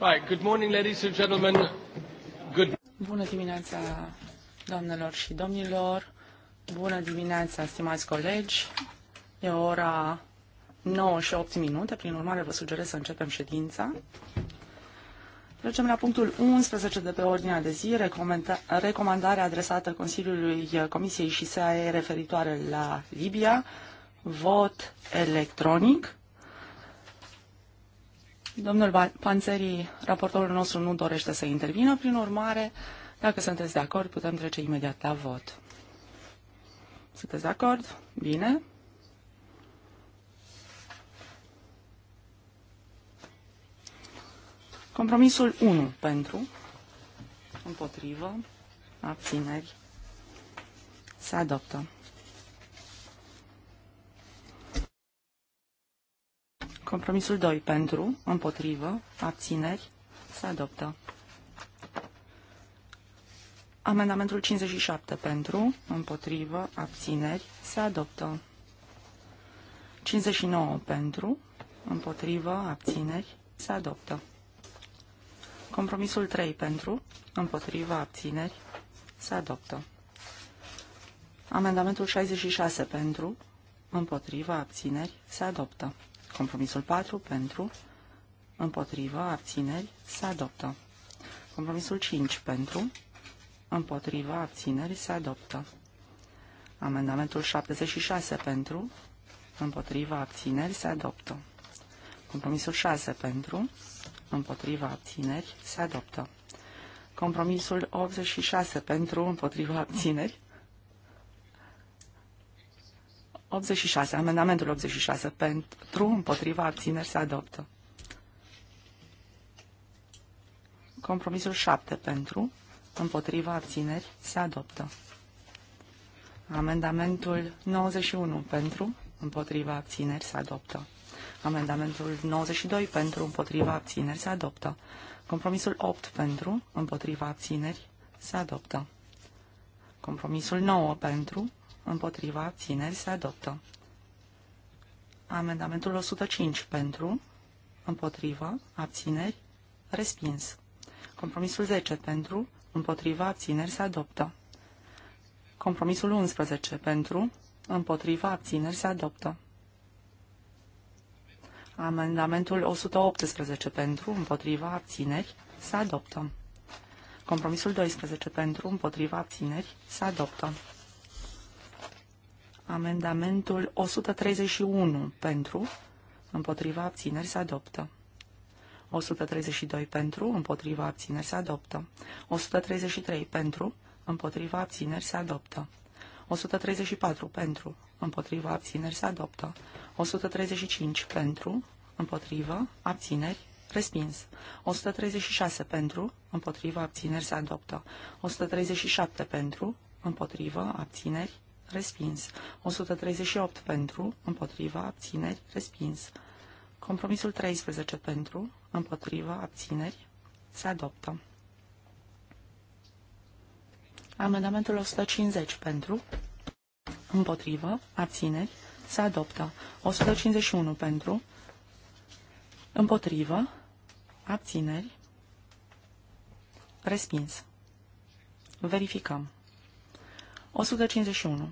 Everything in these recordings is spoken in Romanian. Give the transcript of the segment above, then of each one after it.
Right, good morning, ladies and gentlemen. Good... Bună dimineața, doamnelor și domnilor. Bună dimineața, stimați colegi. E ora 9 și 8 minute, prin urmare vă sugerez să începem ședința. Trecem la punctul 11 de pe ordinea de zi, recomandarea adresată Consiliului Comisiei și SAE referitoare la Libia, vot electronic. Domnul Panțerii, raportorul nostru nu dorește să intervină, prin urmare, dacă sunteți de acord, putem trece imediat la vot. Sunteți de acord? Bine. Compromisul 1 pentru, împotrivă, abțineri, se adoptă. Compromisul 2 pentru, împotrivă, abțineri, se adoptă. Amendamentul 57 pentru, împotrivă, abțineri, se adoptă. 59 pentru, împotrivă, abțineri, se adoptă. Compromisul 3 pentru, împotrivă, abțineri, se adoptă. Amendamentul 66 pentru, împotrivă, abțineri, se adoptă. Compromisul 4 pentru, împotrivă, abțineri, se adoptă. Compromisul 5 pentru, împotrivă, abțineri, se adoptă. Amendamentul 76 pentru, împotrivă, abțineri se adoptă. Compromisul 6 pentru, împotrivă, abțineri se adoptă. Compromisul 86 pentru, împotrivă, abțineri 86, amendamentul 86 pentru, împotriva, abțineri se adoptă. Compromisul 7 pentru, împotriva, abțineri se adoptă. Amendamentul 91 pentru, împotriva, abțineri se adoptă. Amendamentul 92 pentru, împotriva, abțineri se adoptă. Compromisul 8 pentru, împotriva, abțineri se adoptă. Compromisul 9 pentru, împotriva abțineri se adoptă. Amendamentul 105 pentru, împotriva, abțineri, respins. Compromisul 10 pentru, împotriva, abțineri se adoptă. Compromisul 11 pentru, împotriva, abțineri se adoptă. Amendamentul 118 pentru, împotriva, abțineri se adoptă. Compromisul 12 pentru, împotriva, abțineri se adoptă. Amendamentul 131 pentru, împotriva abțineri se adoptă. 132 pentru, împotriva abțineri se adoptă. 133 pentru, împotriva abțineri se adoptă. 134 pentru, împotriva abțineri se adoptă. 135 pentru, împotriva abțineri Respins. 136 pentru, împotriva, abțineri se adoptă. 137 pentru, împotriva, abțineri respins. 138 pentru, împotriva, abțineri, respins. Compromisul 13 pentru, împotriva, abțineri, se adoptă. Amendamentul 150 pentru, împotrivă, abțineri, se adoptă. 151 pentru, împotrivă, abțineri, respins. Verificăm. 151.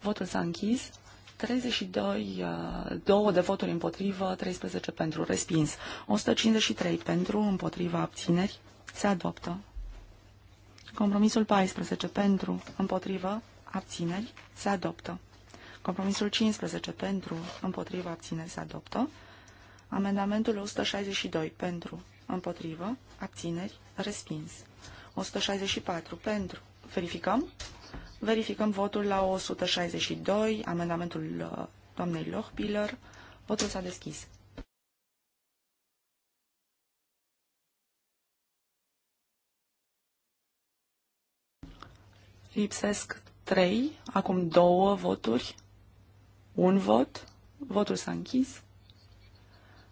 Votul s-a închis. 32 uh, două de voturi împotrivă, 13 pentru, respins. 153 pentru, împotriva abțineri, se adoptă. Compromisul 14 pentru, împotrivă, abțineri, se adoptă. Compromisul 15 pentru, împotriva, abțineri se adoptă. Amendamentul 162 pentru, împotrivă, abțineri, respins. 164 pentru, verificăm. Verificăm votul la 162, amendamentul uh, doamnei Lochbiller. Votul s-a deschis. Lipsesc 3, acum două voturi. Un vot. Votul s-a închis.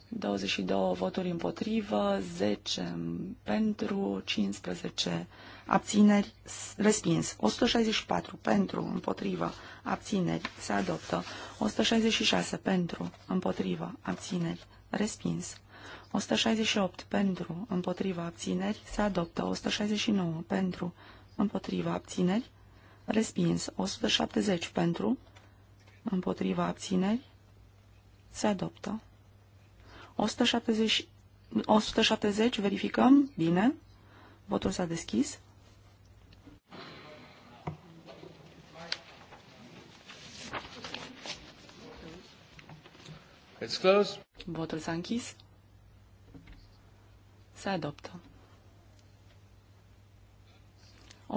22 voturi împotrivă, 10 pentru, 15 abțineri, respins. 164 pentru, împotrivă, abțineri, se adoptă. 166 pentru, împotrivă, abțineri, respins. 168 pentru, împotrivă, abțineri, se adoptă. 169 pentru, împotrivă, abțineri, respins. 170 pentru, împotriva abțineri, se adoptă. 170, 170 verificăm, bine, votul s-a deschis. It's closed. Votul s-a închis. Se adoptă.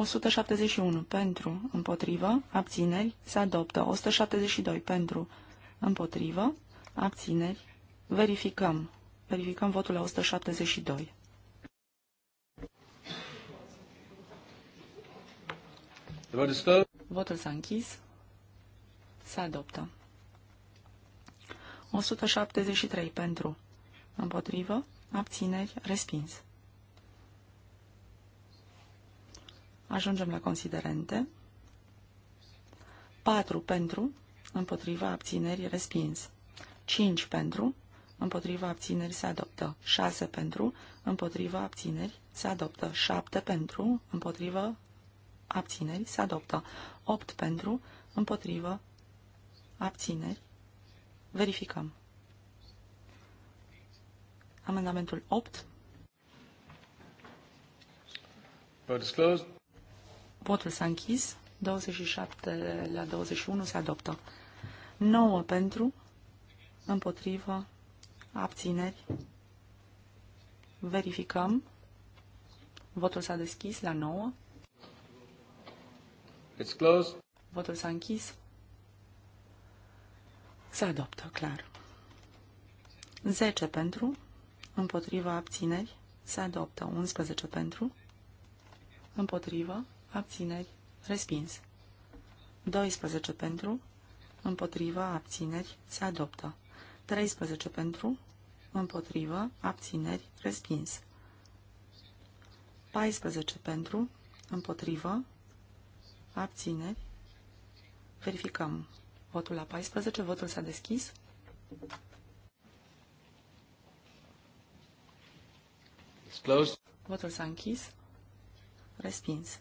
171 pentru, împotrivă, abțineri, se adoptă. 172 pentru, împotrivă, abțineri, verificăm. Verificăm votul la 172. Votul s-a închis. Se adoptă. 173 pentru, împotrivă, abțineri, respins. Ajungem la considerente. 4 pentru, împotriva abținerii respins. 5 pentru, împotriva abțineri se adoptă. 6 pentru, împotriva abțineri se adoptă. 7 pentru, împotriva abțineri se adoptă. 8 pentru, împotriva abțineri. Verificăm. Amendamentul 8. Vote is closed. Votul s-a închis. 27 la 21 se adoptă. 9 pentru, împotrivă, abțineri. Verificăm. Votul s-a deschis la 9. It's closed. Votul s-a închis. Se adoptă, clar. 10 pentru, împotrivă, abțineri, se adoptă. 11 pentru, împotrivă, abțineri, respins. 12 pentru, împotriva, abțineri, se adoptă. 13 pentru, împotrivă, abțineri, respins. 14 pentru, împotrivă, abțineri, verificăm. Votul la 14, votul s-a deschis. Votul s-a închis. Respins.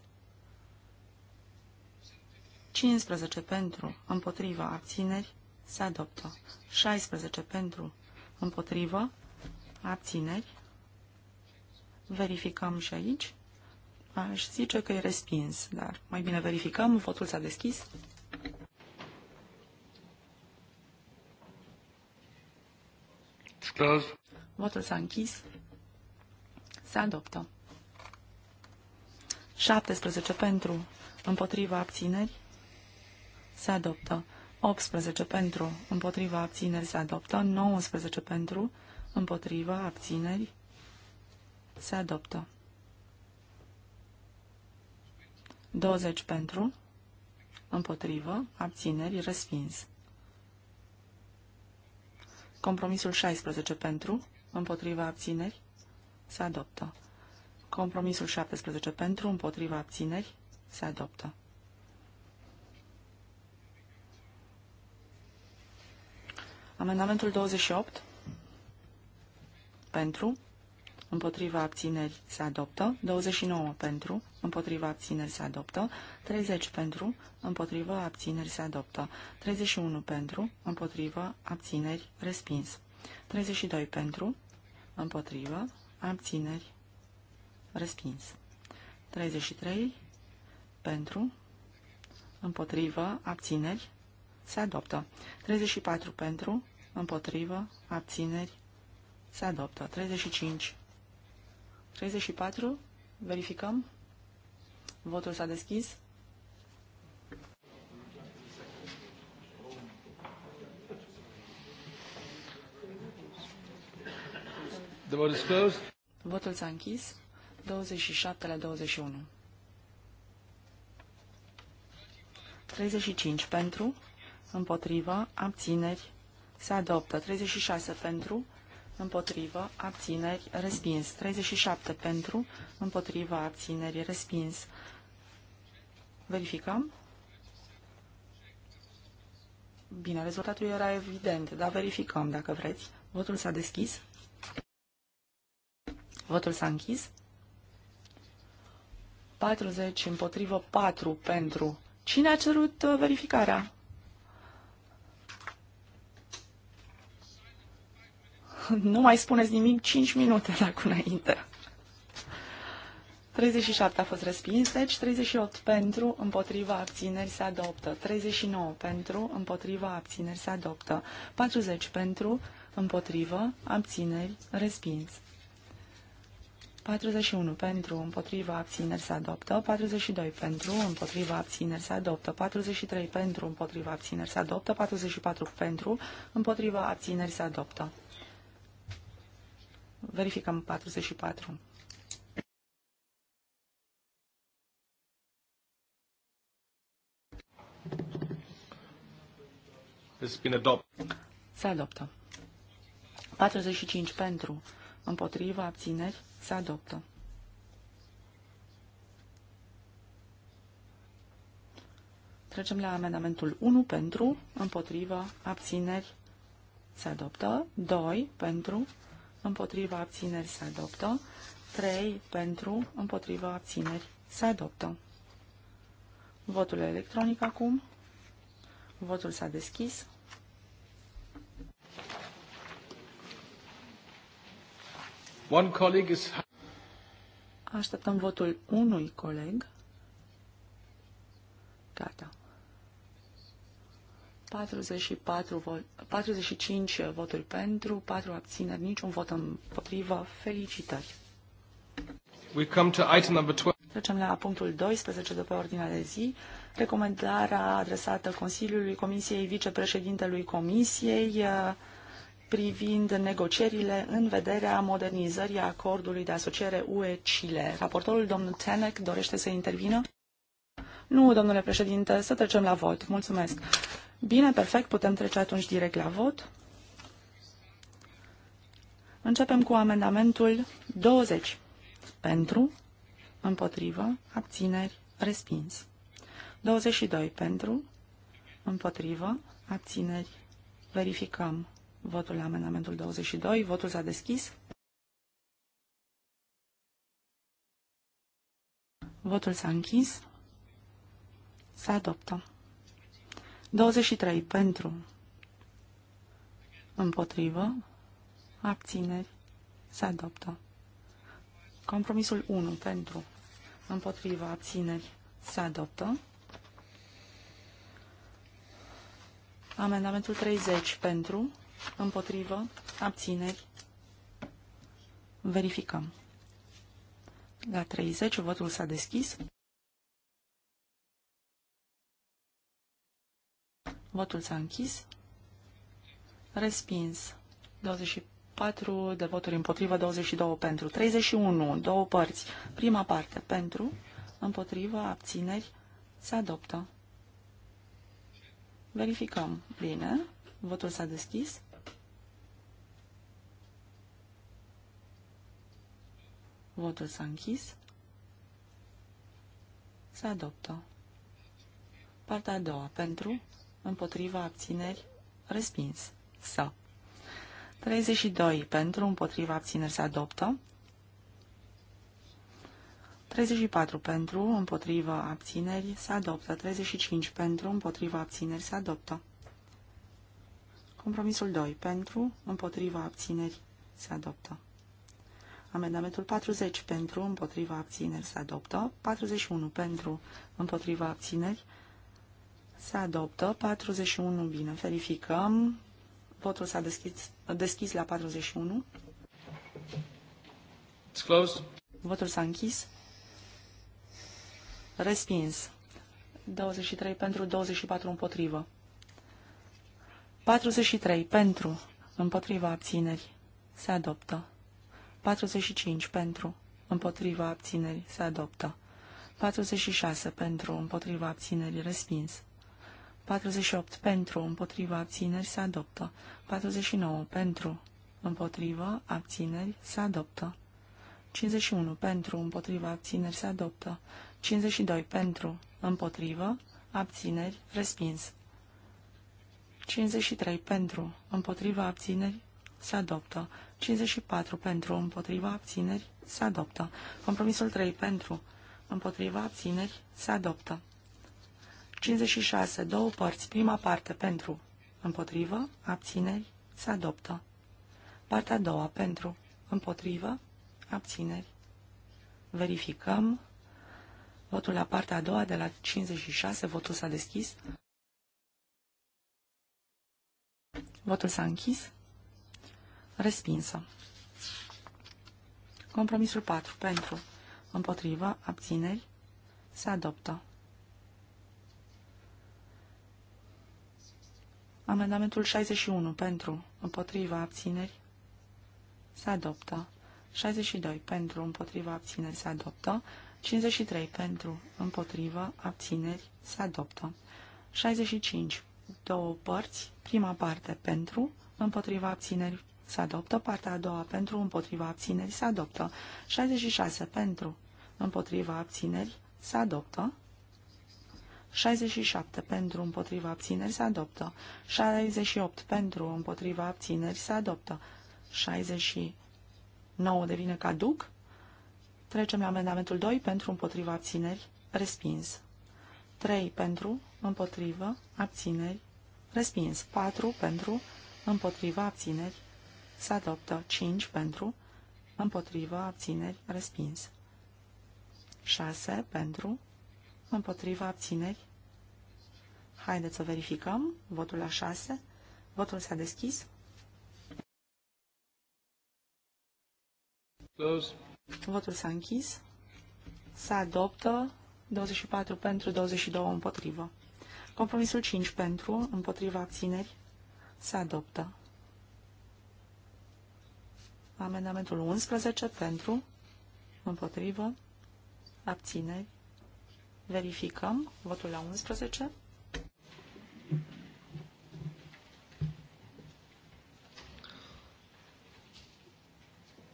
15 pentru, împotriva, abțineri, se adoptă. 16 pentru, împotriva, abțineri. Verificăm și aici. Aș zice că e respins, dar mai bine verificăm. Votul s-a deschis. Close. Votul s-a închis. Se adoptă. 17 pentru, împotriva abțineri, se adoptă. 18 pentru, împotriva abțineri se adoptă. 19 pentru, împotriva abțineri se adoptă. 20 pentru, împotrivă, abțineri, respins. Compromisul 16 pentru, împotriva abțineri, se adoptă. Compromisul 17 pentru, împotriva abțineri, se adoptă. Amendamentul 28 pentru, împotriva abțineri se adoptă, 29 pentru, împotriva abțineri se adoptă, 30 pentru, împotriva abțineri se adoptă, 31 pentru, împotriva abțineri respins, 32 pentru, împotriva abțineri respins, 33 pentru, împotriva abțineri se adoptă. 34 pentru, împotrivă, abțineri, se adoptă. 35. 34, verificăm. Votul s-a deschis. The vote is closed. Votul s-a închis. 27 la 21. 35 pentru, împotrivă, abțineri, se adoptă. 36 pentru, împotrivă, abțineri, respins. 37 pentru, împotrivă, abțineri, respins. Verificăm. Bine, rezultatul era evident, dar verificăm dacă vreți. Votul s-a deschis. Votul s-a închis. 40 împotrivă, 4 pentru. Cine a cerut uh, verificarea? nu mai spuneți nimic 5 minute dacă înainte. 37 a fost respins, deci 38 pentru, împotriva abțineri se adoptă, 39 pentru, împotriva abțineri se adoptă, 40 pentru, împotriva abțineri, respins. 41 pentru, împotriva abțineri se adoptă, 42 pentru, împotriva abțineri se adoptă, 43 pentru, împotriva abțineri se adoptă, 44 pentru, împotriva abțineri se adoptă. Verificăm 44. Se adoptă. 45 pentru, împotriva, abțineri, se adoptă. Trecem la amendamentul 1 pentru, împotriva, abțineri, se adoptă. 2 pentru, împotriva abțineri se adoptă. 3 pentru, împotriva abțineri se adoptă. Votul electronic acum. Votul s-a deschis. One colleague is... Așteptăm votul unui coleg. Gata. 44 vo- 45 voturi pentru, 4 abțineri, niciun vot împotrivă. Felicitări! We come to item number 12. Trecem la punctul 12 de pe ordinea de zi. Recomandarea adresată Consiliului Comisiei Vicepreședintelui Comisiei uh, privind negocierile în vederea modernizării acordului de asociere UE-Chile. Raportorul domnul Tenec dorește să intervină? Nu, domnule președinte, să trecem la vot. Mulțumesc. Bine, perfect, putem trece atunci direct la vot. Începem cu amendamentul 20. Pentru, împotrivă, abțineri, respins. 22. Pentru, împotrivă, abțineri, verificăm votul la amendamentul 22. Votul s-a deschis. Votul s-a închis. Se adoptă. 23 pentru, împotrivă, abțineri, se adoptă. Compromisul 1 pentru, împotrivă, abțineri, se adoptă. Amendamentul 30 pentru, împotrivă, abțineri, verificăm. La 30 votul s-a deschis. Votul s-a închis. Respins. 24 de voturi împotrivă, 22 pentru. 31, două părți. Prima parte pentru, împotrivă, abțineri, se adoptă. Verificăm. Bine. Votul s-a deschis. Votul s-a închis. Se adoptă. Partea a doua. Pentru, împotriva abțineri, respins. Să. 32 pentru, împotriva abțineri se adoptă. 34 pentru, împotriva abțineri se adoptă. 35 pentru, împotriva abțineri se adoptă. Compromisul 2 pentru, împotriva abțineri se adoptă. Amendamentul 40 pentru, împotriva abțineri se adoptă. 41 pentru, împotriva abțineri se adoptă. Se adoptă. 41, bine, verificăm. Votul s-a deschis, deschis la 41. It's closed. Votul s-a închis. Respins. 23 pentru, 24 împotrivă. 43 pentru, împotriva abțineri, Se adoptă. 45 pentru, împotriva abținerii. Se adoptă. 46 pentru, împotriva abținerii. Respins. 48 pentru, împotriva abțineri se adoptă. 49 pentru, împotriva abțineri se adoptă. 51 pentru, împotriva abțineri se adoptă. 52 pentru, împotriva abțineri, respins. 53 pentru, împotriva abțineri, se adoptă. 54 pentru, împotriva abțineri, se adoptă. Compromisul 3 pentru, împotriva abțineri, se adoptă. 56, două părți, prima parte pentru, împotrivă, abțineri, se adoptă. Partea a doua pentru, împotrivă, abțineri. Verificăm. Votul la partea a doua de la 56, votul s-a deschis. Votul s-a închis. Respinsă. Compromisul 4 pentru, împotrivă, abțineri, se adoptă. Amendamentul 61 pentru, împotriva abțineri se adoptă. 62 pentru, împotriva abțineri se adoptă. 53 pentru, împotriva abțineri se adoptă. 65 două părți, prima parte pentru, împotriva abțineri se adoptă, partea a doua pentru, împotriva abțineri se adoptă. 66 pentru, împotriva abțineri se adoptă. 67 pentru împotriva abțineri se adoptă. 68 pentru împotriva abțineri se adoptă. 69 devine caduc. Trecem la amendamentul 2 pentru împotriva abțineri respins. 3 pentru împotriva abțineri respins. 4 pentru împotriva abțineri se adoptă. 5 pentru împotriva abțineri respins. 6 pentru împotriva abțineri. Haideți să verificăm. Votul la 6. Votul s-a deschis. Close. Votul s-a închis. Se adoptă 24 pentru, 22 împotrivă. Compromisul 5 pentru, împotriva abțineri, se adoptă. Amendamentul 11 pentru, împotrivă, abțineri, Verificăm votul la 11.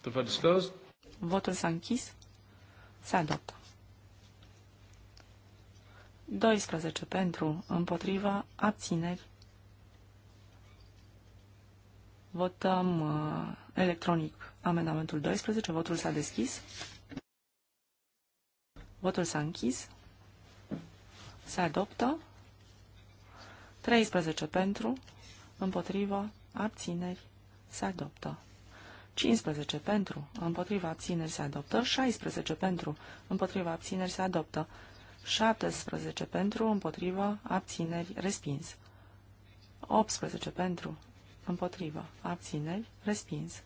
The vote is closed. Votul s-a închis. Se adoptă. 12 pentru, împotriva, abțineri. Votăm uh, electronic amendamentul 12. Votul s-a deschis. Votul s-a închis se adoptă. 13 pentru, împotrivă, abțineri, se adoptă. 15 pentru, împotriva abțineri se adoptă, 16 pentru, împotriva abțineri se adoptă, 17 pentru, împotriva abțineri, respins. 18 pentru, împotriva abțineri, respins.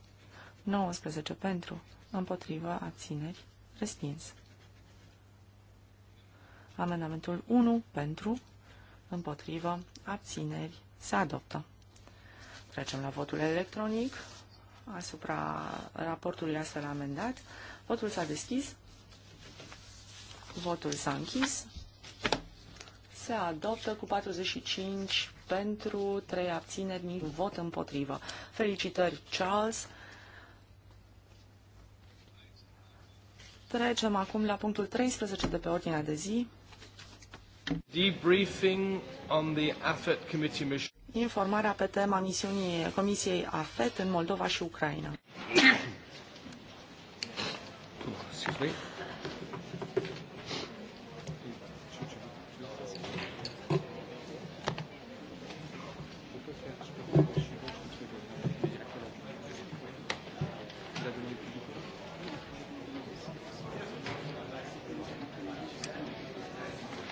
19 pentru, împotriva abțineri, respins. Amendamentul 1 pentru, împotrivă, abțineri, se adoptă. Trecem la votul electronic asupra raportului astfel amendat. Votul s-a deschis. Votul s-a închis. Se adoptă cu 45 pentru, 3 abțineri, niciun vot împotrivă. Felicitări, Charles! Trecem acum la punctul 13 de pe ordinea de zi. Informarea pe tema misiunii Comisiei AFET în Moldova și Ucraina.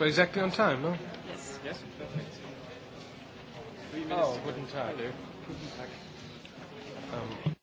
We're exactly on time, no? Yes. Yes, perfect. Three minutes. Oh, wouldn't time, do? Um,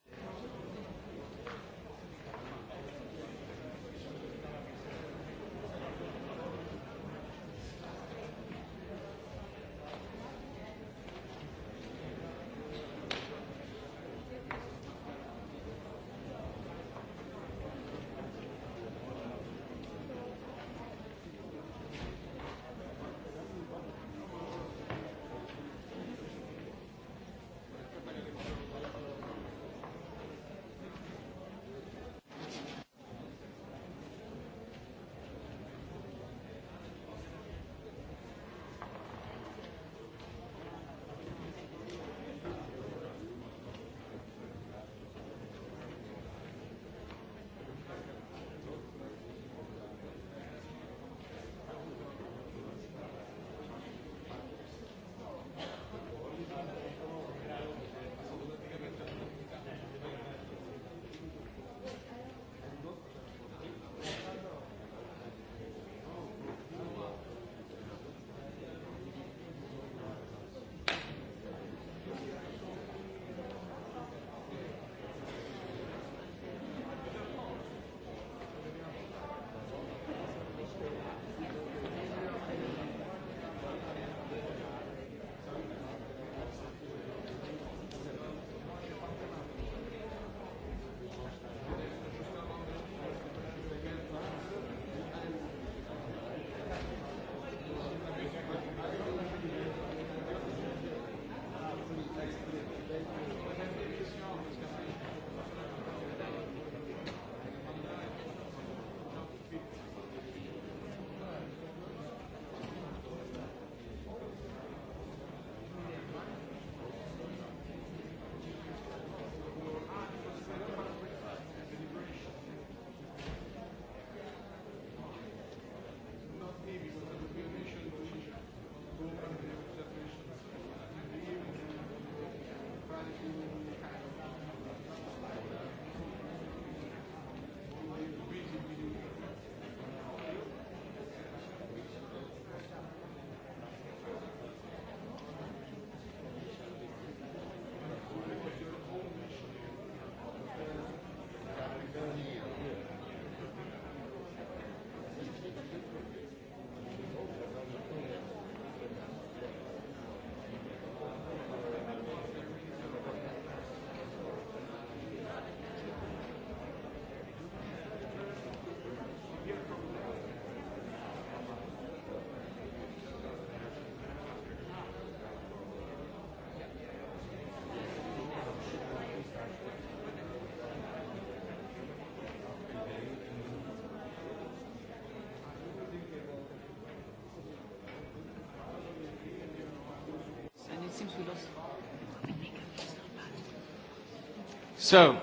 So,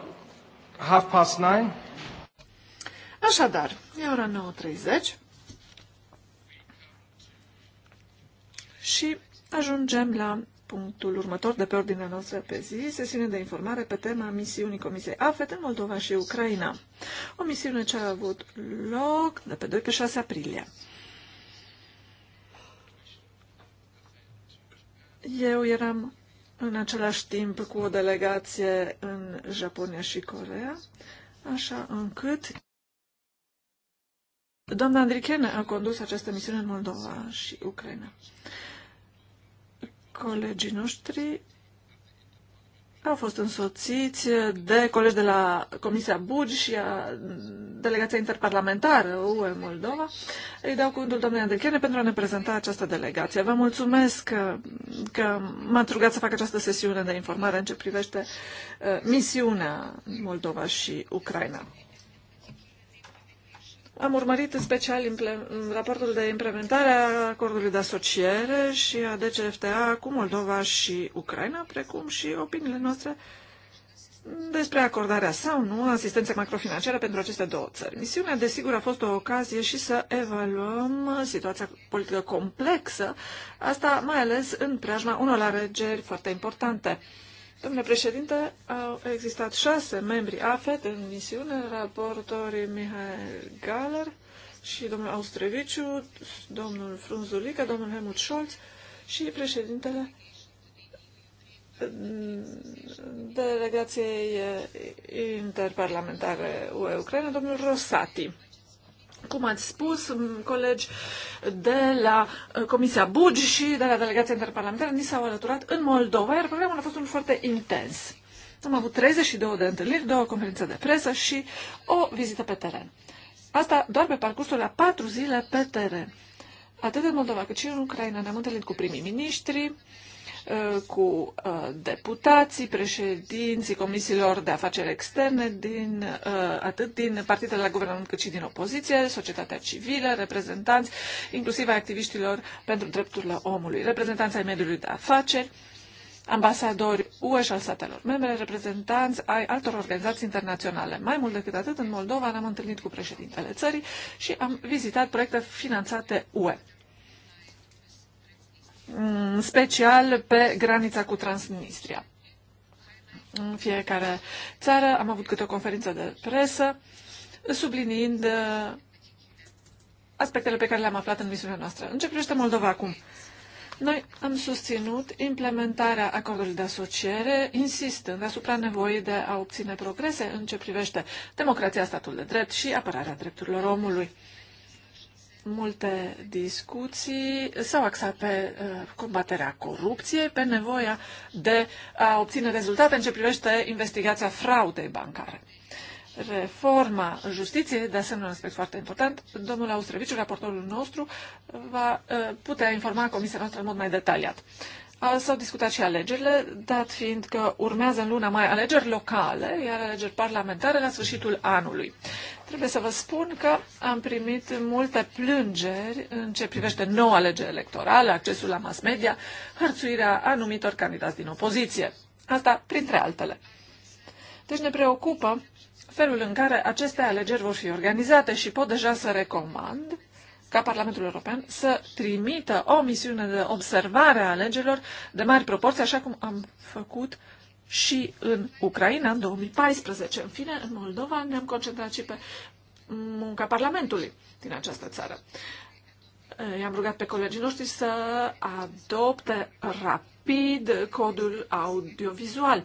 half past nine. Așadar, e ora 9.30 și ajungem la punctul următor de pe ordinea noastră pe zi, sesiune de informare pe tema misiunii Comisiei AFET în Moldova și Ucraina. O misiune ce a avut loc de pe 2 pe 6 aprilie. Eu eram în același timp cu o delegație în Japonia și Corea, așa încât doamna Andrichen a condus această misiune în Moldova și Ucraina. Colegii noștri au fost însoțiți de colegi de la Comisia Bugi și a delegația interparlamentară UE Moldova. Îi dau cuvântul doamnei Andrichene pentru a ne prezenta această delegație. Vă mulțumesc că, că m-ați rugat să fac această sesiune de informare în ce privește uh, misiunea Moldova și Ucraina. Am urmărit în special raportul de implementare a acordului de asociere și a DCFTA cu Moldova și Ucraina, precum și opiniile noastre despre acordarea sau nu asistenței macrofinanciare pentru aceste două țări. Misiunea, desigur, a fost o ocazie și să evaluăm situația politică complexă, asta mai ales în preajma unor alegeri foarte importante. Domnule președinte, au existat șase membri AFET în misiune, raportorii Mihail Galer și domnul Austreviciu, domnul Frunzulica, domnul Helmut Scholz și președintele delegației interparlamentare UE-Ucraina, domnul Rosati cum ați spus, colegi de la uh, Comisia Bugi și de la Delegația Interparlamentară ni s-au alăturat în Moldova, iar programul a fost unul foarte intens. Am avut 32 de întâlniri, două conferințe de presă și o vizită pe teren. Asta doar pe parcursul la patru zile pe teren. Atât în Moldova cât și în Ucraina ne-am întâlnit cu primii miniștri, Uh, cu uh, deputații, președinții comisiilor de afaceri externe, din, uh, atât din partidele la guvernament cât și din opoziție, societatea civilă, reprezentanți, inclusiv a activiștilor pentru drepturile omului, reprezentanți ai mediului de afaceri, ambasadori UE și al statelor membre, reprezentanți ai altor organizații internaționale. Mai mult decât atât, în Moldova ne-am întâlnit cu președintele țării și am vizitat proiecte finanțate UE. Mm, special pe granița cu Transnistria. În fiecare țară am avut câte o conferință de presă, subliniind uh, aspectele pe care le-am aflat în misiunea noastră. În ce privește Moldova acum? Noi am susținut implementarea acordului de asociere, insistând asupra nevoii de a obține progrese în ce privește democrația, statul de drept și apărarea drepturilor omului. Multe discuții s-au axat pe uh, combaterea corupției, pe nevoia de a obține rezultate în ce privește investigația fraudei bancare. Reforma justiției, de asemenea un aspect foarte important, domnul Austreviciu, raportorul nostru, va uh, putea informa comisia noastră în mod mai detaliat. S-au discutat și alegerile, dat fiind că urmează în luna mai alegeri locale, iar alegeri parlamentare la sfârșitul anului. Trebuie să vă spun că am primit multe plângeri în ce privește noua lege electorală, accesul la mass media, hărțuirea anumitor candidați din opoziție. Asta printre altele. Deci ne preocupă felul în care aceste alegeri vor fi organizate și pot deja să recomand ca Parlamentul European să trimită o misiune de observare a alegerilor de mari proporții, așa cum am făcut și în Ucraina în 2014. În fine, în Moldova ne-am concentrat și pe munca Parlamentului din această țară. I-am rugat pe colegii noștri să adopte rapid codul audiovizual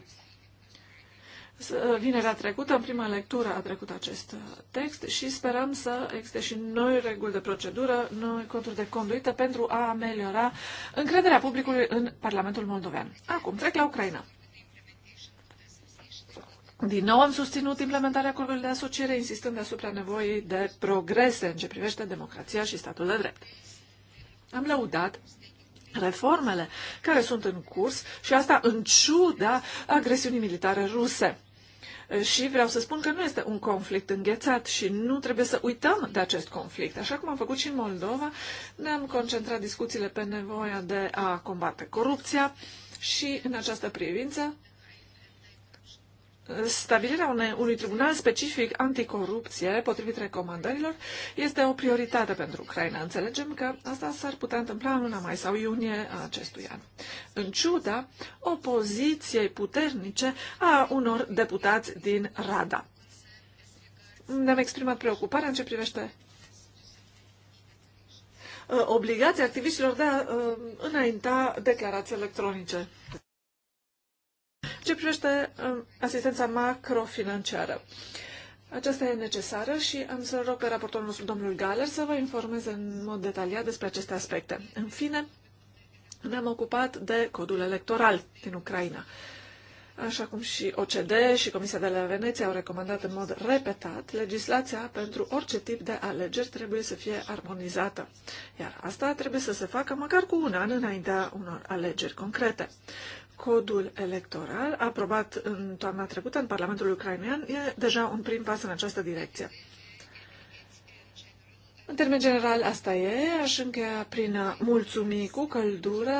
vinerea trecută, în prima lectură a trecut acest uh, text și sperăm să existe și noi reguli de procedură, noi conturi de conduită pentru a ameliora încrederea publicului în Parlamentul Moldovean. Acum trec la Ucraina. Din nou am susținut implementarea acordului de asociere, insistând asupra nevoii de progrese în ce privește democrația și statul de drept. Am lăudat reformele care sunt în curs și asta în ciuda agresiunii militare ruse. Și vreau să spun că nu este un conflict înghețat și nu trebuie să uităm de acest conflict. Așa cum am făcut și în Moldova, ne-am concentrat discuțiile pe nevoia de a combate corupția și, în această privință, stabilirea unei, unui tribunal specific anticorupție, potrivit recomandărilor, este o prioritate pentru Ucraina. Înțelegem că asta s-ar putea întâmpla în luna mai sau iunie a acestui an. În ciuda opoziției puternice a unor deputați din Rada. Ne-am exprimat preocuparea în ce privește uh, obligația activiștilor de a uh, înainta declarații electronice ce privește um, asistența macrofinanciară. Aceasta e necesară și am să rog pe raportorul nostru, domnul Galer, să vă informeze în mod detaliat despre aceste aspecte. În fine, ne-am ocupat de codul electoral din Ucraina. Așa cum și OCD și Comisia de la Veneția au recomandat în mod repetat, legislația pentru orice tip de alegeri trebuie să fie armonizată, iar asta trebuie să se facă măcar cu un an înaintea unor alegeri concrete. Codul electoral, aprobat în toamna trecută în Parlamentul ucrainean, e deja un prim pas în această direcție. În termen general, asta e. Aș încheia prin mulțumi cu căldură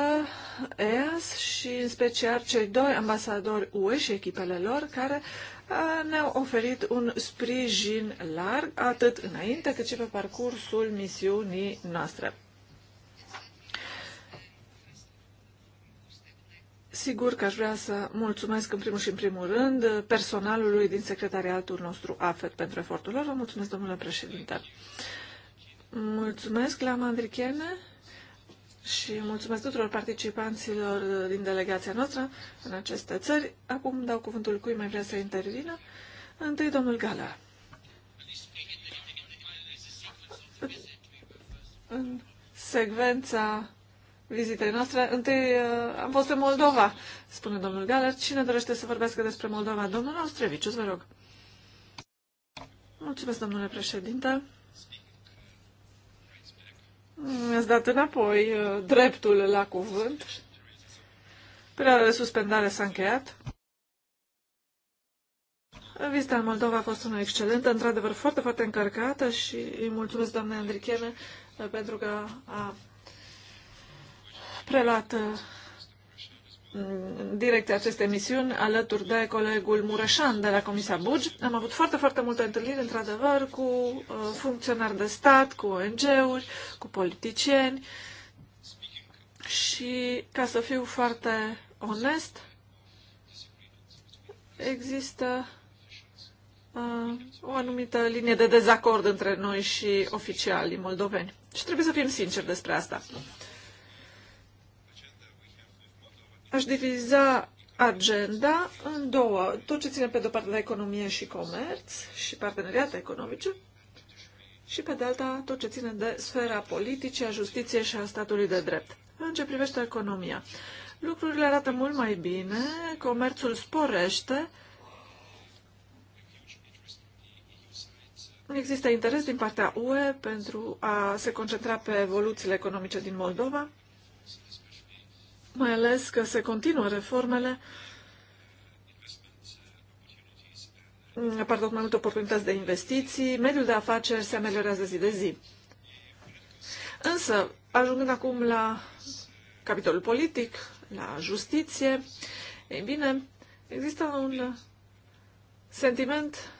EAS și în special cei doi ambasadori UE și echipele lor care ne-au oferit un sprijin larg atât înainte cât și pe parcursul misiunii noastre. Sigur că aș vrea să mulțumesc în primul și în primul rând personalului din secretariatul nostru AFET pentru efortul lor. Vă mulțumesc, domnule președinte. Mulțumesc la Mandrichene și mulțumesc tuturor participanților din delegația noastră în aceste țări. Acum dau cuvântul cui mai vrea să intervină. Întâi, domnul Gala. În secvența vizitele noastre. Întâi uh, am fost în Moldova, spune domnul Galer. Cine dorește să vorbească despre Moldova? Domnul Ostreviciu, vă rog. Mulțumesc, domnule președinte. Mi-ați dat înapoi uh, dreptul la cuvânt. Perioada de suspendare s-a încheiat. Vizita în Moldova a fost una excelentă, într-adevăr foarte, foarte încărcată și îi mulțumesc doamne Andrichene uh, pentru că a preluat uh, direcția acestei misiuni alături de colegul Mureșan de la Comisia Bugi. Am avut foarte, foarte multe întâlniri, într-adevăr, cu uh, funcționari de stat, cu ONG-uri, cu politicieni și, ca să fiu foarte onest, există uh, o anumită linie de dezacord între noi și oficialii moldoveni. Și trebuie să fim sinceri despre asta. Aș diviza agenda în două. Tot ce ține pe de-o parte la economie și comerț și parteneriate economice și pe de alta tot ce ține de sfera politice, a justiției și a statului de drept. În ce privește economia, lucrurile arată mult mai bine, comerțul sporește, există interes din partea UE pentru a se concentra pe evoluțiile economice din Moldova, mai ales că se continuă reformele, apar tot mai multe oportunități de investiții, mediul de afaceri se ameliorează zi de zi. Însă, ajungând acum la capitolul politic, la justiție, ei bine, există un sentiment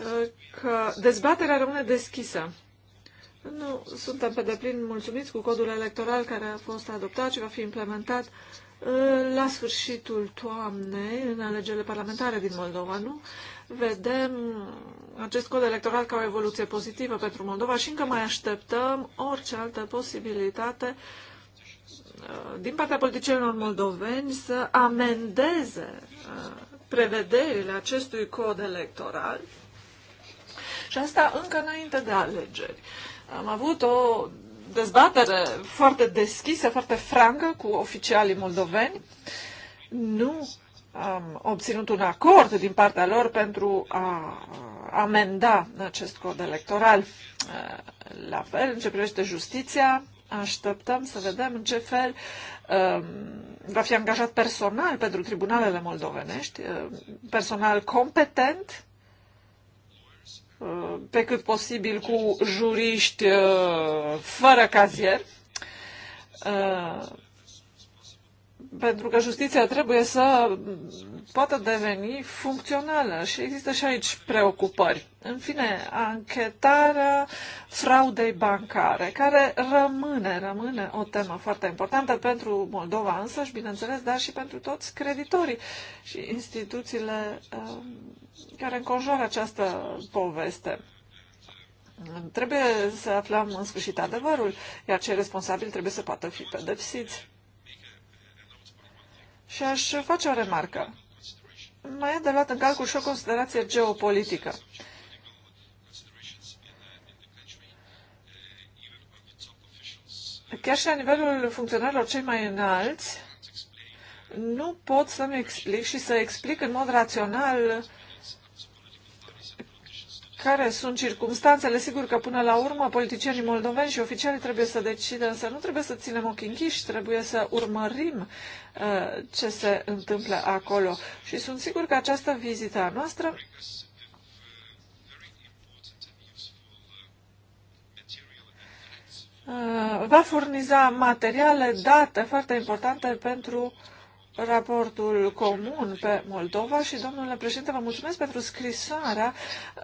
uh, că dezbaterea rămâne deschisă. Nu suntem pe deplin mulțumiți cu codul electoral care a fost adoptat și va fi implementat uh, la sfârșitul toamnei, în alegerile parlamentare din Moldova, nu? Vedem acest cod electoral ca o evoluție pozitivă pentru Moldova și încă mai așteptăm orice altă posibilitate uh, din partea politicienilor moldoveni să amendeze uh, prevederile acestui cod electoral și asta încă înainte de alegeri. Am avut o dezbatere foarte deschisă, foarte francă cu oficialii moldoveni. Nu am obținut un acord din partea lor pentru a amenda acest cod electoral. La fel, în ce privește justiția, așteptăm să vedem în ce fel um, va fi angajat personal pentru tribunalele moldovenești, um, personal competent pe cât posibil cu juriști uh, fără cazier. Uh, pentru că justiția trebuie să poată deveni funcțională și există și aici preocupări. În fine, anchetarea fraudei bancare, care rămâne, rămâne o temă foarte importantă pentru Moldova însă și bineînțeles, dar și pentru toți creditorii și instituțiile um, care înconjoară această poveste. Trebuie să aflăm în sfârșit adevărul, iar cei responsabili trebuie să poată fi pedepsiți. Și aș face o remarcă. Mai e de luat în calcul și o considerație geopolitică. Chiar și la nivelul funcționarilor cei mai înalți, nu pot să-mi explic și să explic în mod rațional care sunt circumstanțele. Sigur că până la urmă politicienii moldoveni și oficialii trebuie să decidă, însă nu trebuie să ținem ochii închiși, trebuie să urmărim uh, ce se întâmplă acolo. Și sunt sigur că această vizită a noastră uh, va furniza materiale, date foarte importante pentru uh, raportul comun pe Moldova și, domnule președinte, vă mulțumesc pentru scrisarea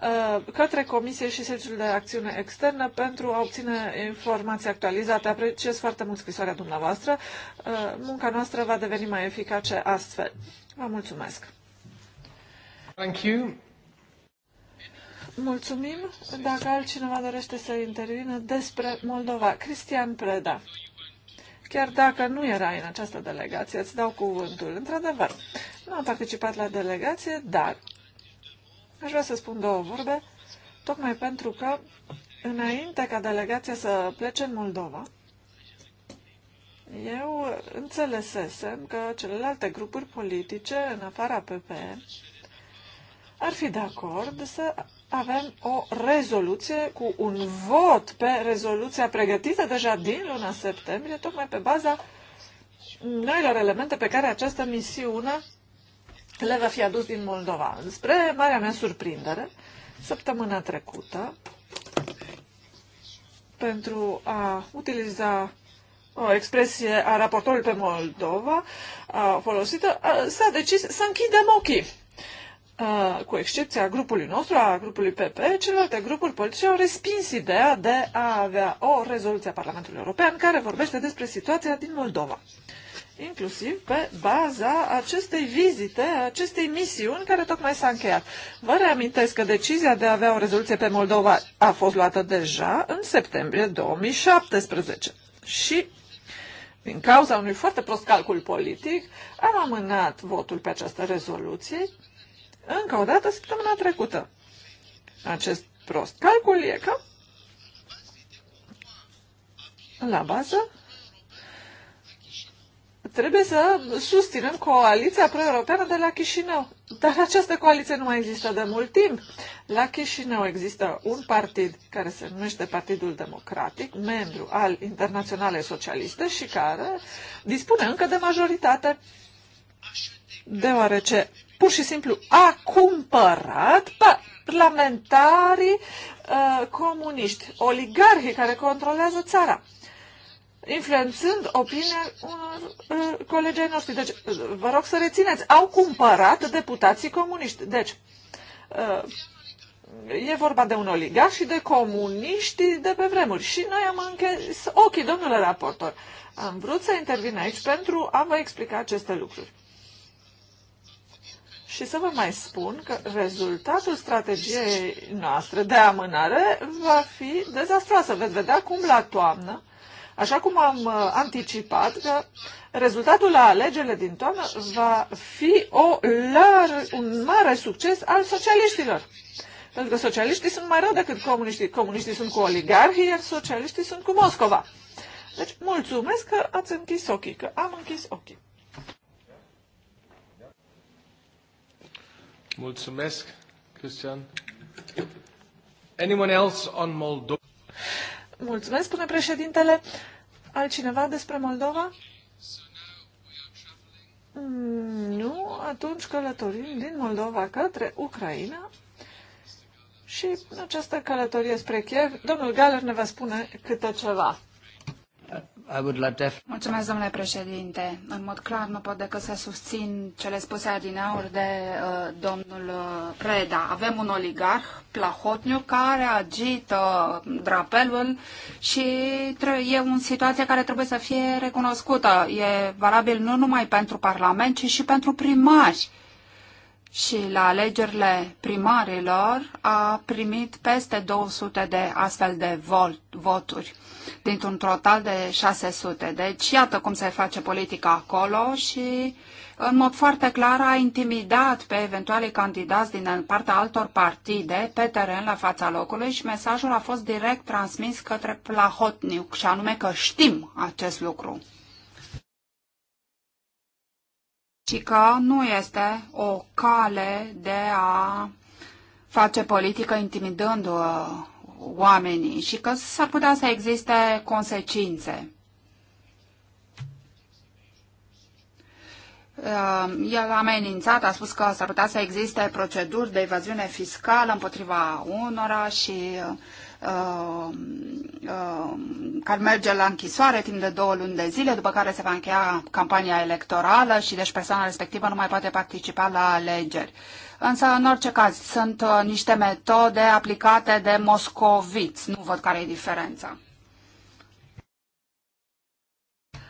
uh, către Comisie și Serviciul de Acțiune Externă pentru a obține informații actualizate. Apreciez foarte mult scrisoarea dumneavoastră. Uh, munca noastră va deveni mai eficace astfel. Vă mulțumesc. Thank you. Mulțumim. Dacă altcineva dorește să intervină despre Moldova, Cristian Preda chiar dacă nu erai în această delegație, îți dau cuvântul. Într-adevăr, nu am participat la delegație, dar aș vrea să spun două vorbe, tocmai pentru că înainte ca delegația să plece în Moldova, eu înțelesesem că celelalte grupuri politice, în afara PPE, ar fi de acord să avem o rezoluție cu un vot pe rezoluția pregătită deja din luna septembrie, tocmai pe baza noilor elemente pe care această misiune le va fi adus din Moldova. Spre marea mea surprindere, săptămâna trecută, pentru a utiliza o expresie a raportorului pe Moldova a folosită, s-a decis să închidem ochii cu excepția grupului nostru, a grupului PP, celelalte grupuri politice au respins ideea de a avea o rezoluție a Parlamentului European care vorbește despre situația din Moldova, inclusiv pe baza acestei vizite, acestei misiuni care tocmai s-a încheiat. Vă reamintesc că decizia de a avea o rezoluție pe Moldova a fost luată deja în septembrie 2017 și din cauza unui foarte prost calcul politic, am amânat votul pe această rezoluție încă o dată săptămâna trecută. Acest prost calcul e că la bază trebuie să susținem coaliția pro-europeană de la Chișinău. Dar această coaliție nu mai există de mult timp. La Chișinău există un partid care se numește Partidul Democratic, membru al Internaționalei Socialiste și care dispune încă de majoritate, deoarece pur și simplu a cumpărat parlamentarii uh, comuniști, oligarhii care controlează țara, influențând opinia unor uh, colegii noștri. Deci, uh, vă rog să rețineți, au cumpărat deputații comuniști. Deci, uh, e vorba de un oligar și de comuniști, de pe vremuri. Și noi am închis ochii, domnule raportor. Am vrut să intervin aici pentru a vă explica aceste lucruri. Și să vă mai spun că rezultatul strategiei noastre de amânare va fi dezastroasă. Veți vedea cum la toamnă, așa cum am uh, anticipat, că rezultatul la alegerile din toamnă va fi o lar, un mare succes al socialiștilor. Pentru că socialiștii sunt mai rău decât comuniștii. Comuniștii sunt cu oligarhii, iar socialiștii sunt cu Moscova. Deci, mulțumesc că ați închis ochii, că am închis ochii. Mulțumesc, Cristian. Anyone else on Moldova? Mulțumesc, spune președintele. Altcineva despre Moldova? Mm, nu, atunci călătorim din Moldova către Ucraina și în această călătorie spre Kiev, domnul Galer ne va spune câte ceva. Mulțumesc, domnule președinte. În mod clar, nu pot decât să susțin cele spuse adineauri de uh, domnul uh, Preda. Avem un oligarh, Plahotniu, care agită uh, drapelul și e o situație care trebuie să fie recunoscută. E valabil nu numai pentru Parlament, ci și pentru primari. Uh, și la alegerile primarilor a primit peste 200 de astfel de voturi dintr-un total de 600. Deci iată cum se face politica acolo și în mod foarte clar a intimidat pe eventualii candidați din partea altor partide pe teren la fața locului și mesajul a fost direct transmis către Plahotniuc și anume că știm acest lucru ci că nu este o cale de a face politică intimidând uh, oamenii și că s-ar putea să existe consecințe. Uh, el a amenințat, a spus că s-ar putea să existe proceduri de evaziune fiscală împotriva unora și uh, Uh, uh, care merge la închisoare timp de două luni de zile, după care se va încheia campania electorală și deci persoana respectivă nu mai poate participa la alegeri. Însă, în orice caz, sunt uh, niște metode aplicate de moscoviți. Nu văd care e diferența.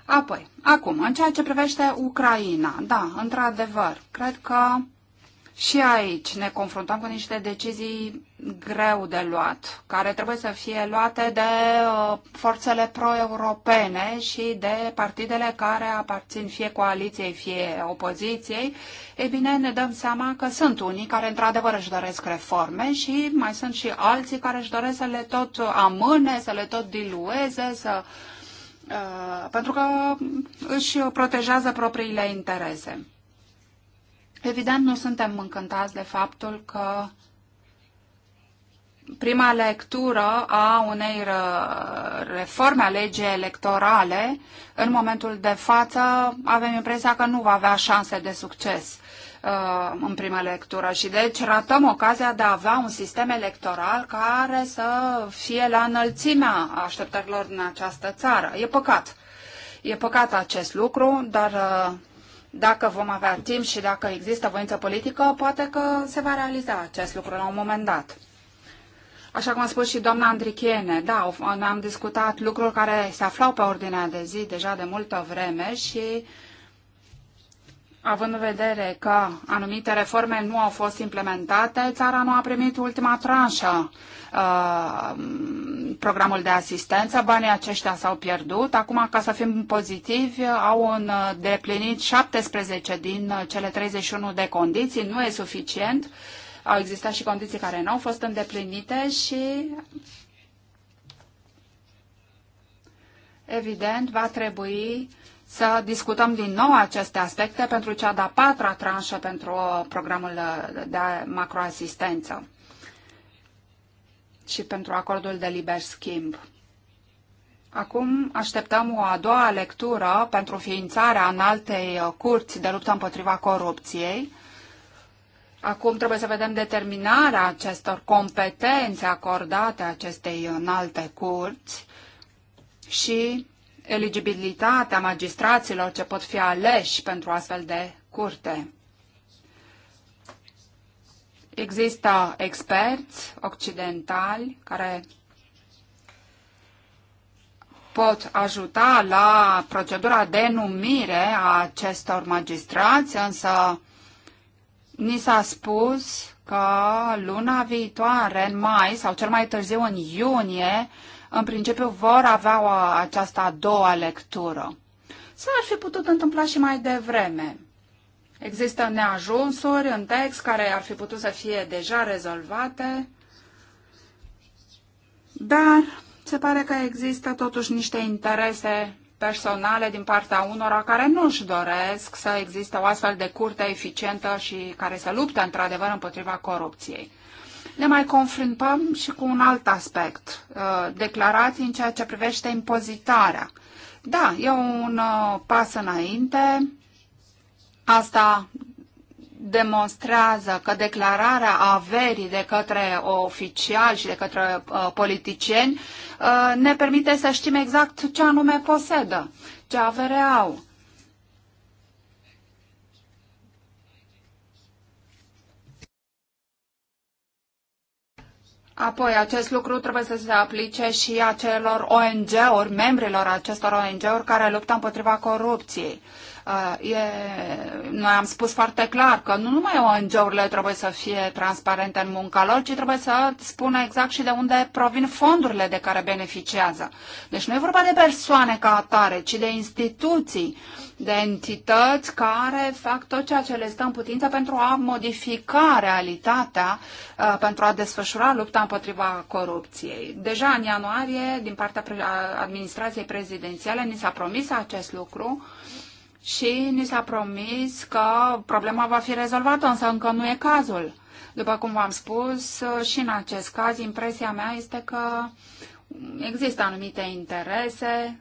Apoi, acum, în ceea ce privește Ucraina, da, într-adevăr, cred că și aici ne confruntăm cu niște decizii greu de luat, care trebuie să fie luate de uh, forțele pro-europene și de partidele care aparțin fie coaliției, fie opoziției. Ei bine, ne dăm seama că sunt unii care într-adevăr își doresc reforme și mai sunt și alții care își doresc să le tot amâne, să le tot dilueze, să... Uh, pentru că își protejează propriile interese. Evident, nu suntem încântați de faptul că prima lectură a unei reforme a legii electorale, în momentul de față avem impresia că nu va avea șanse de succes uh, în prima lectură și deci ratăm ocazia de a avea un sistem electoral care să fie la înălțimea așteptărilor din această țară. E păcat. E păcat acest lucru, dar uh, dacă vom avea timp și dacă există voință politică, poate că se va realiza acest lucru la un moment dat. Așa cum a spus și doamna Andrichiene, da, am discutat lucruri care se aflau pe ordinea de zi deja de multă vreme și uh, având în vedere că anumite reforme nu au fost implementate, țara nu a primit ultima tranșă uh, programul de asistență, banii aceștia s-au pierdut. Acum, ca să fim pozitivi, au îndeplinit 17 din cele 31 de condiții, nu e suficient. Au existat și condiții care nu au fost îndeplinite și evident va trebui să discutăm din nou aceste aspecte pentru cea de-a patra tranșă pentru uh, programul uh, de macroasistență și pentru acordul de liber schimb. Acum așteptăm o a doua lectură pentru ființarea în altei uh, curți de luptă împotriva corupției. Acum trebuie să vedem determinarea acestor competențe acordate acestei înalte curți și eligibilitatea magistraților ce pot fi aleși pentru astfel de curte. Există experți occidentali care pot ajuta la procedura de numire a acestor magistrați, însă ni s-a spus că luna viitoare, în mai sau cel mai târziu în iunie, în principiu, vor avea o, această a doua lectură. S-ar fi putut întâmpla și mai devreme. Există neajunsuri în text care ar fi putut să fie deja rezolvate, dar se pare că există totuși niște interese personale din partea unora care nu își doresc să existe o astfel de curte eficientă și care să lupte într-adevăr împotriva corupției ne mai confruntăm și cu un alt aspect, uh, declarații în ceea ce privește impozitarea. Da, e un uh, pas înainte. Asta demonstrează că declararea averii de către oficiali și de către uh, politicieni uh, ne permite să știm exact ce anume posedă, ce avere au. Apoi, acest lucru trebuie să se aplice și acelor ONG-uri, membrilor acestor ONG-uri care luptă împotriva corupției. Uh, e, noi am spus foarte clar că nu numai ONG-urile trebuie să fie transparente în munca lor, ci trebuie să spună exact și de unde provin fondurile de care beneficiază. Deci nu e vorba de persoane ca atare, ci de instituții, de entități care fac tot ceea ce le stă în putință pentru a modifica realitatea, uh, pentru a desfășura lupta împotriva corupției. Deja în ianuarie, din partea administrației prezidențiale, ni s-a promis acest lucru și ni s-a promis că problema va fi rezolvată, însă încă nu e cazul. După cum v-am spus, și în acest caz, impresia mea este că există anumite interese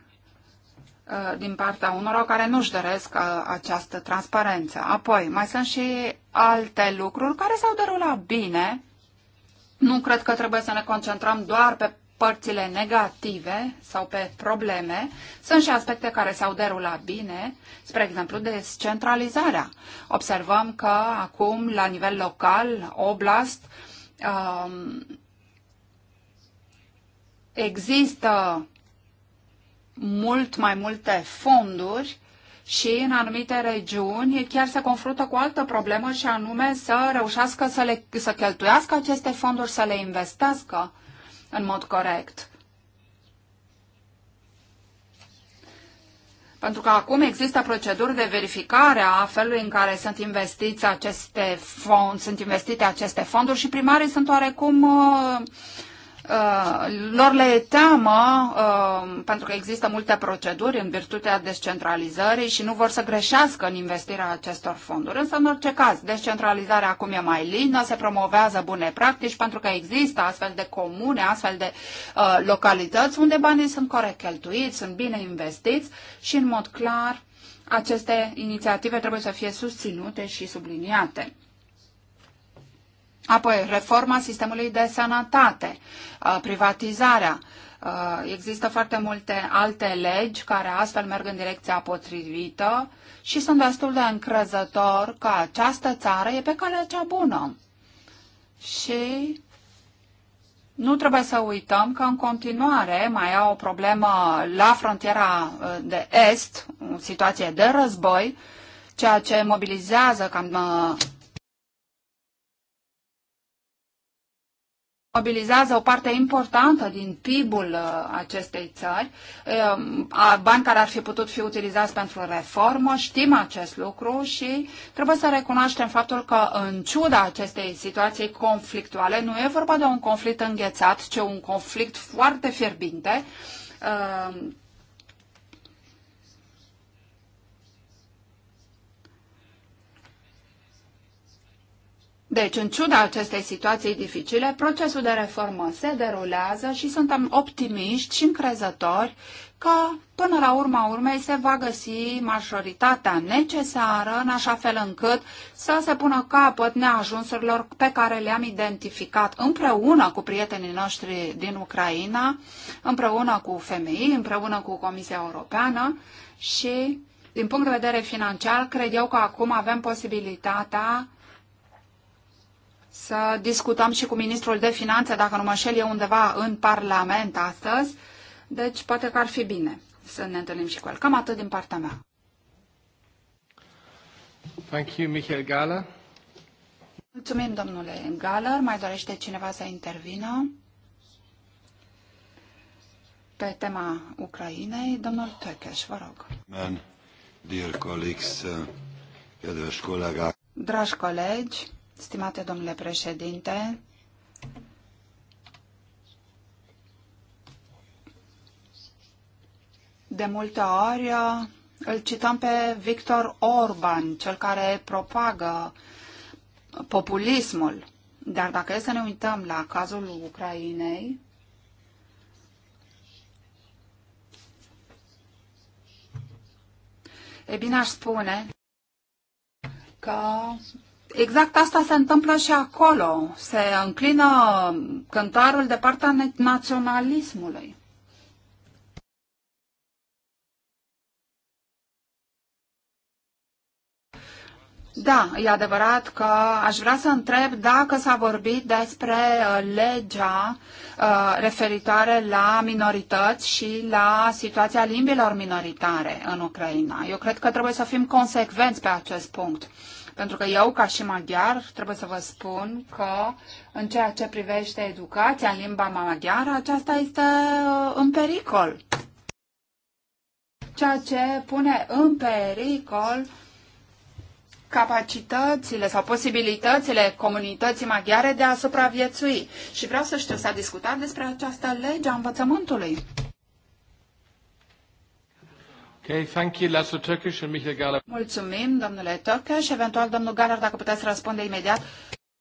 uh, din partea unor care nu-și doresc uh, această transparență. Apoi, mai sunt și alte lucruri care s-au derulat bine. Nu cred că trebuie să ne concentrăm doar pe părțile negative sau pe probleme, sunt și aspecte care s-au derulat bine, spre exemplu descentralizarea. Observăm că acum, la nivel local, oblast, um, există mult mai multe fonduri și în anumite regiuni chiar se confruntă cu o altă problemă și anume să reușească să, le, să cheltuiască aceste fonduri, să le investească în mod corect. Pentru că acum există proceduri de verificare a felului în care sunt investiți aceste fonduri, sunt investite aceste fonduri și primarii sunt oarecum uh, Uh, lor le e teamă, uh, pentru că există multe proceduri în virtutea descentralizării și nu vor să greșească în investirea acestor fonduri. Însă, în orice caz, descentralizarea acum e mai lină, se promovează bune practici pentru că există astfel de comune, astfel de uh, localități unde banii sunt corect cheltuiți, sunt bine investiți și, în mod clar, aceste inițiative trebuie să fie susținute și subliniate. Apoi, reforma sistemului de sănătate, uh, privatizarea. Uh, există foarte multe alte legi care astfel merg în direcția potrivită și sunt destul de încrezător că această țară e pe calea cea bună. Și nu trebuie să uităm că în continuare mai au o problemă la frontiera uh, de est, o situație de război, ceea ce mobilizează cam mobilizează o parte importantă din PIB-ul uh, acestei țări, um, bani care ar fi putut fi utilizați pentru reformă, știm acest lucru și trebuie să recunoaștem faptul că în ciuda acestei situații conflictuale, nu e vorba de un conflict înghețat, ci un conflict foarte fierbinte, um, Deci, în ciuda acestei situații dificile, procesul de reformă se derulează și suntem optimiști și încrezători că, până la urma urmei, se va găsi majoritatea necesară, în așa fel încât să se pună capăt neajunsurilor pe care le-am identificat împreună cu prietenii noștri din Ucraina, împreună cu FMI, împreună cu Comisia Europeană și, din punct de vedere financiar, cred eu că acum avem posibilitatea să discutăm și cu ministrul de finanțe, dacă nu mă șel, e undeva în Parlament astăzi. Deci poate că ar fi bine să ne întâlnim și cu el. Cam atât din partea mea. Thank you, Michael Gala. Mulțumim, domnule Galler. Mai dorește cineva să intervină pe tema Ucrainei? Domnul Tökes, vă rog. dear colleagues, uh, dragi colegi, Stimate domnule președinte, de multe ori uh, îl cităm pe Victor Orban, cel care propagă populismul. Dar dacă e să ne uităm la cazul Ucrainei, e bine aș spune că exact asta se întâmplă și acolo. Se înclină cântarul de partea naționalismului. Da, e adevărat că aș vrea să întreb dacă s-a vorbit despre uh, legea uh, referitoare la minorități și la situația limbilor minoritare în Ucraina. Eu cred că trebuie să fim consecvenți pe acest punct. Pentru că eu, ca și maghiar, trebuie să vă spun că în ceea ce privește educația în limba maghiară, aceasta este uh, în pericol. Ceea ce pune în pericol capacitățile sau posibilitățile comunității maghiare de a supraviețui. Și vreau să știu, s-a discutat despre această lege a învățământului. Okay, thank you, Lasso Turkish and Michael Gallagher. Mulțumim, domnule Turkish. Eventual, domnul Gallagher, dacă puteți răspunde imediat.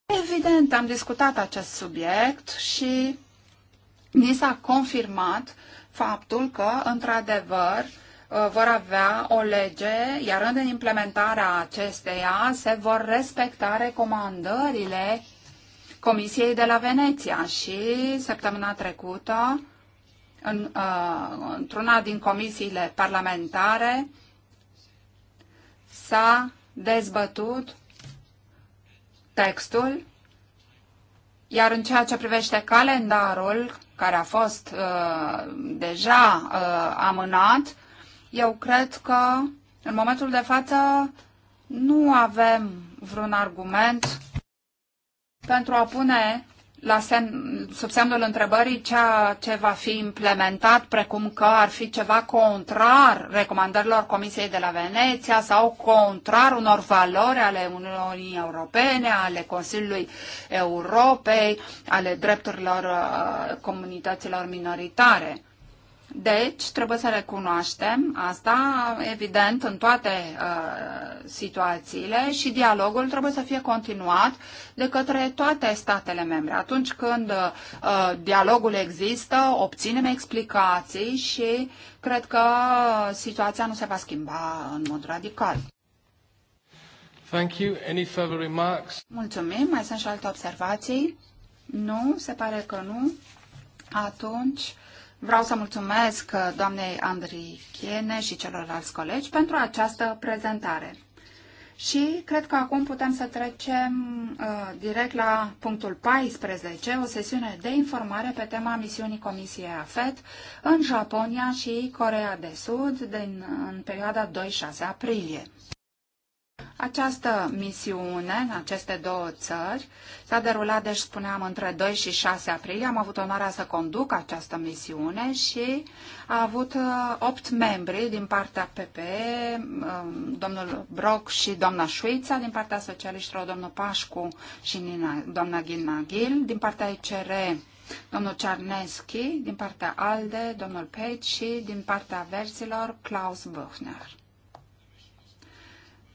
Evident, am discutat acest subiect și ni s-a confirmat faptul că, într-adevăr, uh, vor avea o lege, iar în implementarea acesteia se vor respecta recomandările Comisiei de la Veneția și săptămâna trecută în, uh, într-una din comisiile parlamentare s-a dezbătut textul, iar în ceea ce privește calendarul, care a fost uh, deja uh, amânat, eu cred că în momentul de față nu avem vreun argument pentru a pune la sem- sub semnul întrebării ceea ce va fi implementat, precum că ar fi ceva contrar recomandărilor Comisiei de la Veneția sau contrar unor valori ale Uniunii Europene, ale Consiliului Europei, ale drepturilor uh, comunităților minoritare. Deci, trebuie să recunoaștem asta, evident, în toate uh, situațiile și dialogul trebuie să fie continuat de către toate statele membre. Atunci când uh, dialogul există, obținem explicații și cred că situația nu se va schimba în mod radical. Thank you. Any further remarks? Mulțumim. Mai sunt și alte observații? Nu? Se pare că nu. Atunci... Vreau să mulțumesc uh, doamnei Andrei Chiene și celorlalți colegi pentru această prezentare. Și cred că acum putem să trecem uh, direct la punctul 14, o sesiune de informare pe tema misiunii Comisiei AFET în Japonia și Corea de Sud din, în perioada 2-6 aprilie. Această misiune în aceste două țări s-a derulat, deci spuneam, între 2 și 6 aprilie. Am avut onoarea să conduc această misiune și a avut uh, opt membri din partea PP, um, domnul Brock și doamna Șuița, din partea socialiștilor domnul Pașcu și Nina, doamna Gilnaghil, din partea ICR domnul Czarneschi, din partea ALDE, domnul Peci și din partea verzilor Klaus Buchner.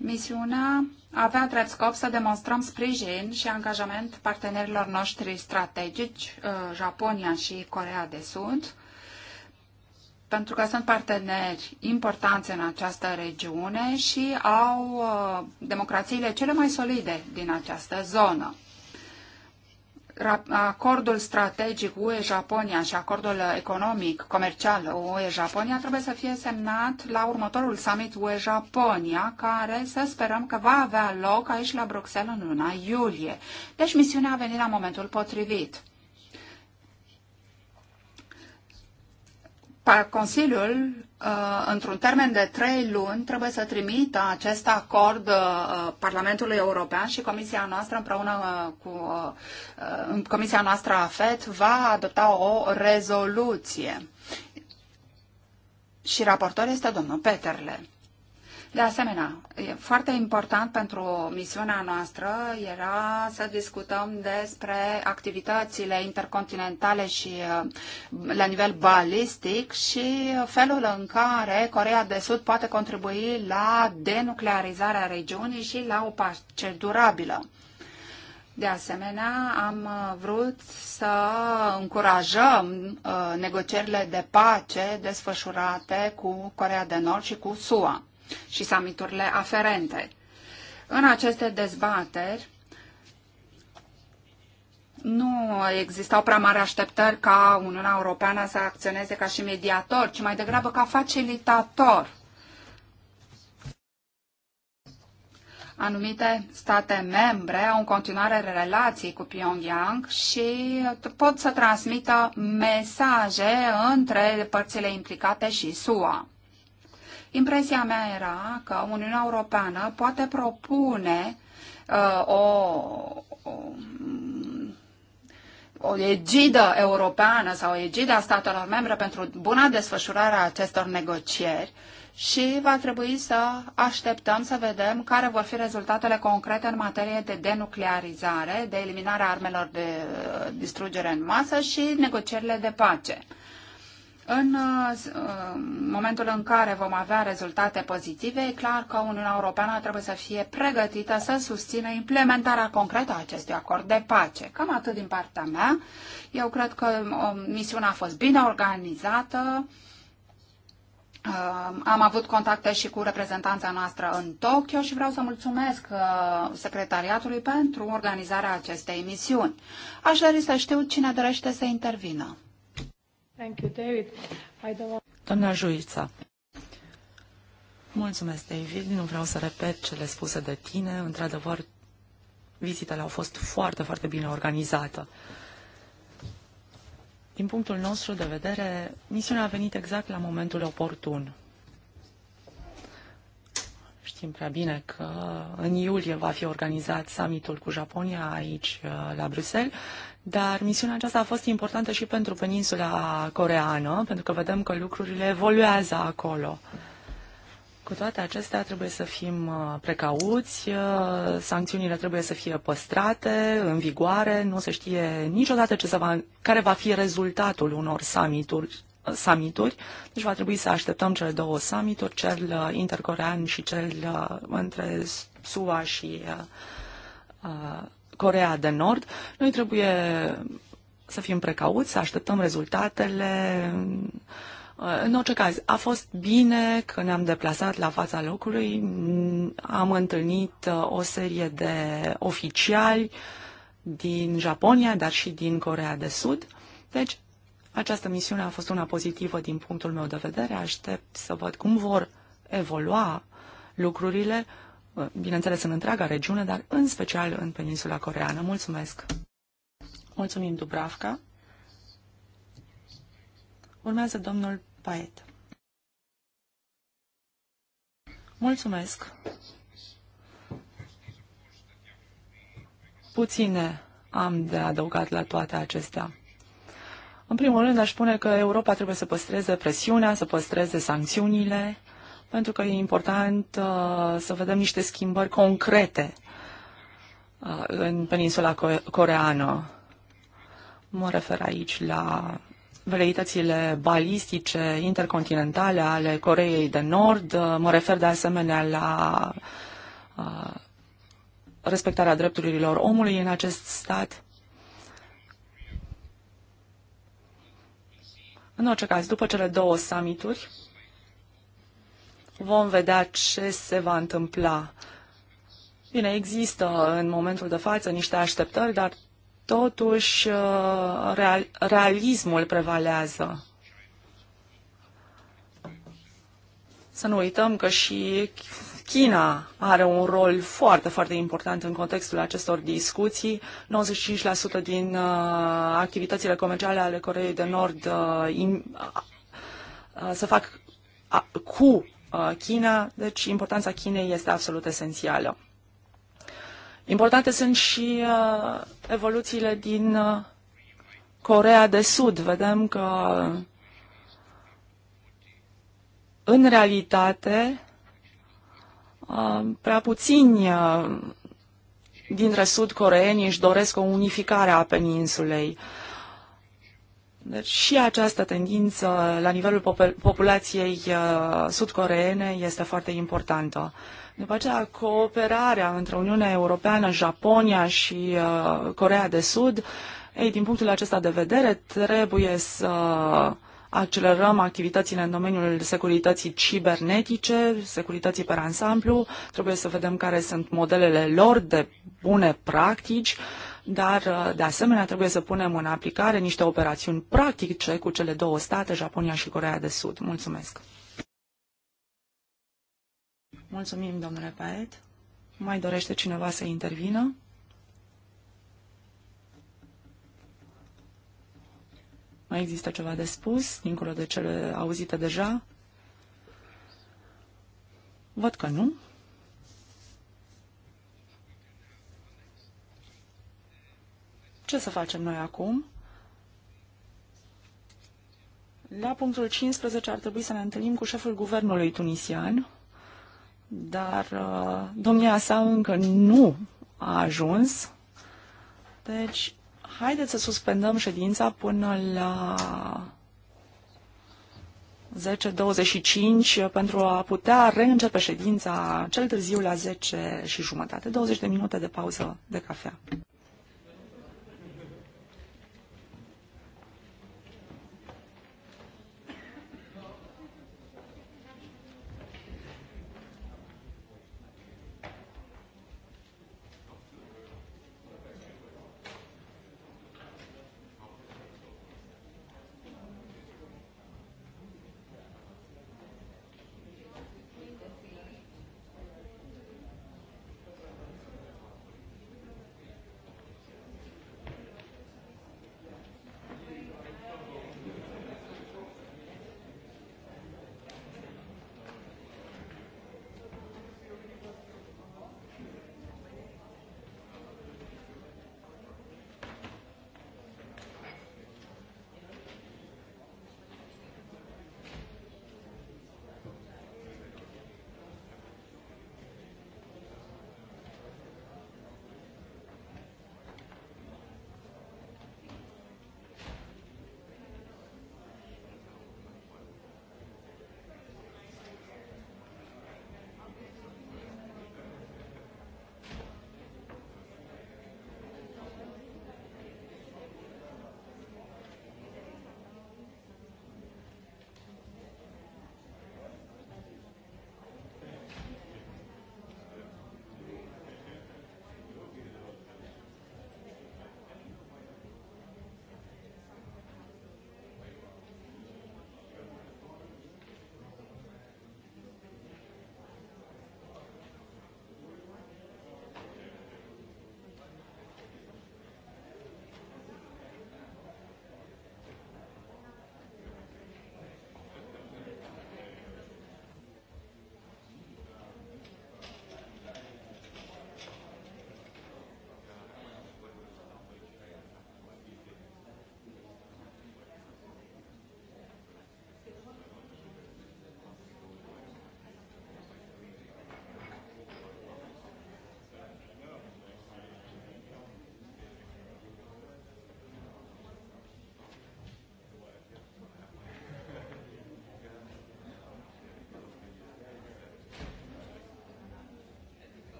Misiunea avea drept scop să demonstrăm sprijin și angajament partenerilor noștri strategici, uh, Japonia și Corea de Sud, pentru că sunt parteneri importanți în această regiune și au uh, democrațiile cele mai solide din această zonă acordul strategic UE-Japonia și acordul economic, comercial UE-Japonia trebuie să fie semnat la următorul summit UE-Japonia, care să sperăm că va avea loc aici la Bruxelles în luna iulie. Deci misiunea a venit la momentul potrivit. Consiliul Uh, într-un termen de trei luni, trebuie să trimită acest acord uh, Parlamentului European și Comisia noastră împreună uh, cu Comisia noastră AFET va adopta o rezoluție. Și raportor este domnul Peterle. De asemenea, foarte important pentru misiunea noastră era să discutăm despre activitățile intercontinentale și uh, la nivel balistic și felul în care Corea de Sud poate contribui la denuclearizarea regiunii și la o pace durabilă. De asemenea, am uh, vrut să încurajăm uh, negocierile de pace desfășurate cu Corea de Nord și cu SUA și summiturile aferente. În aceste dezbateri nu existau prea mari așteptări ca Uniunea Europeană să acționeze ca și mediator, ci mai degrabă ca facilitator. Anumite state membre au în continuare relații cu Pyongyang și pot să transmită mesaje între părțile implicate și SUA. Impresia mea era că Uniunea Europeană poate propune uh, o, o o egidă europeană sau o egidă a statelor membre pentru buna desfășurare a acestor negocieri și va trebui să așteptăm să vedem care vor fi rezultatele concrete în materie de denuclearizare, de eliminarea armelor de uh, distrugere în masă și negocierile de pace. În uh, momentul în care vom avea rezultate pozitive, e clar că Uniunea Europeană trebuie să fie pregătită să susțină implementarea concretă a acestui acord de pace. Cam atât din partea mea. Eu cred că uh, misiunea a fost bine organizată. Uh, am avut contacte și cu reprezentanța noastră în Tokyo și vreau să mulțumesc secretariatului pentru organizarea acestei emisiuni. Aș dori să știu cine dorește să intervină. Thank you, David. I don't want... Doamna Juița. Mulțumesc, David. Nu vreau să repet cele spuse de tine. Într-adevăr, vizitele au fost foarte, foarte bine organizată. Din punctul nostru de vedere, misiunea a venit exact la momentul oportun. Știm prea bine că în iulie va fi organizat summitul cu Japonia aici uh, la Bruxelles, dar misiunea aceasta a fost importantă și pentru peninsula coreană, pentru că vedem că lucrurile evoluează acolo. Cu toate acestea, trebuie să fim uh, precauți, uh, sancțiunile trebuie să fie păstrate, în vigoare, nu se știe niciodată ce se va, care va fi rezultatul unor summituri summituri, deci va trebui să așteptăm cele două summituri, cel uh, intercorean și cel uh, între SUA și uh, Corea de Nord. Noi trebuie să fim precauți, să așteptăm rezultatele. În orice caz, a fost bine că ne-am deplasat la fața locului, am întâlnit o serie de oficiali din Japonia, dar și din Corea de Sud. Deci, această misiune a fost una pozitivă din punctul meu de vedere. Aștept să văd cum vor evolua lucrurile, bineînțeles în întreaga regiune, dar în special în peninsula coreană. Mulțumesc! Mulțumim, Dubravka! Urmează domnul Paet. Mulțumesc! Puține am de adăugat la toate acestea. În primul rând, aș spune că Europa trebuie să păstreze presiunea, să păstreze sancțiunile, pentru că e important uh, să vedem niște schimbări concrete uh, în peninsula coreană. Mă refer aici la veleitățile balistice intercontinentale ale Coreei de Nord. Uh, mă refer de asemenea la uh, respectarea drepturilor omului în acest stat. În orice caz, după cele două summituri, vom vedea ce se va întâmpla. Bine, există în momentul de față niște așteptări, dar totuși uh, real, realismul prevalează. Să nu uităm că și China are un rol foarte, foarte important în contextul acestor discuții. 95% din uh, activitățile comerciale ale Coreei de Nord uh, in, uh, se fac a, cu uh, China, deci importanța Chinei este absolut esențială. Importante sunt și uh, evoluțiile din uh, Corea de Sud. Vedem că, în realitate, Uh, prea puțini uh, dintre sud-coreeni își doresc o unificare a peninsulei. Deci și această tendință la nivelul populației uh, sud-coreene este foarte importantă. După aceea, cooperarea între Uniunea Europeană, Japonia și Corea de Sud, ei, din punctul acesta de vedere, trebuie să uh, accelerăm activitățile în domeniul securității cibernetice, securității pe ansamblu, trebuie să vedem care sunt modelele lor de bune practici, dar uh, de asemenea trebuie să punem în aplicare niște operațiuni practice cu cele două state, Japonia și Coreea de Sud. Mulțumesc! Mulțumim, domnule Paet. Mai dorește cineva să intervină? Mai există ceva de spus, dincolo de cele auzite deja? Văd că nu. Ce să facem noi acum? La punctul 15 ar trebui să ne întâlnim cu șeful guvernului tunisian, dar uh, domnia sa încă nu a ajuns. Deci, Haideți să suspendăm ședința până la 10.25 pentru a putea reîncepe ședința cel târziu la 10 și jumătate, 20 de minute de pauză de cafea.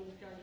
Duncan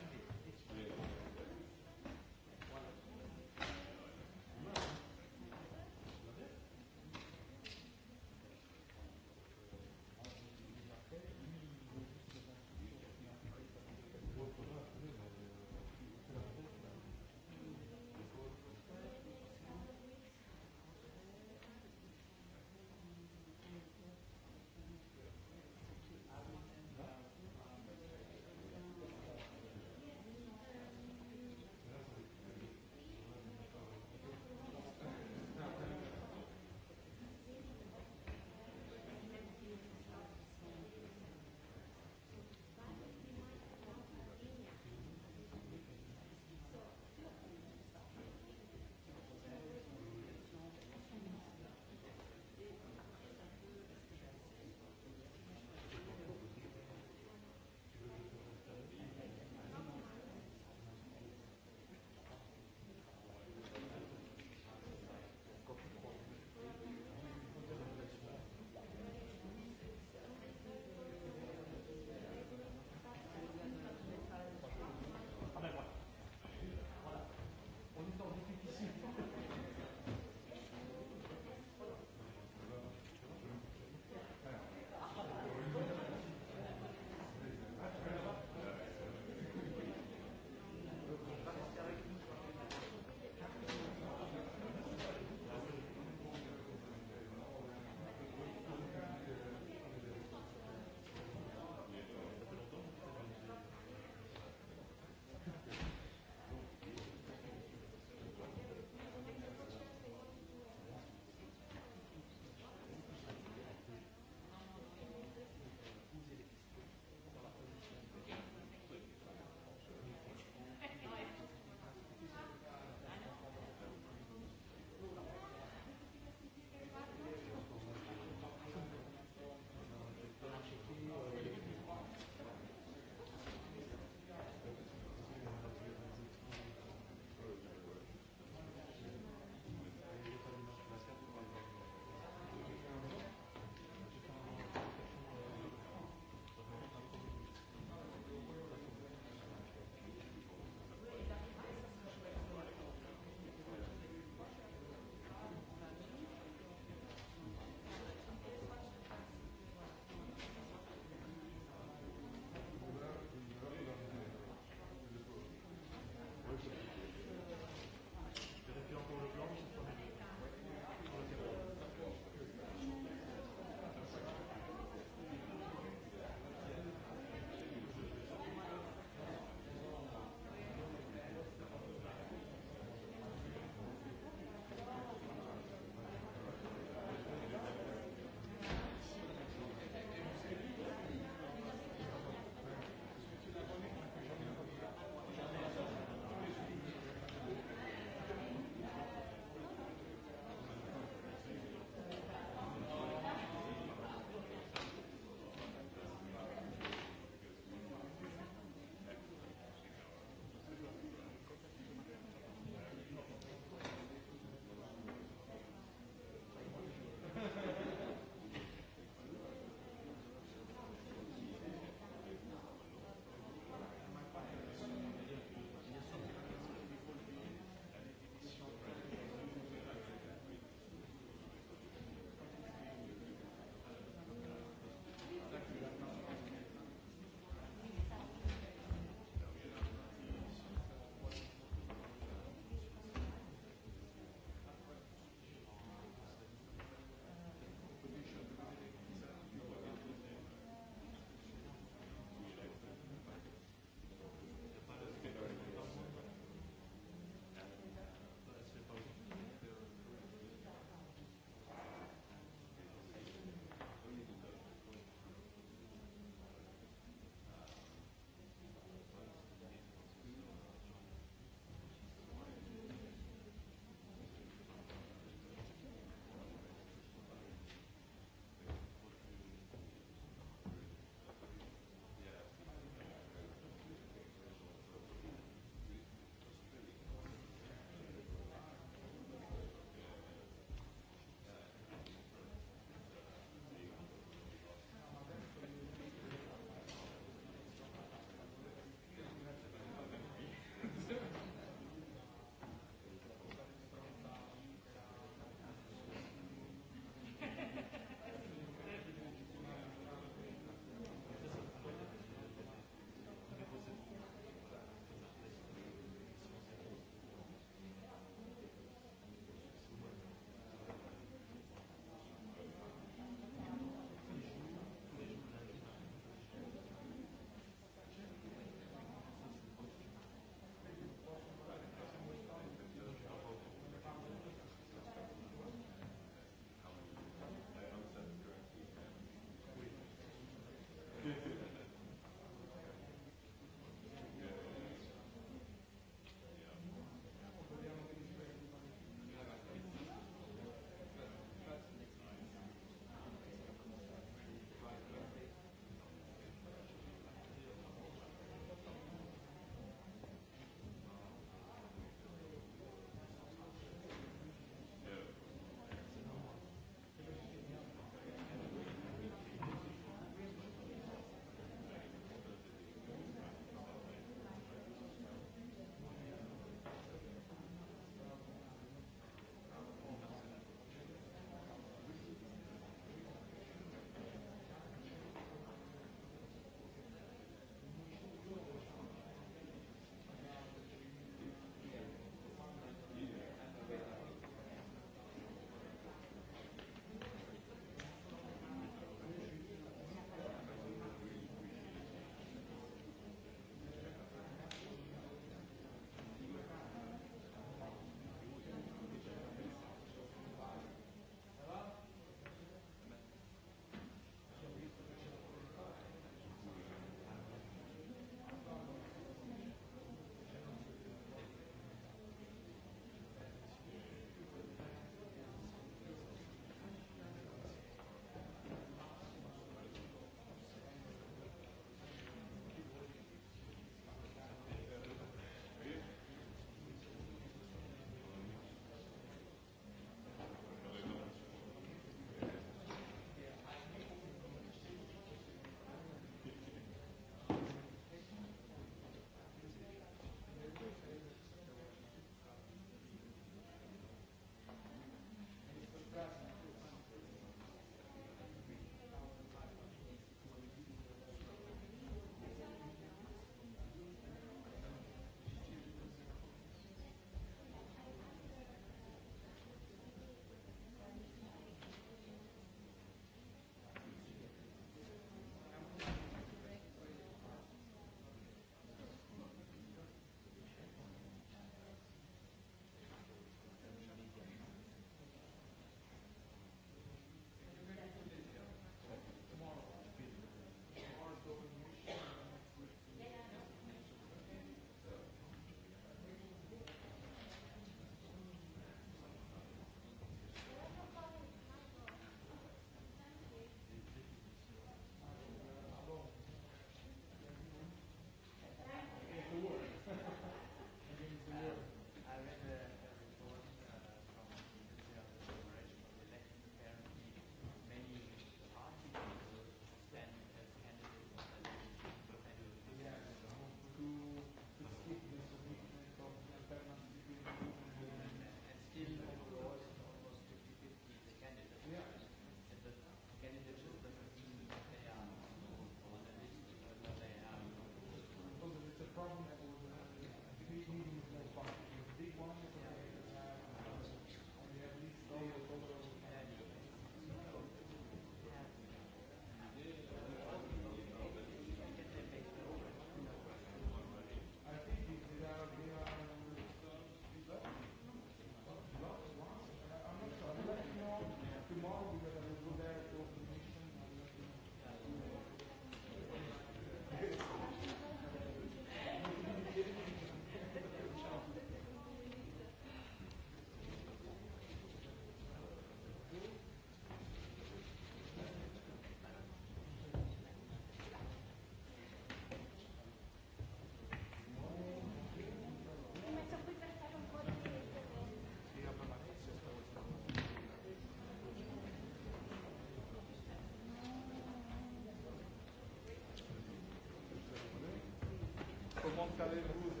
care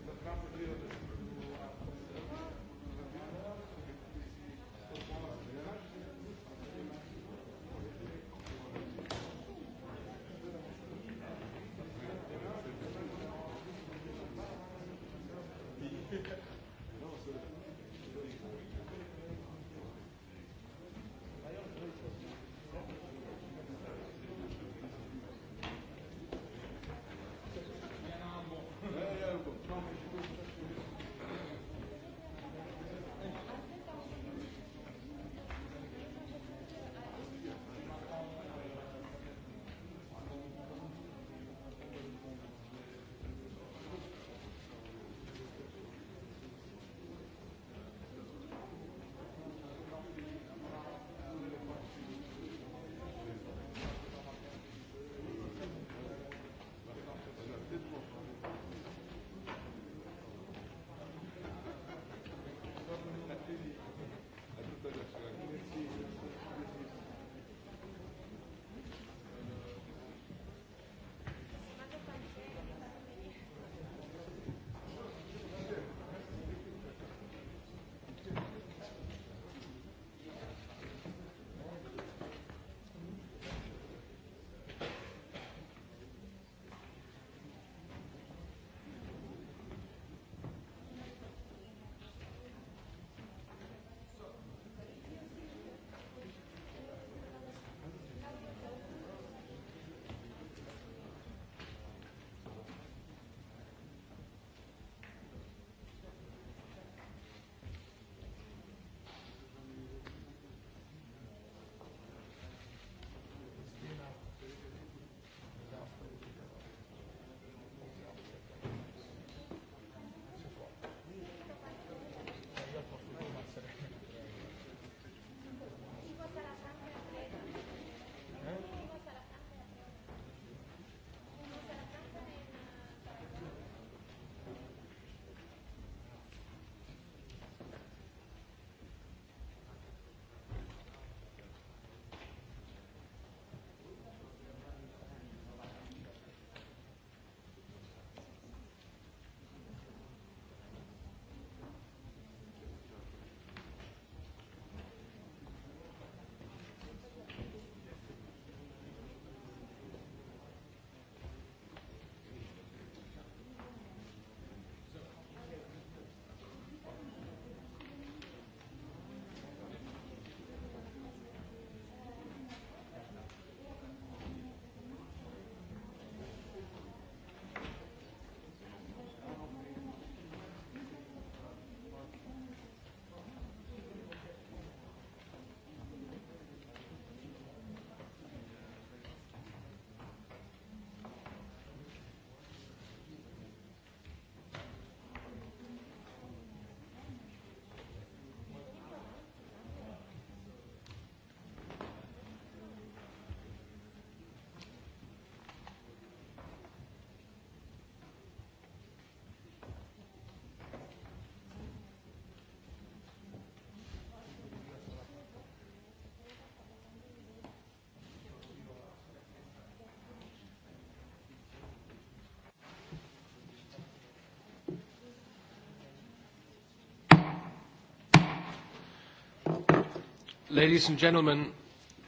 Ladies and gentlemen,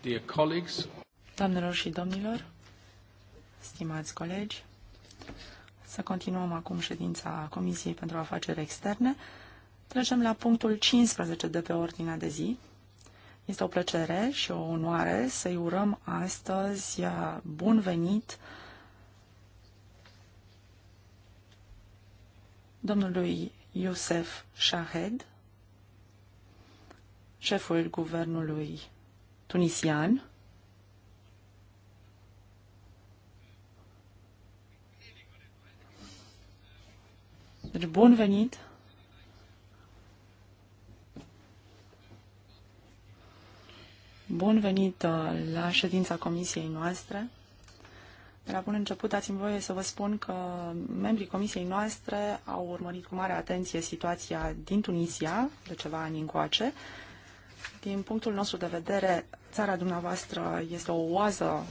dear colleagues. Doamnelor și domnilor, stimați colegi, să continuăm acum ședința Comisiei pentru Afaceri Externe. Trecem la punctul 15 de pe ordinea de zi. Este o plăcere și o onoare să-i urăm astăzi uh, bun venit domnului Iosef Shahed, șeful guvernului tunisian. Deci, bun venit! Bun venit uh, la ședința comisiei noastre. De la bun început, dați-mi voie să vă spun că membrii comisiei noastre au urmărit cu mare atenție situația din Tunisia de ceva ani încoace. Uh, din punctul nostru de vedere, țara dumneavoastră este o oază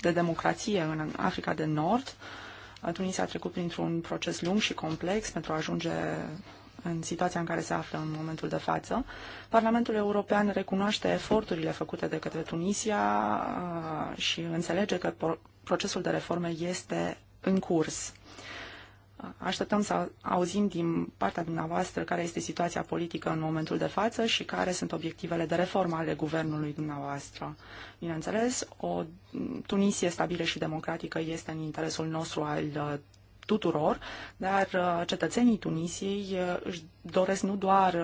de democrație în Africa de Nord. Tunisia a trecut printr-un proces lung și complex pentru a ajunge în situația în care se află în momentul de față. Parlamentul European recunoaște eforturile făcute de către Tunisia uh, și înțelege că procesul de reforme este în curs. Așteptăm să auzim din partea dumneavoastră care este situația politică în momentul de față și care sunt obiectivele de reformă ale guvernului dumneavoastră. Bineînțeles, o Tunisie stabilă și democratică este în interesul nostru al uh, tuturor, dar uh, cetățenii Tunisiei uh, își doresc nu doar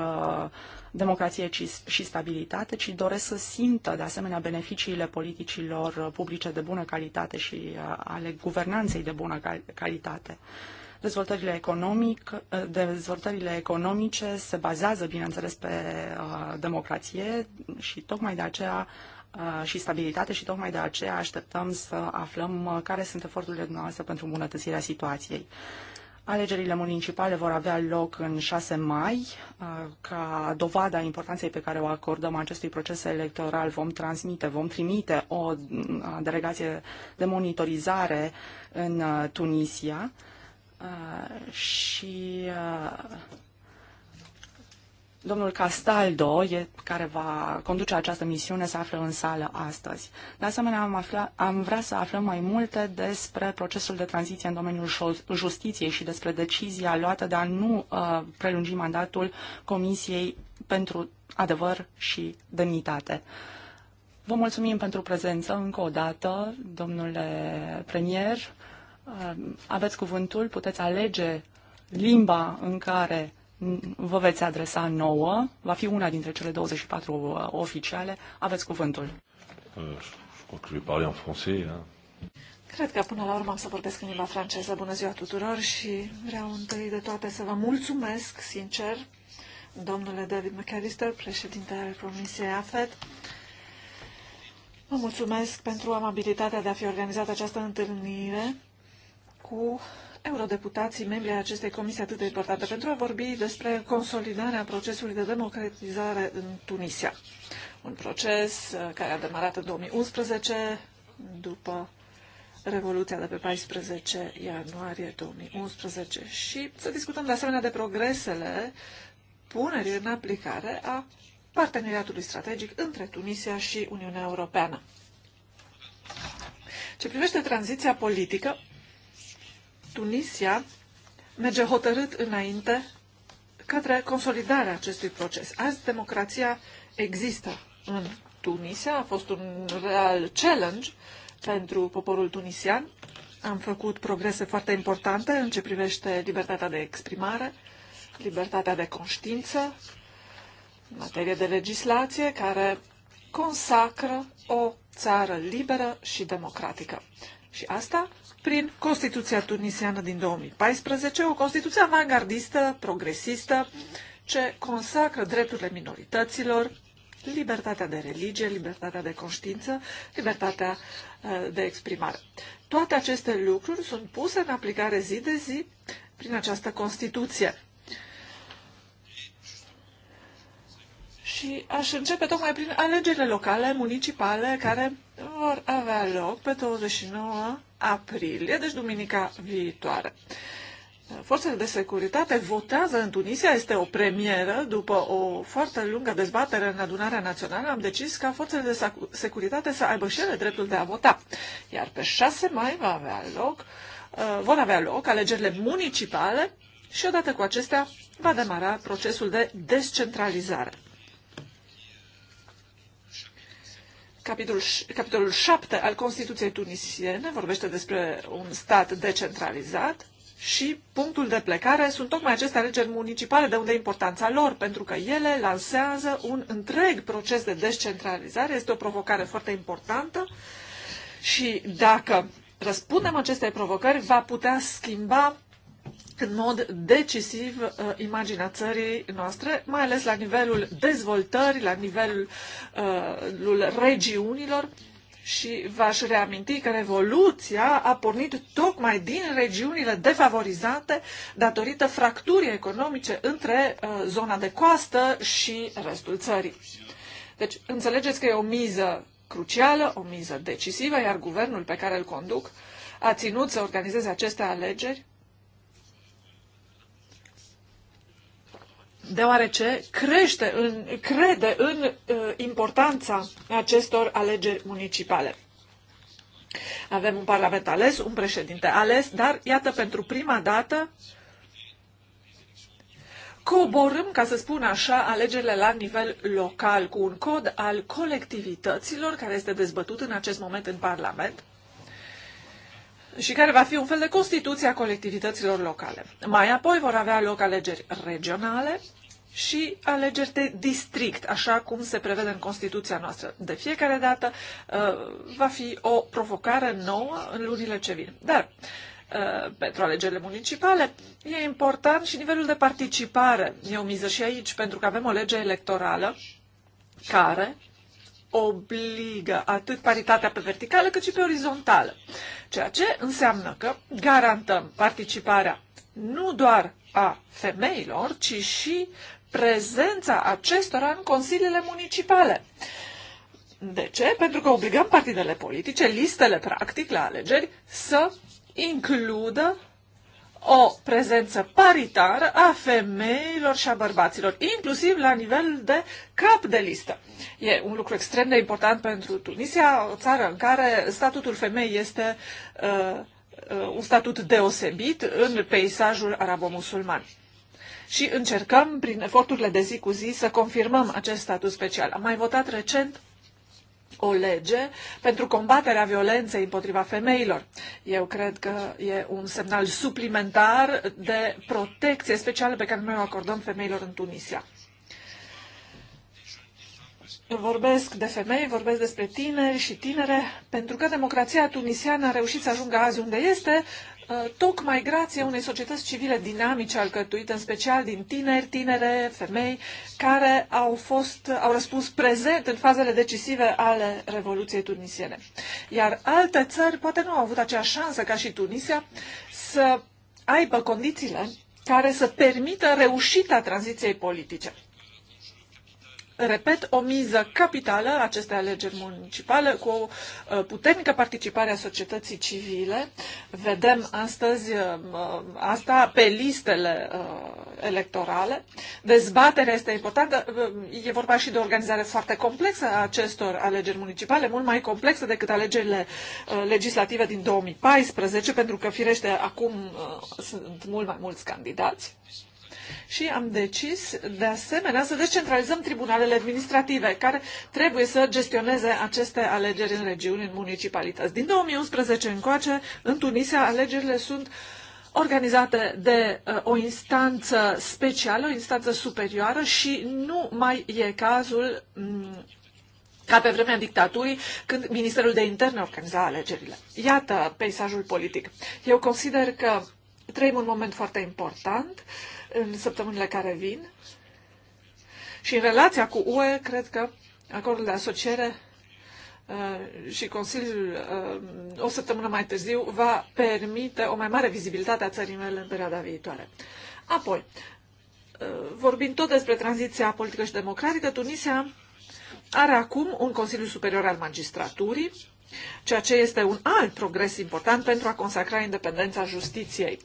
democrație și stabilitate, ci doresc să simtă de asemenea beneficiile politicilor publice de bună calitate și ale guvernanței de bună calitate. Dezvoltările, economic, dezvoltările economice se bazează, bineînțeles, pe uh, democrație și tocmai de aceea uh, și stabilitate și tocmai de aceea așteptăm să aflăm uh, care sunt eforturile noastre pentru îmbunătățirea situației. Alegerile municipale vor avea loc în 6 mai. Ca dovada importanței pe care o acordăm acestui proces electoral, vom transmite, vom trimite o delegație de monitorizare în Tunisia. Uh, și uh, domnul Castaldo, care va conduce această misiune, se află în sală astăzi. De asemenea, am, afla, am vrea să aflăm mai multe despre procesul de tranziție în domeniul justiției și despre decizia luată de a nu uh, prelungi mandatul Comisiei pentru adevăr și demnitate. Vă mulțumim pentru prezență încă o dată, domnule premier. Um, aveți cuvântul, puteți alege limba în care vă veți adresa nouă, va fi una dintre cele 24 uh, oficiale, aveți cuvântul. Euh, Cred că până la urmă am să vorbesc în limba franceză. Bună ziua tuturor și vreau întâi de toate să vă mulțumesc sincer, domnule David McAllister, președinte al Comisiei AFED, Vă mulțumesc pentru amabilitatea de a fi organizat această întâlnire cu eurodeputații, membri ai acestei comisii atât de importante, pentru a vorbi despre consolidarea procesului de democratizare în Tunisia. Un proces uh, care a demarat în 2011, după Revoluția de pe 14 ianuarie 2011 și să discutăm de asemenea de progresele punerii în aplicare a parteneriatului strategic între Tunisia și Uniunea Europeană. Ce privește tranziția politică, Tunisia merge hotărât înainte către consolidarea acestui proces. Azi democrația există în Tunisia, a fost un real challenge pentru poporul tunisian. Am făcut progrese foarte importante în ce privește libertatea de exprimare, libertatea de conștiință, materie de legislație care consacră o țară liberă și democratică. Și asta prin Constituția tunisiană din 2014, o Constituție avangardistă, progresistă, ce consacră drepturile minorităților, libertatea de religie, libertatea de conștiință, libertatea uh, de exprimare. Toate aceste lucruri sunt puse în aplicare zi de zi prin această Constituție. Și aș începe tocmai prin alegerile locale, municipale, care vor avea loc pe 29 aprilie, deci duminica viitoare. Forțele de securitate votează în Tunisia, este o premieră. După o foarte lungă dezbatere în adunarea națională, am decis ca forțele de securitate să aibă și ele dreptul de a vota. Iar pe 6 mai va avea loc, uh, vor avea loc alegerile municipale și odată cu acestea va demara procesul de descentralizare. Capitolul, capitolul 7 al Constituției tunisiene vorbește despre un stat decentralizat și punctul de plecare sunt tocmai aceste alegeri municipale, de unde importanța lor, pentru că ele lansează un întreg proces de descentralizare, este o provocare foarte importantă și dacă răspundem acestei provocări, va putea schimba în mod decisiv uh, imaginea țării noastre, mai ales la nivelul dezvoltării, la nivelul uh, regiunilor și v-aș reaminti că revoluția a pornit tocmai din regiunile defavorizate datorită fracturii economice între uh, zona de coastă și restul țării. Deci, înțelegeți că e o miză crucială, o miză decisivă, iar guvernul pe care îl conduc a ținut să organizeze aceste alegeri deoarece crește în, crede în uh, importanța acestor alegeri municipale. Avem un parlament ales, un președinte ales, dar iată, pentru prima dată coborâm, ca să spun așa, alegerile la nivel local, cu un cod al colectivităților care este dezbătut în acest moment în Parlament și care va fi un fel de constituție a colectivităților locale. Mai apoi vor avea loc alegeri regionale și alegeri de district, așa cum se prevede în Constituția noastră. De fiecare dată uh, va fi o provocare nouă în lunile ce vin. Dar uh, pentru alegerile municipale, e important și nivelul de participare. E o miză și aici, pentru că avem o lege electorală care obligă atât paritatea pe verticală cât și pe orizontală, ceea ce înseamnă că garantăm participarea nu doar a femeilor, ci și prezența acestora în consiliile municipale. De ce? Pentru că obligăm partidele politice, listele practic la alegeri, să includă o prezență paritară a femeilor și a bărbaților, inclusiv la nivel de cap de listă. E un lucru extrem de important pentru Tunisia, o țară în care statutul femei este uh, uh, un statut deosebit în peisajul arabo-musulman. Și încercăm, prin eforturile de zi cu zi, să confirmăm acest statut special. Am mai votat recent o lege pentru combaterea violenței împotriva femeilor. Eu cred că e un semnal suplimentar de protecție specială pe care noi o acordăm femeilor în Tunisia. Vorbesc de femei, vorbesc despre tineri și tinere, pentru că democrația tunisiană a reușit să ajungă azi unde este, Uh, tocmai grație unei societăți civile dinamice alcătuite, în special din tineri, tinere, femei, care au, fost, au răspuns prezent în fazele decisive ale Revoluției tunisiene. Iar alte țări poate nu au avut aceeași șansă ca și Tunisia să aibă condițiile care să permită reușita tranziției politice repet, o miză capitală aceste alegeri municipale cu o uh, puternică participare a societății civile. Vedem astăzi uh, uh, asta pe listele electorale. Dezbaterea este importantă. E vorba și de o organizare foarte complexă a acestor alegeri municipale, mult mai complexă decât alegerile legislative din 2014, pentru că, firește, acum sunt mult mai mulți candidați și am decis, de asemenea, să descentralizăm tribunalele administrative, care trebuie să gestioneze aceste alegeri în regiuni, în municipalități. Din 2011 încoace, în Tunisia, alegerile sunt organizate de uh, o instanță specială, o instanță superioară și nu mai e cazul mm, ca pe vremea dictaturii, când Ministerul de Interne organiza alegerile. Iată peisajul politic. Eu consider că trăim un moment foarte important în săptămânile care vin. Și în relația cu UE, cred că acordul de asociere uh, și Consiliul uh, o săptămână mai târziu va permite o mai mare vizibilitate a țării mele în perioada viitoare. Apoi, uh, vorbind tot despre tranziția politică și democratică, Tunisia are acum un Consiliu Superior al Magistraturii, ceea ce este un alt progres important pentru a consacra independența justiției,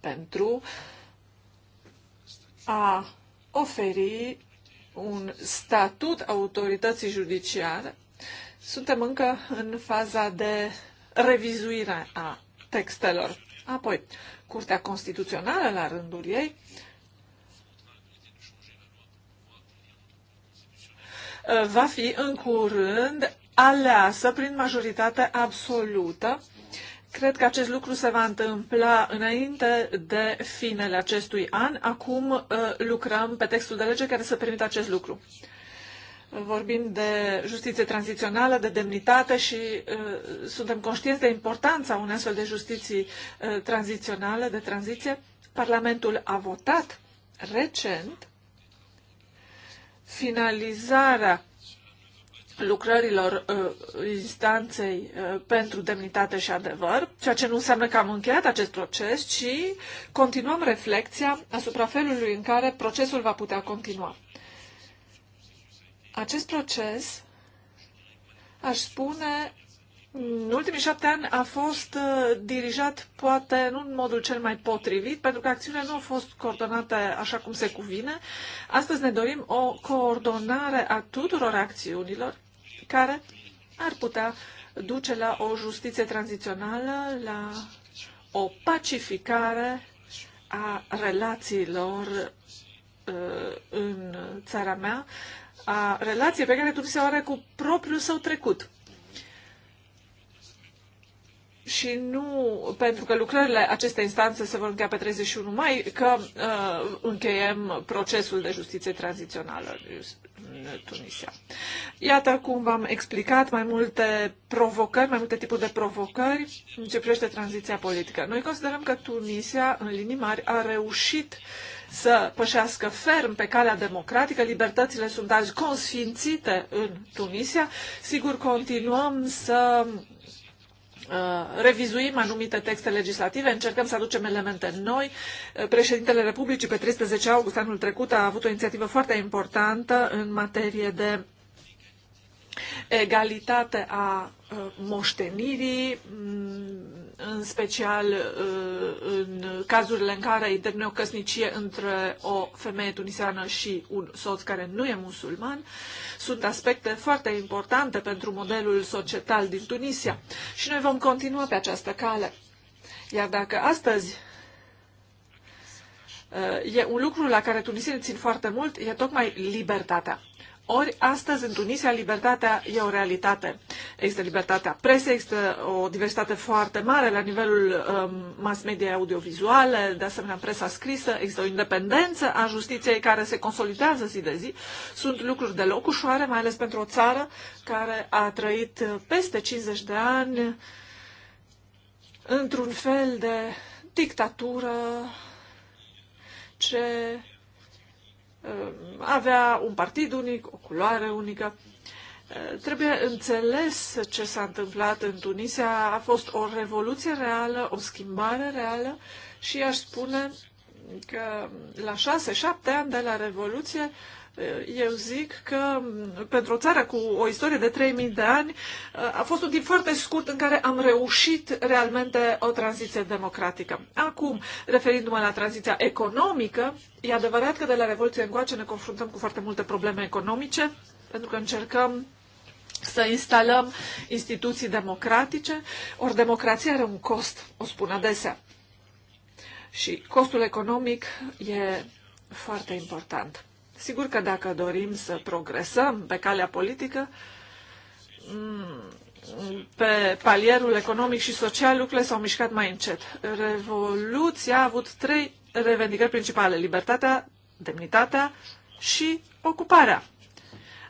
pentru a oferi un statut autorității judiciare. Suntem încă în faza de revizuire a textelor. Apoi, Curtea Constituțională, la rândul ei, va fi în curând aleasă prin majoritate absolută Cred că acest lucru se va întâmpla înainte de finele acestui an. Acum uh, lucrăm pe textul de lege care să permită acest lucru. Vorbim de justiție tranzițională, de demnitate și uh, suntem conștienți de importanța unei astfel de justiții uh, tranziționale, de tranziție. Parlamentul a votat recent finalizarea lucrărilor uh, instanței uh, pentru demnitate și adevăr, ceea ce nu înseamnă că am încheiat acest proces, ci continuăm reflexia asupra felului în care procesul va putea continua. Acest proces, aș spune, în ultimii șapte ani a fost uh, dirijat poate nu în modul cel mai potrivit, pentru că acțiunile nu au fost coordonate așa cum se cuvine. Astăzi ne dorim o coordonare a tuturor acțiunilor care ar putea duce la o justiție tranzițională, la o pacificare a relațiilor uh, în țara mea, a relației pe care Tunisia o are cu propriul său trecut și nu pentru că lucrările acestei instanțe se vor încheia pe 31 mai, că uh, încheiem procesul de justiție tranzițională în Tunisia. Iată cum v-am explicat mai multe provocări, mai multe tipuri de provocări în ce privește tranziția politică. Noi considerăm că Tunisia, în linii mari, a reușit să pășească ferm pe calea democratică. Libertățile sunt azi consfințite în Tunisia. Sigur, continuăm să Uh, revizuim anumite texte legislative, încercăm să aducem elemente noi. Uh, președintele Republicii pe 13 august anul trecut a avut o inițiativă foarte importantă în materie de egalitate a uh, moștenirii mm, în special uh, în cazurile în care intervine o căsnicie între o femeie tunisiană și un soț care nu e musulman, sunt aspecte foarte importante pentru modelul societal din Tunisia. Și noi vom continua pe această cale. Iar dacă astăzi uh, e un lucru la care tunisienii țin foarte mult, e tocmai libertatea. Ori astăzi în Tunisia libertatea e o realitate. Există libertatea presei, există o diversitate foarte mare la nivelul um, mass media audiovizuale, de asemenea presa scrisă, există o independență a justiției care se consolidează zi de zi. Sunt lucruri deloc ușoare, mai ales pentru o țară care a trăit peste 50 de ani într-un fel de dictatură ce Uh, avea un partid unic, o culoare unică. Uh, trebuie înțeles ce s-a întâmplat în Tunisia. A fost o revoluție reală, o schimbare reală și aș spune că la șase, șapte ani de la Revoluție eu zic că pentru o țară cu o istorie de 3000 de ani a fost un timp foarte scurt în care am reușit realmente o tranziție democratică. Acum, referindu-mă la tranziția economică, e adevărat că de la Revoluție încoace ne confruntăm cu foarte multe probleme economice, pentru că încercăm să instalăm instituții democratice, ori democrația are un cost, o spun adesea. Și costul economic e foarte important. Sigur că dacă dorim să progresăm pe calea politică, mm, pe palierul economic și social lucrurile s-au mișcat mai încet. Revoluția a avut trei revendicări principale. Libertatea, demnitatea și ocuparea.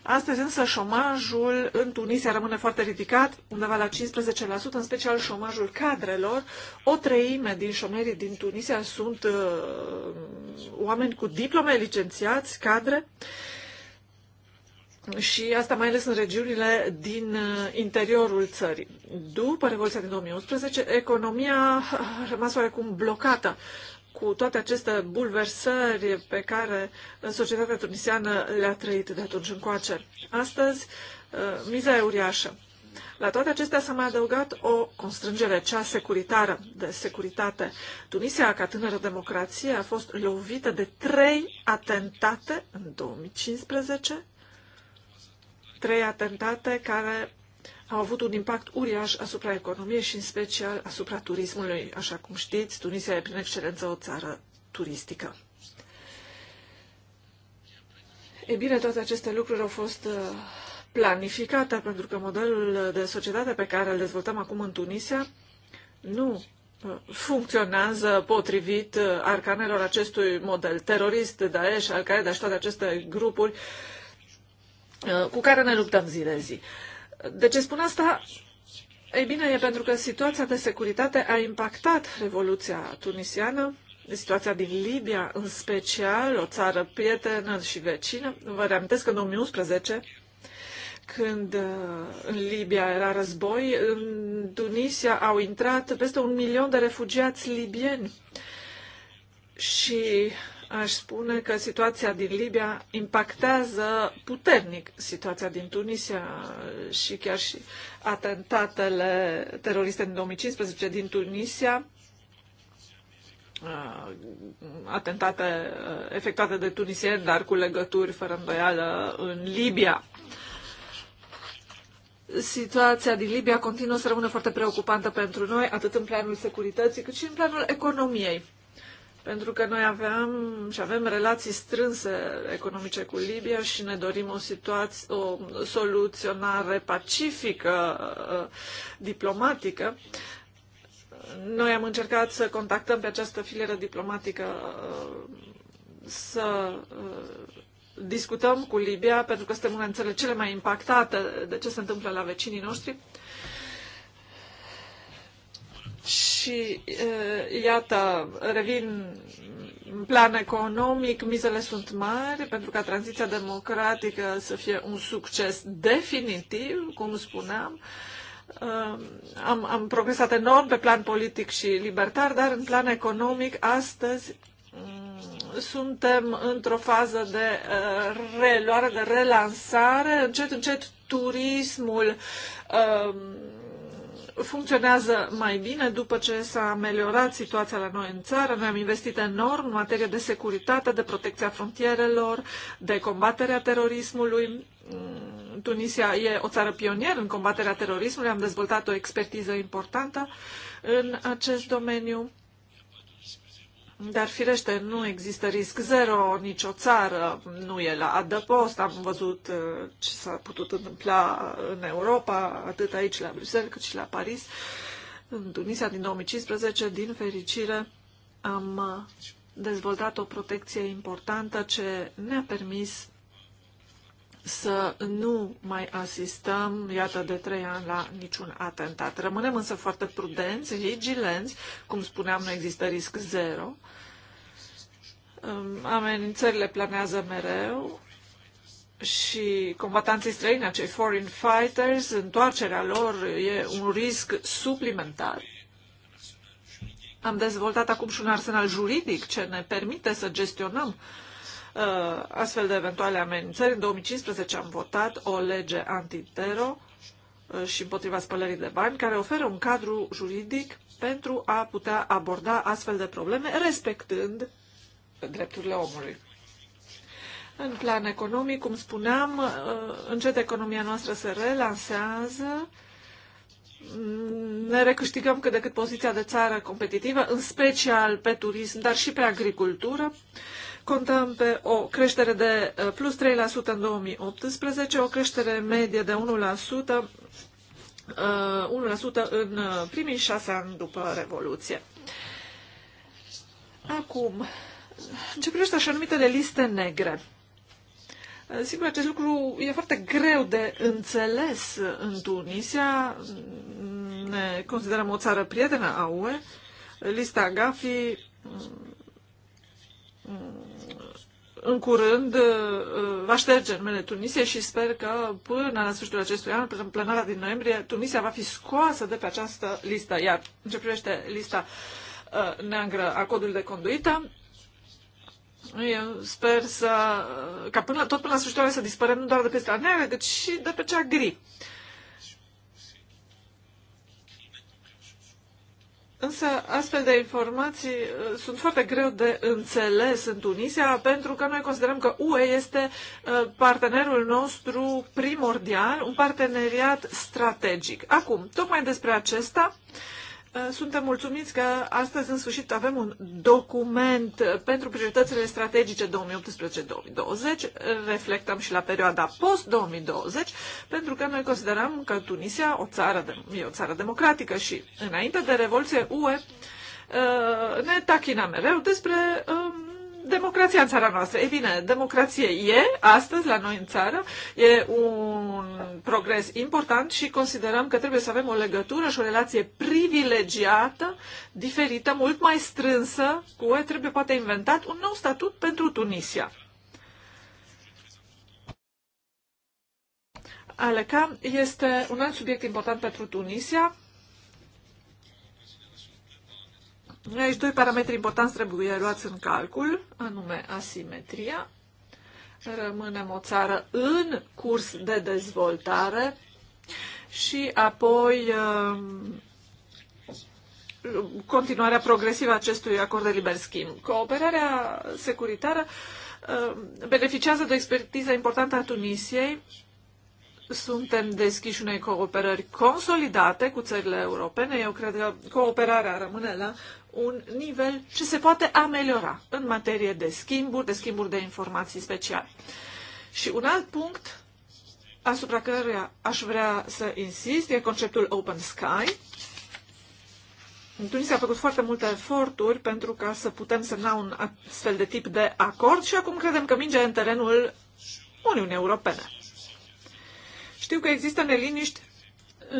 Astăzi însă șomajul în Tunisia rămâne foarte ridicat, undeva la 15%, în special șomajul cadrelor. O treime din șomerii din Tunisia sunt uh, oameni cu diplome, licențiați, cadre. Și asta mai ales în regiunile din uh, interiorul țării. După Revoluția din 2011, economia a rămas oarecum blocată cu toate aceste bulversări pe care societatea tunisiană le-a trăit de atunci încoace. Astăzi, uh, miza e uriașă. La toate acestea s-a mai adăugat o constrângere, cea securitară, de securitate. Tunisia, ca tânără democrație, a fost lovită de trei atentate în 2015, trei atentate care au avut un impact uriaș asupra economiei și în special asupra turismului. Așa cum știți, Tunisia e prin excelență o țară turistică. E bine, toate aceste lucruri au fost uh, planificate pentru că modelul de societate pe care îl dezvoltăm acum în Tunisia nu uh, funcționează potrivit uh, arcanelor acestui model terorist, Daesh, Al-Qaeda și toate aceste grupuri cu care ne luptăm zi de zi. De ce spun asta? Ei bine, e pentru că situația de securitate a impactat revoluția tunisiană, situația din Libia în special, o țară prietenă și vecină. Vă reamintesc că în 2011, când uh, în Libia era război, în Tunisia au intrat peste un milion de refugiați libieni și aș spune că situația din Libia impactează puternic situația din Tunisia și chiar și atentatele teroriste din 2015 din Tunisia, uh, atentate uh, efectuate de tunisieni, dar cu legături fără îndoială în Libia. Situația din Libia continuă să rămână foarte preocupantă pentru noi, atât în planul securității, cât și în planul economiei pentru că noi aveam și avem relații strânse economice cu Libia și ne dorim o, situație, o soluționare pacifică, uh, diplomatică. Noi am încercat să contactăm pe această filieră diplomatică, uh, să uh, discutăm cu Libia, pentru că suntem una dintre cele mai impactate de ce se întâmplă la vecinii noștri și iată, revin în plan economic, mizele sunt mari pentru ca tranziția democratică să fie un succes definitiv, cum spuneam. Am, am progresat enorm pe plan politic și libertar, dar în plan economic astăzi mm, suntem într-o fază de reluare, de relansare. Încet, încet turismul funcționează mai bine după ce s-a ameliorat situația la noi în țară. Noi am investit enorm în materie de securitate, de protecția frontierelor, de combaterea terorismului. Mm, Tunisia e o țară pionieră în combaterea terorismului, am dezvoltat o expertiză importantă în acest domeniu. Dar firește, nu există risc zero, nicio țară nu e la adăpost. Am văzut uh, ce s-a putut întâmpla în Europa, atât aici la Bruxelles cât și la Paris. În Tunisia din 2015, din fericire, am dezvoltat o protecție importantă ce ne-a permis să nu mai asistăm, iată, de trei ani la niciun atentat. Rămânem însă foarte prudenți, vigilenți, cum spuneam, nu există risc zero. Um, amenințările planează mereu și combatanții străini, acei foreign fighters, întoarcerea lor e un risc suplimentar. Am dezvoltat acum și un arsenal juridic ce ne permite să gestionăm uh, Uh, astfel de eventuale amenințări. În 2015 am votat o lege antitero uh, și împotriva spălării de bani, care oferă un cadru juridic pentru a putea aborda astfel de probleme, respectând drepturile omului. În plan economic, cum spuneam, uh, încet economia noastră se relansează, ne recâștigăm cât de cât poziția de țară competitivă, în special pe turism, dar și pe agricultură. Contăm pe o creștere de eh, plus 3% în 2018, o creștere medie de 1%, 1% eh, în eh, primii șase ani după Revoluție. Acum, în ce privește așa numitele liste negre, Sigur, acest lucru e foarte greu de înțeles în Tunisia. Ne considerăm o țară prietenă a UE. Lista Gafi mm, mm, în curând uh, uh, va șterge numele Tunisie și sper că până la sfârșitul acestui an, în plenara din noiembrie, Tunisia va fi scoasă de pe această listă. Iar în ce privește lista uh, neagră a codului de conduită, eu sper să, ca până, tot până la sfârșitul anului să dispărem nu doar de pe lista neagră, cât și de pe cea gri. Uh, Însă astfel de informații uh, sunt foarte greu de înțeles în Tunisia pentru că noi considerăm că UE este uh, partenerul nostru primordial, un parteneriat strategic. Acum, tocmai despre acesta Eh, suntem mulțumiți că astăzi, în sfârșit, avem un document pentru prioritățile strategice 2018-2020. Reflectăm și la perioada post-2020, pentru că noi considerăm că Tunisia o țară de, e o țară democratică și, înainte de Revoluție UE, eh, ne tachina mereu despre um, democrația în țara noastră. e bine, democrație e astăzi la noi în țară, e un progres important și considerăm că trebuie să avem o legătură și o relație privilegiată, diferită, mult mai strânsă cu UE. Trebuie poate inventat un nou statut pentru Tunisia. Aleca este un alt subiect important pentru Tunisia Aici doi parametri importanți trebuie luați în calcul, anume asimetria. Rămânem o țară în curs de dezvoltare și apoi um, continuarea progresivă a acestui acord de liber schimb. Cooperarea securitară um, beneficiază de o expertiză importantă a Tunisiei. Suntem deschiși unei cooperări consolidate cu țările europene. Eu cred că cooperarea rămâne la un nivel ce se poate ameliora în materie de schimburi, de schimburi de informații speciale. Și un alt punct asupra căruia aș vrea să insist e conceptul Open Sky. În Tunisia a făcut foarte multe eforturi pentru ca să putem semna un astfel de tip de acord și acum credem că mingea în terenul Uniunii Europene. Știu că există neliniști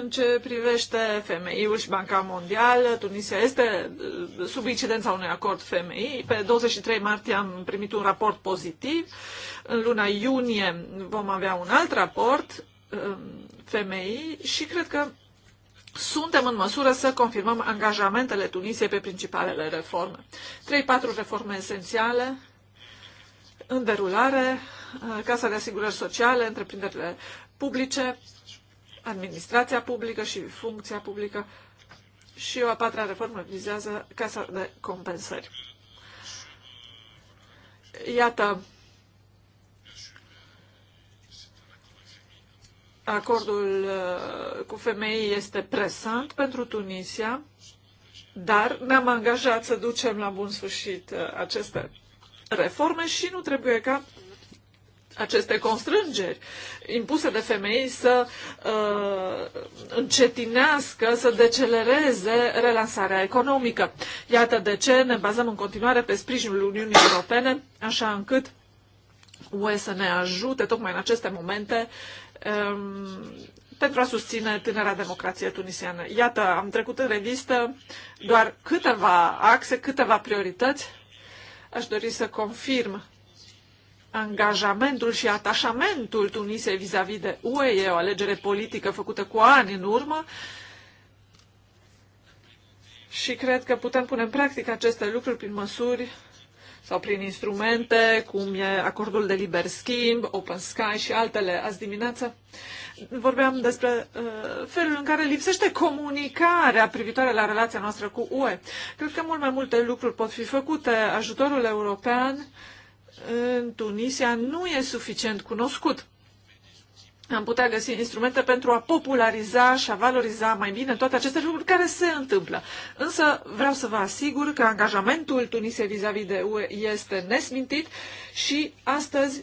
în ce privește FMI-ul și Banca Mondială, Tunisia este uh, sub incidența unui acord FMI. Pe 23 martie am primit un raport pozitiv. În luna iunie vom avea un alt raport um, FMI și cred că suntem în măsură să confirmăm angajamentele Tunisiei pe principalele reforme. 3-4 reforme esențiale în derulare, uh, Casa de Asigurări Sociale, întreprinderile publice, administrația publică și funcția publică și o a patra reformă vizează casa de compensări. Iată acordul uh, cu femei este presant pentru Tunisia, dar ne-am angajat să ducem la bun sfârșit uh, aceste reforme și nu trebuie ca aceste constrângeri impuse de femei să uh, încetinească, să decelereze relansarea economică. Iată de ce ne bazăm în continuare pe sprijinul Uniunii Europene, așa încât UE să ne ajute tocmai în aceste momente um, pentru a susține tânăra democrație tunisiană. Iată, am trecut în revistă doar câteva axe, câteva priorități. Aș dori să confirm angajamentul și atașamentul Tunisei vis-a-vis de UE, e o alegere politică făcută cu ani în urmă și cred că putem pune în practică aceste lucruri prin măsuri sau prin instrumente, cum e acordul de liber schimb, Open Sky și altele. Azi dimineață vorbeam despre uh, felul în care lipsește comunicarea privitoare la relația noastră cu UE. Cred că mult mai multe lucruri pot fi făcute. Ajutorul european uh, în Tunisia nu e suficient cunoscut. Am putea găsi instrumente pentru a populariza și a valoriza mai bine toate aceste lucruri care se întâmplă. Însă vreau să vă asigur că angajamentul Tunisiei vis-a-vis -vis de UE este nesmintit și astăzi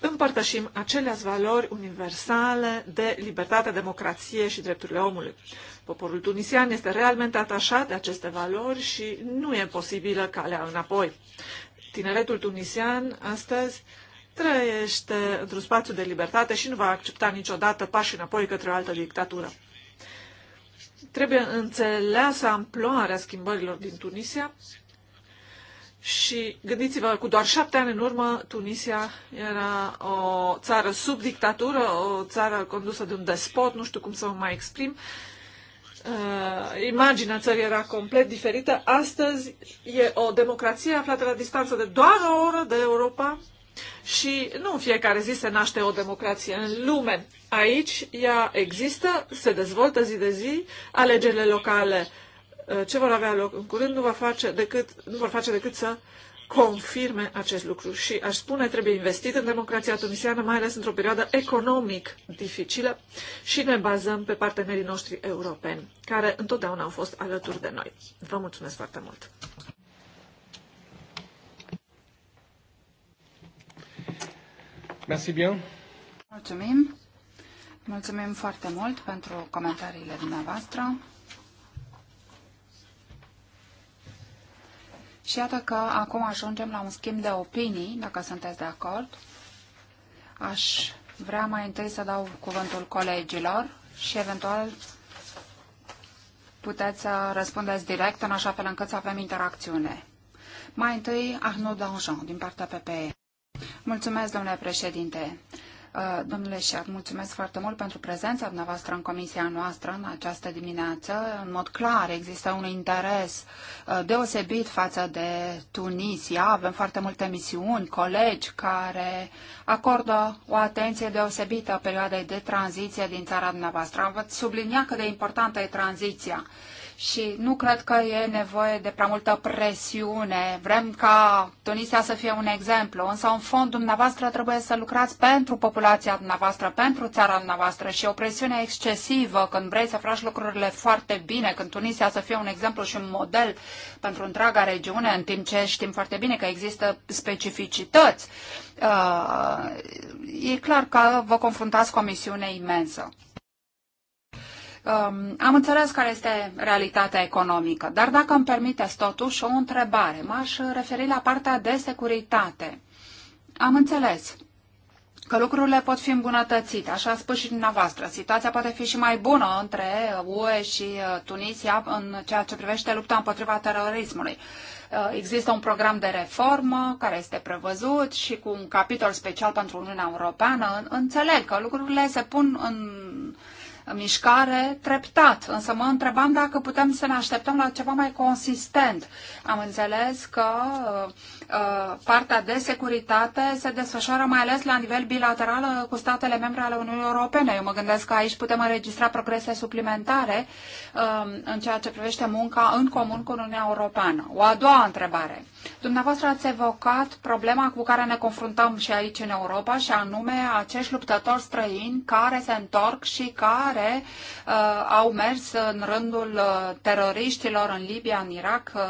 împărtășim aceleași valori universale de libertate, democrație și drepturile omului. Poporul tunisian este realmente atașat de aceste valori și nu e posibilă calea înapoi. Tineretul tunisian astăzi trăiește într-un spațiu de libertate și nu va accepta niciodată pași înapoi către o altă dictatură. Trebuie înțeleasă amploarea schimbărilor din Tunisia și gândiți-vă, cu doar șapte ani în urmă, Tunisia era o țară sub dictatură, o țară condusă de un despot, nu știu cum să mă mai exprim, uh, imaginea țării era complet diferită. Astăzi e o democrație aflată la distanță de doar o oră de Europa și nu în fiecare zi se naște o democrație în lume. Aici ea există, se dezvoltă zi de zi, alegerile locale uh, ce vor avea loc în curând nu, va face decât, nu vor face decât să uh, confirme acest lucru și, aș spune, trebuie investit în democrația tunisiană, mai ales într-o perioadă economic dificilă și ne bazăm pe partenerii noștri europeni, care întotdeauna au fost alături de noi. Vă mulțumesc foarte mult! Merci bien. Mulțumim! Mulțumim foarte mult pentru comentariile dumneavoastră. Și iată că acum ajungem la un schimb de opinii, dacă sunteți de acord. Aș vrea mai întâi să dau cuvântul colegilor și eventual puteți să răspundeți direct în așa fel încât să avem interacțiune. Mai întâi, Arnaud Danjean, din partea PPE. Mulțumesc, domnule președinte. Uh, domnule Șef, mulțumesc foarte mult pentru prezența dumneavoastră în comisia noastră în această dimineață. În mod clar, există un interes uh, deosebit față de Tunisia. Avem foarte multe misiuni, colegi care acordă o atenție deosebită perioadei de tranziție din țara dumneavoastră. Am sublinia cât de importantă e tranziția și nu cred că e nevoie de prea multă presiune. Vrem ca Tunisia să fie un exemplu, însă în fond dumneavoastră trebuie să lucrați pentru populația dumneavoastră, pentru țara dumneavoastră și o presiune excesivă când vrei să faci lucrurile foarte bine, când Tunisia să fie un exemplu și un model pentru întreaga regiune, în timp ce știm foarte bine că există specificități. Uh, e clar că vă confruntați cu o misiune imensă. Um, am înțeles care este realitatea economică, dar dacă îmi permiteți totuși o întrebare, m-aș referi la partea de securitate. Am înțeles că lucrurile pot fi îmbunătățite, așa a spus și dumneavoastră. Situația poate fi și mai bună între UE și uh, Tunisia în ceea ce privește lupta împotriva terorismului. Uh, există un program de reformă care este prevăzut și cu un capitol special pentru Uniunea Europeană. Înțeleg că lucrurile se pun în mișcare treptat, însă mă întrebam dacă putem să ne așteptăm la ceva mai consistent. Am înțeles că Uh, partea de securitate se desfășoară mai ales la nivel bilateral uh, cu statele membre ale Uniunii Europene. Eu mă gândesc că aici putem înregistra progrese suplimentare um, în ceea ce privește munca în comun cu Uniunea Europeană. O a doua întrebare. Dumneavoastră ați evocat problema cu care ne confruntăm și aici în Europa și anume acești luptători străini care se întorc și care uh, au mers în rândul uh, teroriștilor în Libia, în Irak, uh,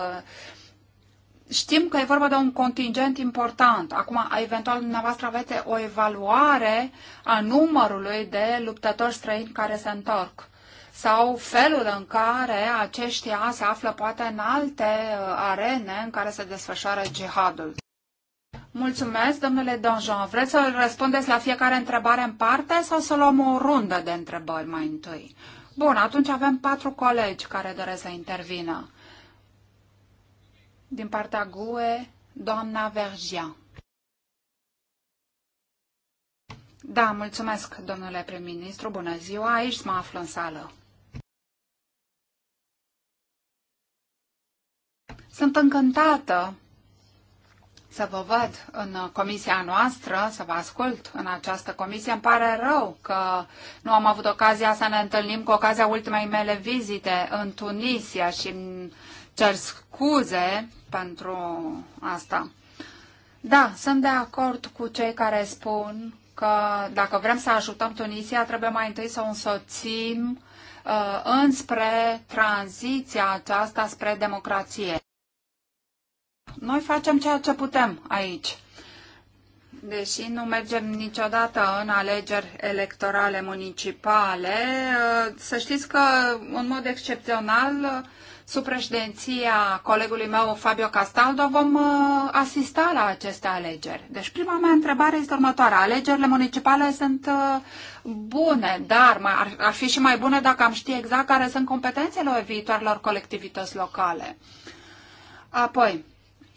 Știm că e vorba de un contingent important. Acum, eventual, dumneavoastră aveți o evaluare a numărului de luptători străini care se întorc sau felul în care aceștia se află poate în alte uh, arene în care se desfășoară jihadul. Mulțumesc, domnule Donjon. Vreți să răspundeți la fiecare întrebare în parte sau să luăm o rundă de întrebări mai întâi? Bun, atunci avem patru colegi care doresc să intervină. Din partea GUE, doamna Vergia. Da, mulțumesc, domnule prim-ministru. Bună ziua, aici mă aflu în sală. Sunt încântată să vă văd în comisia noastră, să vă ascult în această comisie. Îmi pare rău că nu am avut ocazia să ne întâlnim cu ocazia ultimei mele vizite în Tunisia și cer scuze pentru asta. Da, sunt de acord cu cei care spun că dacă vrem să ajutăm Tunisia, trebuie mai întâi să o însoțim uh, înspre tranziția aceasta spre democrație. Noi facem ceea ce putem aici. Deși nu mergem niciodată în alegeri electorale municipale, uh, să știți că, în mod excepțional, Sub președinția colegului meu, Fabio Castaldo, vom uh, asista la aceste alegeri. Deci prima mea întrebare este următoarea. Alegerile municipale sunt uh, bune, dar ar fi și mai bune dacă am ști exact care sunt competențele viitoarelor colectivități locale. Apoi,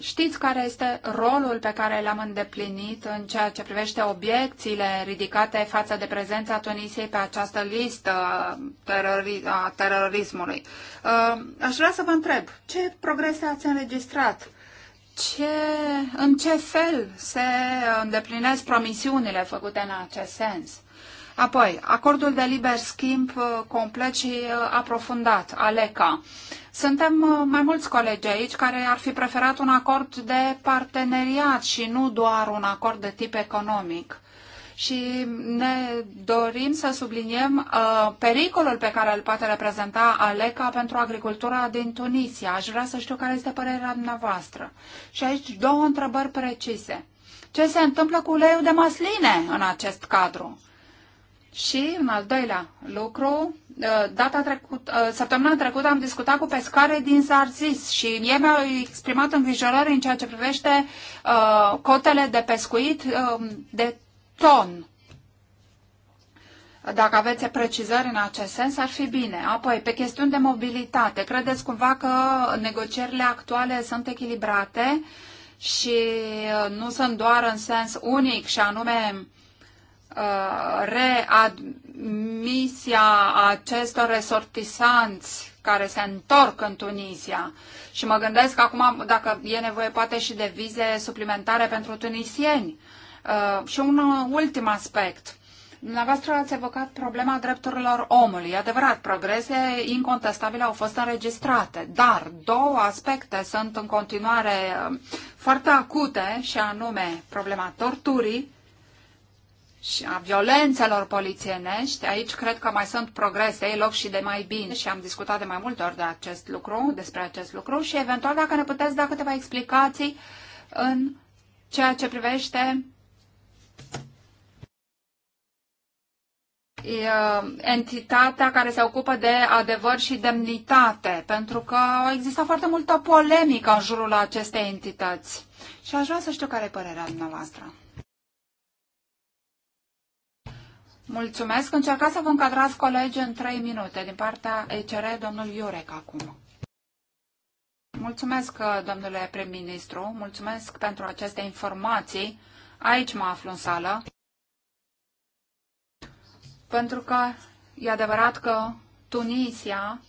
Știți care este rolul pe care l-am îndeplinit în ceea ce privește obiecțiile ridicate față de prezența Tunisiei pe această listă terori a terorismului. Uh, aș vrea să vă întreb, ce progrese ați înregistrat? Ce, în ce fel se îndeplinesc promisiunile făcute în acest sens? Apoi, acordul de liber schimb uh, complet și uh, aprofundat, ALECA. Suntem uh, mai mulți colegi aici care ar fi preferat un acord de parteneriat și nu doar un acord de tip economic și ne dorim să subliniem uh, pericolul pe care îl poate reprezenta Aleca pentru agricultura din Tunisia. Aș vrea să știu care este părerea dumneavoastră. Și aici două întrebări precise. Ce se întâmplă cu uleiul de masline în acest cadru? Și, în al doilea lucru, uh, data trecut, uh, săptămâna trecută am discutat cu pescare din Zarzis și ei mi-au exprimat îngrijorări în ceea ce privește uh, cotele de pescuit uh, de ton. Dacă aveți precizări în acest sens, ar fi bine. Apoi, pe chestiuni de mobilitate, credeți cumva că negocierile actuale sunt echilibrate și uh, nu sunt doar în sens unic și anume Uh, readmisia acestor resortisanți care se întorc în Tunisia. Și mă gândesc acum dacă e nevoie poate și de vize suplimentare pentru tunisieni. Uh, și un ultim aspect. Dumneavoastră ați evocat problema drepturilor omului. E adevărat, progrese incontestabile au fost înregistrate, dar două aspecte sunt în continuare uh, foarte acute, și anume problema torturii și a violențelor polițienești. Aici cred că mai sunt progrese, e loc și de mai bine și am discutat de mai multe ori de acest lucru, despre acest lucru și eventual dacă ne puteți da câteva explicații în ceea ce privește entitatea care se ocupă de adevăr și demnitate, pentru că există foarte multă polemică în jurul acestei entități. Și aș vrea să știu care e părerea dumneavoastră. Mulțumesc. Încercați să vă încadrați, colegi, în trei minute. Din partea ECR, domnul Iurec acum. Mulțumesc, domnule prim-ministru. Mulțumesc pentru aceste informații. Aici mă aflu în sală. Pentru că e adevărat că Tunisia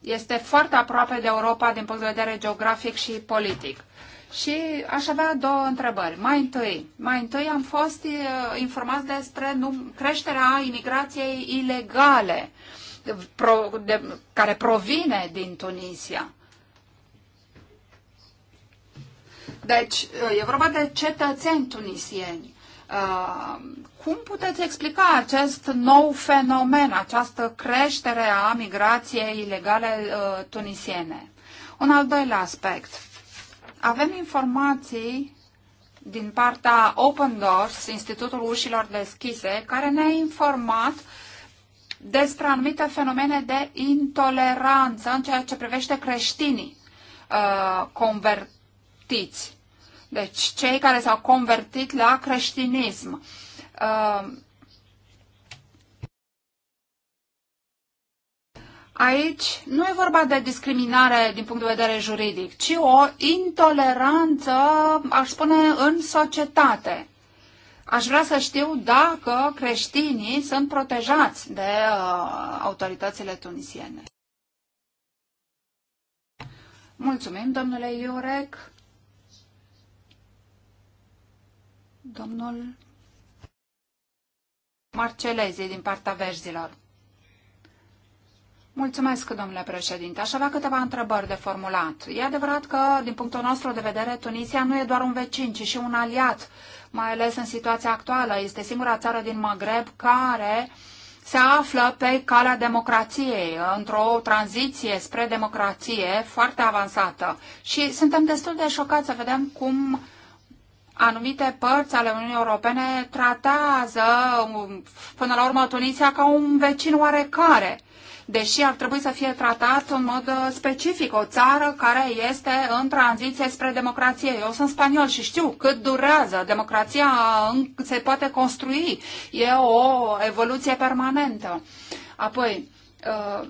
este foarte aproape de Europa din punct de vedere geografic și politic. Și aș avea două întrebări. Mai întâi, mai întâi am fost informați despre creșterea imigrației ilegale pro, de, care provine din Tunisia. Deci, e vorba de cetățeni tunisieni. Uh, cum puteți explica acest nou fenomen, această creștere a migrației ilegale uh, tunisiene? Un al doilea aspect avem informații din partea Open Doors, Institutul Ușilor Deschise, care ne-a informat despre anumite fenomene de intoleranță în ceea ce privește creștinii uh, convertiți. Deci, cei care s-au convertit la creștinism. Uh, Aici nu e vorba de discriminare din punct de vedere juridic, ci o intoleranță, aș spune, în societate. Aș vrea să știu dacă creștinii sunt protejați de uh, autoritățile tunisiene. Mulțumim, domnule Iurec. Domnul Marcelezi din partea verzilor. Mulțumesc, domnule președinte. Aș avea câteva întrebări de formulat. E adevărat că, din punctul nostru de vedere, Tunisia nu e doar un vecin, ci și un aliat, mai ales în situația actuală. Este singura țară din Maghreb care se află pe calea democrației, într-o tranziție spre democrație foarte avansată. Și suntem destul de șocați să vedem cum anumite părți ale Uniunii Europene tratează, până la urmă, Tunisia ca un vecin oarecare deși ar trebui să fie tratat în mod uh, specific o țară care este în tranziție spre democrație. Eu sunt spaniol și știu cât durează. Democrația uh, se poate construi. E o evoluție permanentă. Apoi, uh,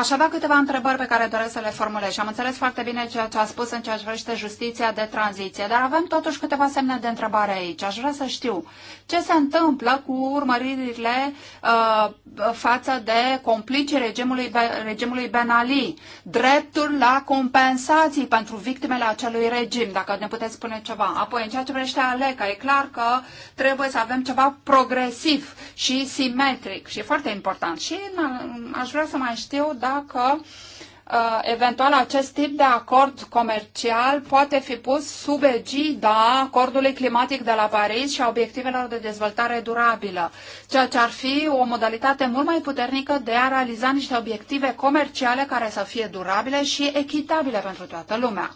Aș avea câteva întrebări pe care doresc să le formulez și am înțeles foarte bine ceea ce a spus în ceea ce privește justiția de tranziție, dar avem totuși câteva semne de întrebare aici. Aș vrea să știu ce se întâmplă cu urmăririle uh, față de complicii regimului, regimului Ben Ali, dreptul la compensații pentru victimele acelui regim, dacă ne puteți spune ceva. Apoi, în ceea ce privește Aleca, e clar că trebuie să avem ceva progresiv și simetric și e foarte important. Și aș vrea să mai știu dacă că uh, eventual acest tip de acord comercial poate fi pus sub egida acordului climatic de la Paris și a obiectivelor de dezvoltare durabilă, ceea ce ar fi o modalitate mult mai puternică de a realiza niște obiective comerciale care să fie durabile și echitabile pentru toată lumea.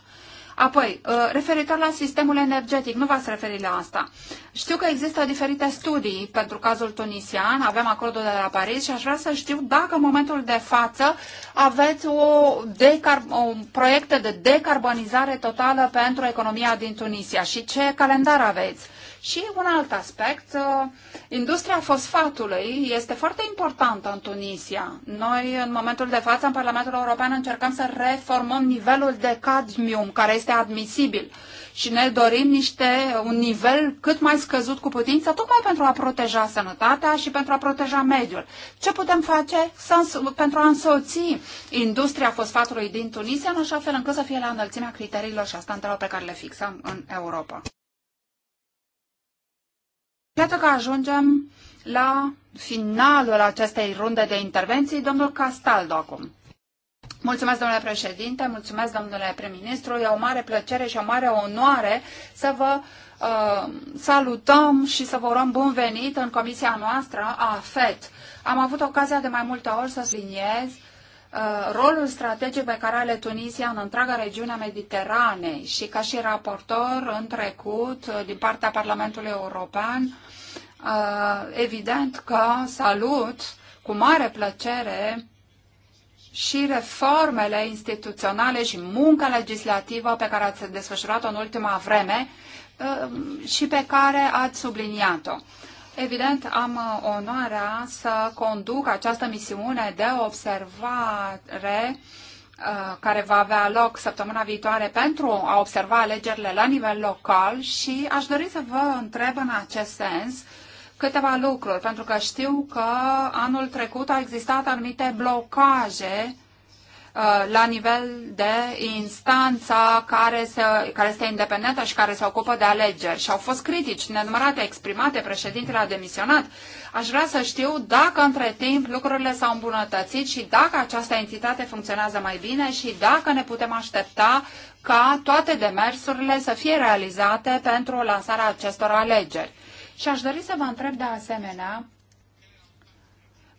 Apoi, uh, referitor la sistemul energetic, nu v-ați referit la asta. Știu că există diferite studii pentru cazul tunisian, avem acordul de la Paris și aș vrea să știu dacă în momentul de față aveți o, decar- o proiecte de decarbonizare totală pentru economia din Tunisia și ce calendar aveți. Și un alt aspect, uh, industria fosfatului este foarte importantă în Tunisia. Noi, în momentul de față, în Parlamentul European, încercăm să reformăm nivelul de cadmium care este admisibil și ne dorim niște, un nivel cât mai scăzut cu putință, tocmai pentru a proteja sănătatea și pentru a proteja mediul. Ce putem face să, pentru a însoți industria fosfatului din Tunisia în așa fel încât să fie la înălțimea criteriilor și a standardelor pe care le fixăm în Europa? Iată că ajungem la finalul acestei runde de intervenții. Domnul Castaldo acum. Mulțumesc, domnule președinte, mulțumesc, domnule prim-ministru. E o mare plăcere și o mare onoare să vă uh, salutăm și să vă urăm bun venit în comisia noastră a FET. Am avut ocazia de mai multe ori să subliniez uh, Uh, rolul strategic pe care are Tunisia în întreaga regiune a Mediteranei și ca și raportor în trecut uh, din partea Parlamentului European, uh, evident că salut cu mare plăcere și reformele instituționale și munca legislativă pe care ați desfășurat-o în ultima vreme și pe care ați subliniat-o. Evident, am uh, onoarea să conduc această misiune de observare uh, care va avea loc săptămâna viitoare pentru a observa alegerile la nivel local și aș dori să vă întreb în acest sens câteva lucruri, pentru că știu că anul trecut au existat anumite blocaje Uh, la nivel de instanța care, se, care este independentă și care se ocupă de alegeri. Și au fost critici nenumărate exprimate, președintele a demisionat. Aș vrea să știu dacă între timp lucrurile s-au îmbunătățit și dacă această entitate funcționează mai bine și dacă ne putem aștepta ca toate demersurile să fie realizate pentru lansarea acestor alegeri. Și aș dori să vă întreb de asemenea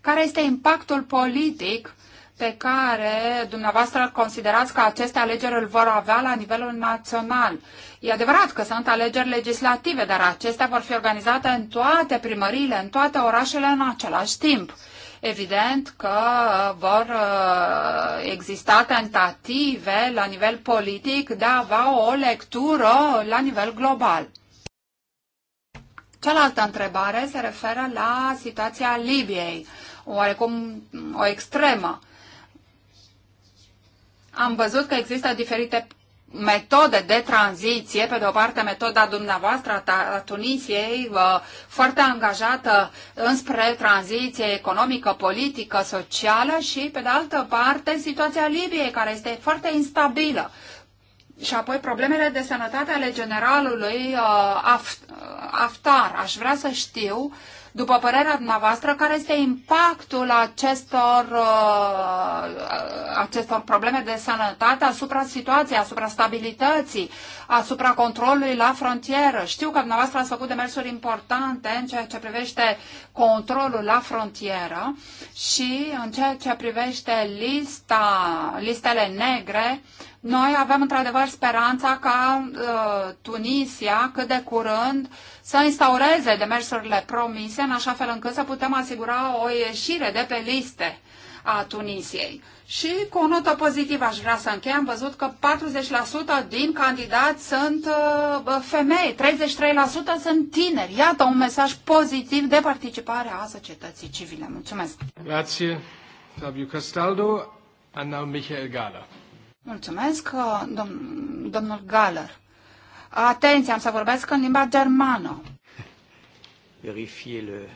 care este impactul politic pe care dumneavoastră considerați că aceste alegeri îl vor avea la nivelul național. E adevărat că sunt alegeri legislative, dar acestea vor fi organizate în toate primăriile, în toate orașele în același timp. Evident că uh, vor uh, exista tentative la nivel politic de a avea o lectură la nivel global. Cealaltă întrebare se referă la situația Libiei, oarecum o extremă am văzut că există diferite metode de tranziție, pe de o parte metoda dumneavoastră a Tunisiei, uh, foarte angajată înspre tranziție economică, politică, socială și, pe de altă parte, situația Libiei, care este foarte instabilă. Și apoi problemele de sănătate ale generalului uh, uh, Aftar. Aș vrea să știu uh, după părerea dumneavoastră, care este impactul acestor, uh, acestor probleme de sănătate asupra situației, asupra stabilității, asupra controlului la frontieră? Știu că dumneavoastră ați făcut demersuri importante în ceea ce privește controlul la frontieră și în ceea ce privește lista, listele negre, noi avem într-adevăr speranța ca uh, Tunisia cât de curând să instaureze demersurile promise în așa fel încât să putem asigura o ieșire de pe liste a Tunisiei. Și cu o notă pozitivă aș vrea să închei, am văzut că 40% din candidați sunt uh, femei, 33% sunt tineri. Iată un mesaj pozitiv de participare a societății civile. Mulțumesc! Grazie, Fabio Castaldo, and now Michael Gala. Mulțumesc, uh, dom domnul Galler. Atenție, am să vorbesc în limba germană. Verifiele.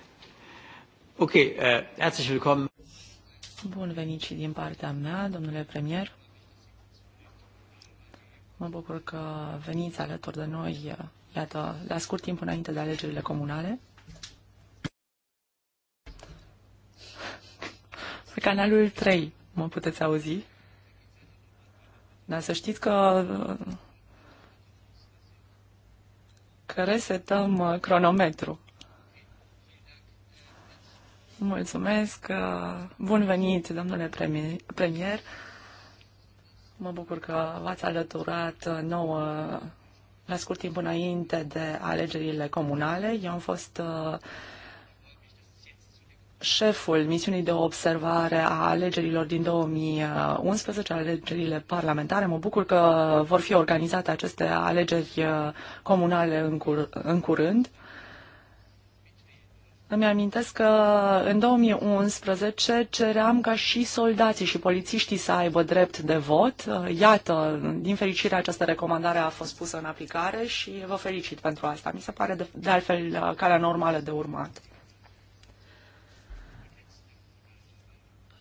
ok, uh, herzlich willkommen. Bun venit și din partea mea, domnule premier. Mă bucur că veniți alături de noi, uh, iată, la scurt timp înainte de alegerile comunale. Pe canalul 3 mă puteți auzi. Dar să știți că că resetăm uh, cronometru. Mulțumesc. Uh, bun venit, domnule premier. Mă bucur că v-ați alăturat uh, nouă la scurt timp înainte de alegerile comunale. Eu am fost uh, șeful misiunii de observare a alegerilor din 2011, alegerile parlamentare. Mă bucur că vor fi organizate aceste alegeri uh, comunale în, cur- în curând. Îmi amintesc că în 2011 ceream ca și soldații și polițiștii să aibă drept de vot. Uh, iată, din fericire, această recomandare a fost pusă în aplicare și vă felicit pentru asta. Mi se pare de, de altfel uh, calea normală de urmat.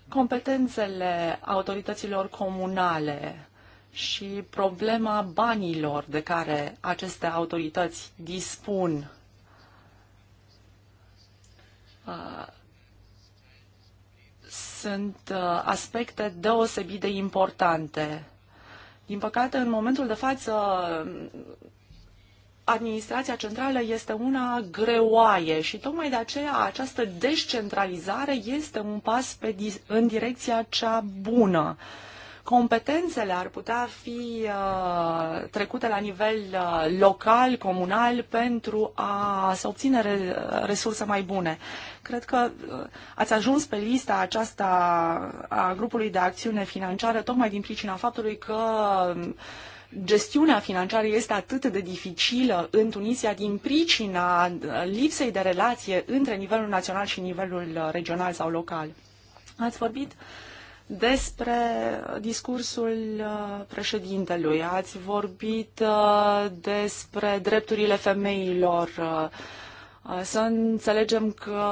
competențele autorităților comunale și problema banilor de care aceste autorități dispun. Sunt aspecte deosebit de importante. Din păcate, în momentul de față, administrația centrală este una greoaie și tocmai de aceea această descentralizare este un pas pe, în direcția cea bună. Competențele ar putea fi uh, trecute la nivel uh, local, comunal, pentru a se obține re, resurse mai bune. Cred că uh, ați ajuns pe lista aceasta a grupului de acțiune financiară tocmai din pricina faptului că uh, gestiunea financiară este atât de dificilă în Tunisia din pricina lipsei de relație între nivelul național și nivelul uh, regional sau local. Ați vorbit despre discursul uh, președintelui, ați vorbit uh, despre drepturile femeilor. Să înțelegem că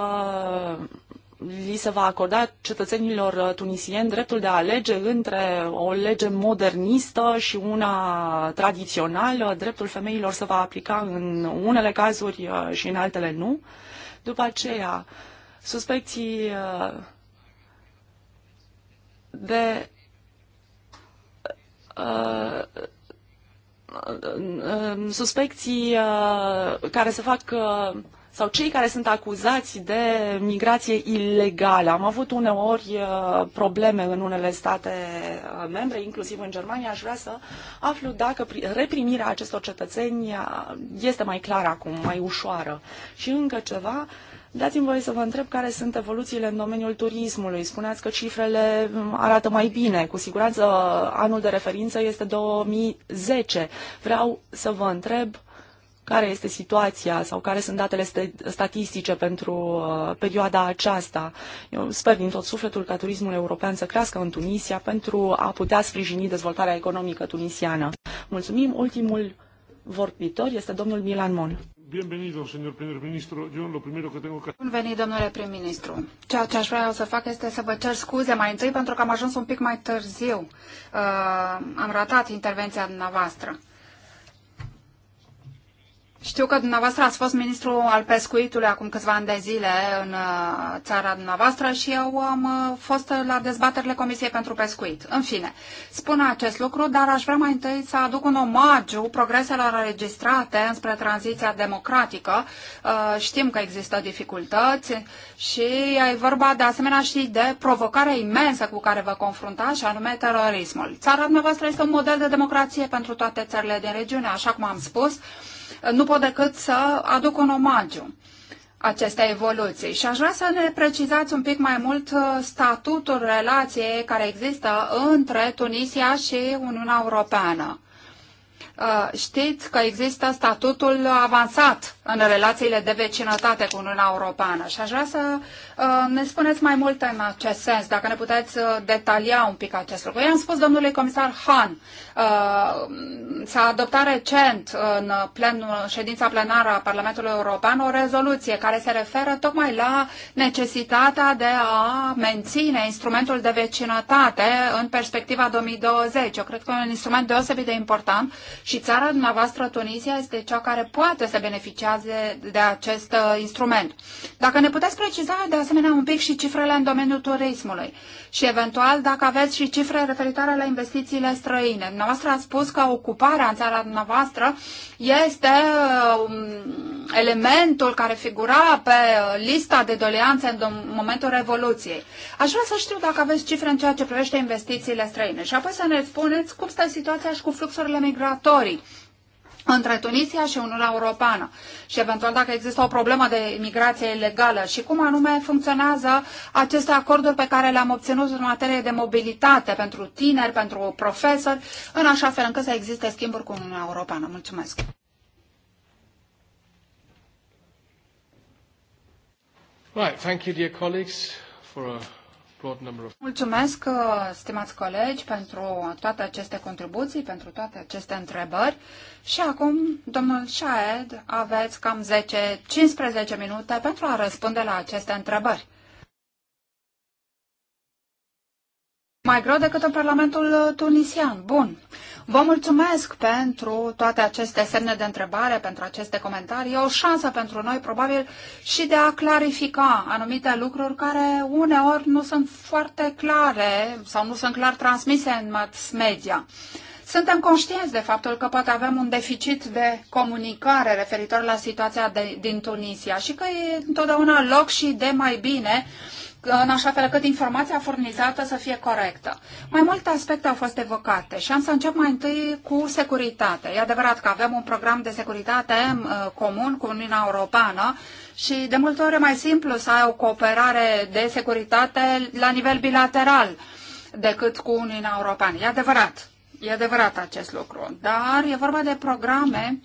li se va acorda cetățenilor uh, tunisieni dreptul de a alege între o lege modernistă și una tradițională. Dreptul femeilor se va aplica în unele cazuri uh, și în altele nu. După aceea, suspecții uh, de suspecții care se fac sau cei care sunt acuzați de migrație ilegală. Am avut uneori uh, probleme în unele state uh, membre, inclusiv în Germania. Aș vrea să aflu dacă reprimirea acestor cetățeni uh, este mai clară acum, mai ușoară. Și încă ceva, Dați-mi voie să vă întreb care sunt evoluțiile în domeniul turismului. Spuneați că cifrele um, arată mai bine. Cu siguranță anul de referință este 2010. Vreau să vă întreb care este situația sau care sunt datele st statistice pentru uh, perioada aceasta. Eu sper din tot sufletul ca turismul european să crească în Tunisia pentru a putea sprijini dezvoltarea economică tunisiană. Mulțumim. Ultimul vorbitor este domnul Milan Mon. Bienvenido, señor primer ministro. Yo lo primero que tengo que... Bun venit, domnule prim-ministru. Ceea ce aș vrea eu să fac este să vă cer scuze mai întâi pentru că am ajuns un pic mai târziu. Uh, am ratat intervenția dumneavoastră. Uh, știu că dumneavoastră ați fost ministru al pescuitului acum câțiva ani de zile în uh, țara dumneavoastră și eu am uh, fost la dezbaterile Comisiei pentru Pescuit. În fine, spun acest lucru, dar aș vrea mai întâi să aduc un omagiu progreselor înregistrate înspre tranziția democratică. Uh, știm că există dificultăți și e vorba de asemenea și de provocarea imensă cu care vă confruntați, și anume terorismul. Țara dumneavoastră este un model de democrație pentru toate țările din regiune, așa cum am spus nu pot decât să aduc un omagiu aceste evoluții. Și aș vrea să ne precizați un pic mai mult uh, statutul relației care există între Tunisia și Uniunea Europeană. Uh, știți că există statutul avansat în relațiile de vecinătate cu Uniunea Europeană și aș vrea să uh, ne spuneți mai mult în acest sens, dacă ne puteți uh, detalia un pic acest lucru. I-am spus domnului comisar Han, s-a adoptat recent în plenul, ședința plenară a Parlamentului European o rezoluție care se referă tocmai la necesitatea de a menține instrumentul de vecinătate în perspectiva 2020. Eu cred că e un instrument deosebit de important și țara dumneavoastră, Tunisia, este cea care poate să beneficieze de acest uh, instrument. Dacă ne puteți preciza de asemenea un pic și cifrele în domeniul turismului și eventual dacă aveți și cifre referitoare la investițiile străine. Dumneavoastră A spus că ocuparea în țara dumneavoastră este uh, elementul care figura pe uh, lista de doleanțe în momentul Revoluției. Aș vrea să știu dacă aveți cifre în ceea ce privește investițiile străine și apoi să ne spuneți cum stă situația și cu fluxurile migratorii migratorii între Tunisia și Uniunea Europeană și eventual dacă există o problemă de imigrație ilegală și cum anume funcționează aceste acorduri pe care le-am obținut în materie de mobilitate pentru tineri, pentru profesori, în așa fel încât să existe schimburi cu Uniunea Europeană. Mulțumesc! Right, thank you, dear colleagues, for a Mulțumesc, uh, stimați colegi, pentru toate aceste contribuții, pentru toate aceste întrebări. Și acum, domnul Șaed, aveți cam 10-15 minute pentru a răspunde la aceste întrebări. Mai greu decât în Parlamentul tunisian. Bun. Vă mulțumesc pentru toate aceste semne de întrebare, pentru aceste comentarii. E o șansă pentru noi, probabil, și de a clarifica anumite lucruri care uneori nu sunt foarte clare sau nu sunt clar transmise în mass media. Suntem conștienți de faptul că poate avem un deficit de comunicare referitor la situația de, din Tunisia și că e întotdeauna loc și de mai bine uh, în așa fel încât informația furnizată să fie corectă. Mai multe aspecte au fost evocate și am să încep mai întâi cu securitate. E adevărat că avem un program de securitate uh, comun cu Uniunea Europeană și de multe ori e mai simplu să ai o cooperare de securitate la nivel bilateral decât cu Uniunea Europeană. E adevărat, e adevărat acest lucru, dar e vorba de programe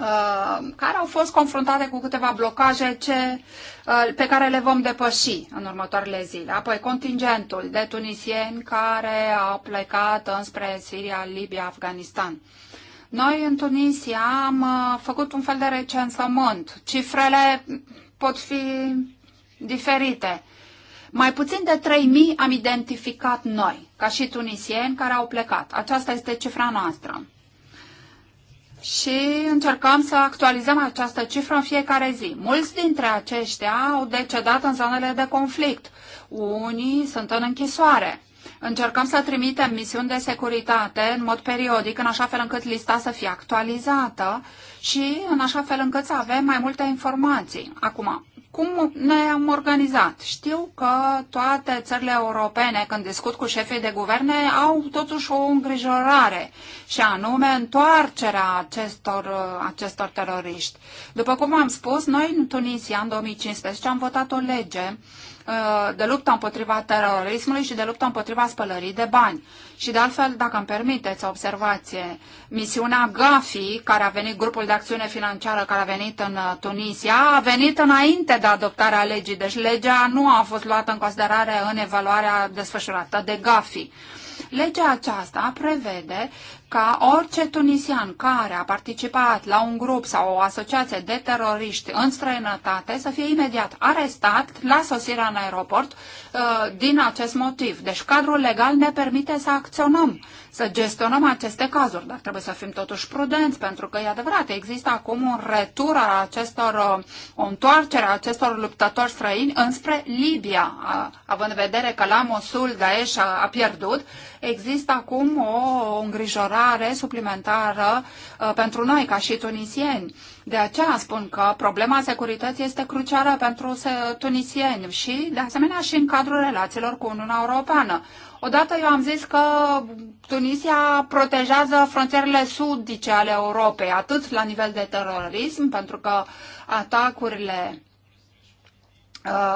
Uh, care au fost confruntate cu câteva blocaje ce, uh, pe care le vom depăși în următoarele zile. Apoi contingentul de tunisieni care au plecat înspre Siria, Libia, Afganistan. Noi în Tunisia am uh, făcut un fel de recensământ. Cifrele pot fi diferite. Mai puțin de 3.000 am identificat noi, ca și tunisieni care au plecat. Aceasta este cifra noastră și încercăm să actualizăm această cifră în fiecare zi. Mulți dintre aceștia au decedat în zonele de conflict. Unii sunt în închisoare. Încercăm să trimitem misiuni de securitate în mod periodic, în așa fel încât lista să fie actualizată și în așa fel încât să avem mai multe informații. Acum, cum ne-am organizat? Știu că toate țările europene, când discut cu șefii de guverne, au totuși o îngrijorare, și anume întoarcerea acestor, uh, acestor teroriști. După cum am spus, noi în Tunisia, în 2015, am votat o lege Uh, de luptă împotriva terorismului și de luptă împotriva spălării de bani. Și de altfel, dacă îmi permiteți o observație, misiunea GAFI, care a venit, grupul de acțiune financiară care a venit în uh, Tunisia, a venit înainte de adoptarea legii, deci legea nu a fost luată în considerare în evaluarea desfășurată de GAFI. Legea aceasta prevede ca orice tunisian care a participat la un grup sau o asociație de teroriști în străinătate să fie imediat arestat la sosirea în aeroport Uh, din acest motiv. Deci cadrul legal ne permite să acționăm, să gestionăm aceste cazuri, dar trebuie să fim totuși prudenți, pentru că e adevărat, există acum un retur a acestor, uh, o întoarcere a acestor luptători străini înspre Libia, având în vedere că la Mosul Daesh a, a pierdut, există acum o, o îngrijorare suplimentară uh, pentru noi, ca și tunisieni de aceea spun că problema securității este crucială pentru tunisieni și, de asemenea, și în cadrul relațiilor cu Uniunea Europeană. Odată eu am zis că Tunisia protejează frontierele sudice ale Europei, atât la nivel de terorism, pentru că atacurile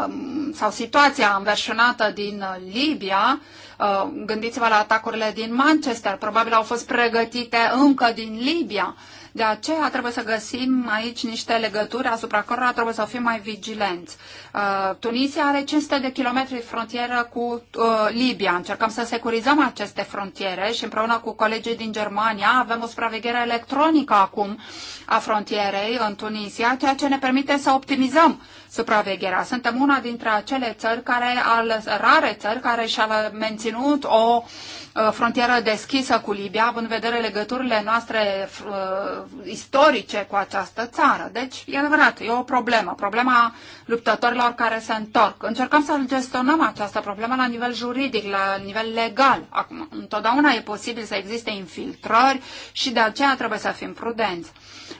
um, sau situația înverșunată din Libia, uh, gândiți-vă la atacurile din Manchester, probabil au fost pregătite încă din Libia de aceea trebuie să găsim aici niște legături asupra cărora trebuie să fim mai vigilenți. Uh, Tunisia are 500 de kilometri frontieră cu uh, Libia. Încercăm să securizăm aceste frontiere și împreună cu colegii din Germania avem o supraveghere electronică acum a frontierei în Tunisia, ceea ce ne permite să optimizăm supravegherea. Suntem una dintre acele țări care, al, rare țări care și-a menținut o uh, frontieră deschisă cu Libia, având în vedere legăturile noastre uh, istorice cu această țară. Deci, e adevărat, e o problemă, problema luptătorilor care se întorc. Încercăm să gestionăm această problemă la nivel juridic, la nivel legal. Acum, întotdeauna e posibil să existe infiltrări și de aceea trebuie să fim prudenți.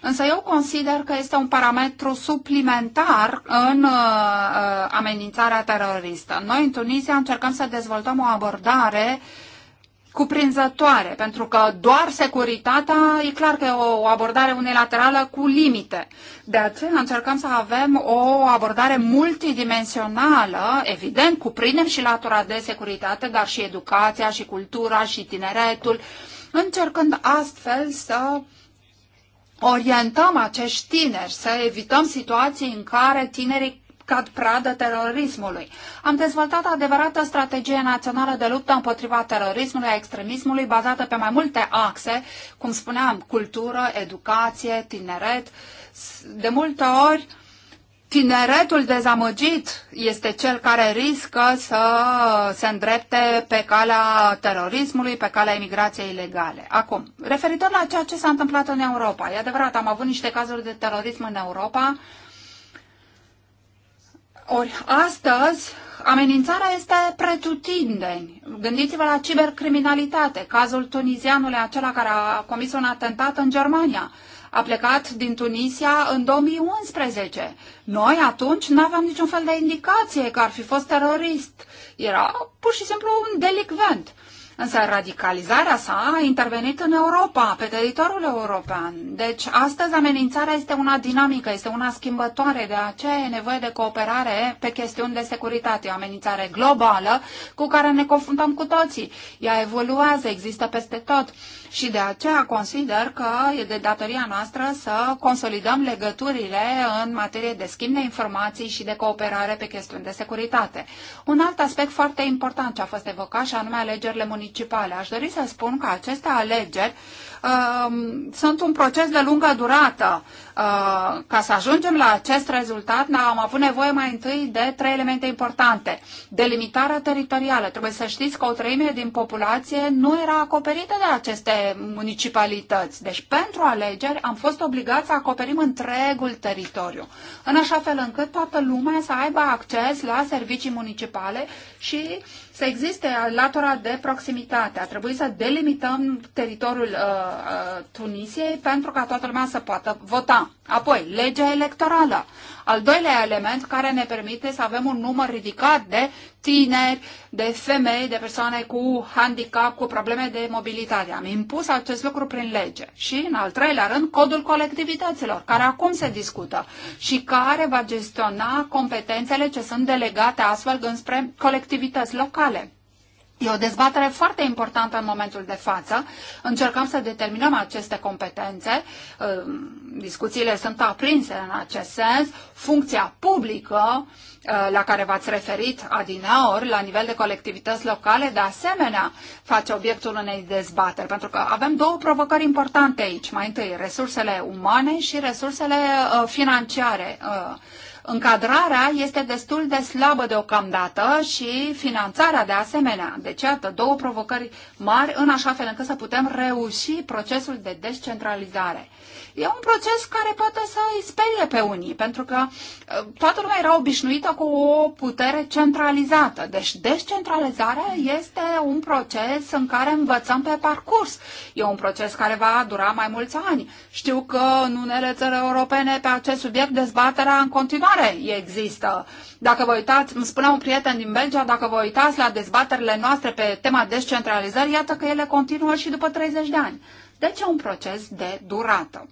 Însă eu consider că este un parametru suplimentar în uh, uh, amenințarea teroristă. Noi în Tunisia încercăm să dezvoltăm o abordare cuprinzătoare, pentru că doar securitatea e clar că e o abordare unilaterală cu limite. De aceea încercăm să avem o abordare multidimensională, evident, cuprindem și latura de securitate, dar și educația, și cultura, și tineretul, încercând astfel să uh, orientăm acești tineri, să evităm situații în care tinerii cad pradă terorismului. Am dezvoltat adevărată strategie națională de luptă împotriva terorismului, a extremismului, bazată pe mai multe axe, cum spuneam, cultură, educație, tineret. De multe ori, uh, Tineretul dezamăgit este cel care riscă să se îndrepte pe calea terorismului, pe calea imigrației ilegale. Acum, referitor la ceea ce s-a întâmplat în Europa, e adevărat, am avut niște cazuri de terorism în Europa. Ori astăzi, amenințarea este pretutindeni. Gândiți-vă la cibercriminalitate, cazul tunizianului acela care a comis un atentat în Germania a plecat din Tunisia în 2011. Noi atunci nu aveam niciun fel de indicație că ar fi fost terorist. Era pur și simplu un delicvent. Însă radicalizarea sa a intervenit în Europa, pe teritoriul european. Deci astăzi amenințarea este una dinamică, este una schimbătoare, de aceea e nevoie de cooperare pe chestiuni de securitate, o amenințare globală cu care ne confruntăm cu toții. Ea evoluează, există peste tot și de aceea consider că e de datoria noastră să consolidăm legăturile în materie de schimb de informații și de cooperare pe chestiuni de securitate. Un alt aspect foarte important ce a fost evocat și anume alegerile municipale. Aș dori să spun că aceste alegeri Um, sunt un proces de lungă durată. Uh, ca să ajungem la acest rezultat, am avut nevoie mai întâi de trei elemente importante. Delimitarea teritorială. Trebuie să știți că o treime din populație nu era acoperită de aceste municipalități. Deci, pentru alegeri, am fost obligați să acoperim întregul teritoriu, în așa fel încât toată lumea să aibă acces la servicii municipale și uh, să existe latura de proximitate. A trebuit să delimităm teritoriul uh, uh, Tunisiei pentru ca toată lumea să poată vota. Apoi, legea electorală. Al doilea element care ne permite să avem un număr ridicat de tineri, de femei, de persoane cu handicap, cu probleme de mobilitate. Am impus acest lucru prin lege. Și, în al treilea rând, codul colectivităților, care acum se discută și care va gestiona competențele ce sunt delegate astfel înspre colectivități locale. E o dezbatere foarte importantă în momentul de față. Încercăm să determinăm aceste competențe. Ă, discuțiile sunt aprinse în acest sens. Funcția publică ă, la care v-ați referit adineori, la nivel de colectivități locale, de asemenea face obiectul unei dezbateri, pentru că avem două provocări importante aici. Mai întâi, resursele umane și resursele ă, financiare Încadrarea este destul de slabă deocamdată și finanțarea de asemenea. Deci, iată, două provocări mari în așa fel încât să putem reuși procesul de descentralizare. E un proces care poate să îi sperie pe unii, pentru că uh, toată lumea era obișnuită cu o putere centralizată. Deci descentralizarea este un proces în care învățăm pe parcurs. E un proces care va dura mai mulți ani. Știu că în unele țări europene pe acest subiect dezbaterea în continuare există. Dacă vă uitați, îmi spunea un prieten din Belgia, dacă vă uitați la dezbaterile noastre pe tema descentralizării, iată că ele continuă și după 30 de ani. Deci e un proces de durată.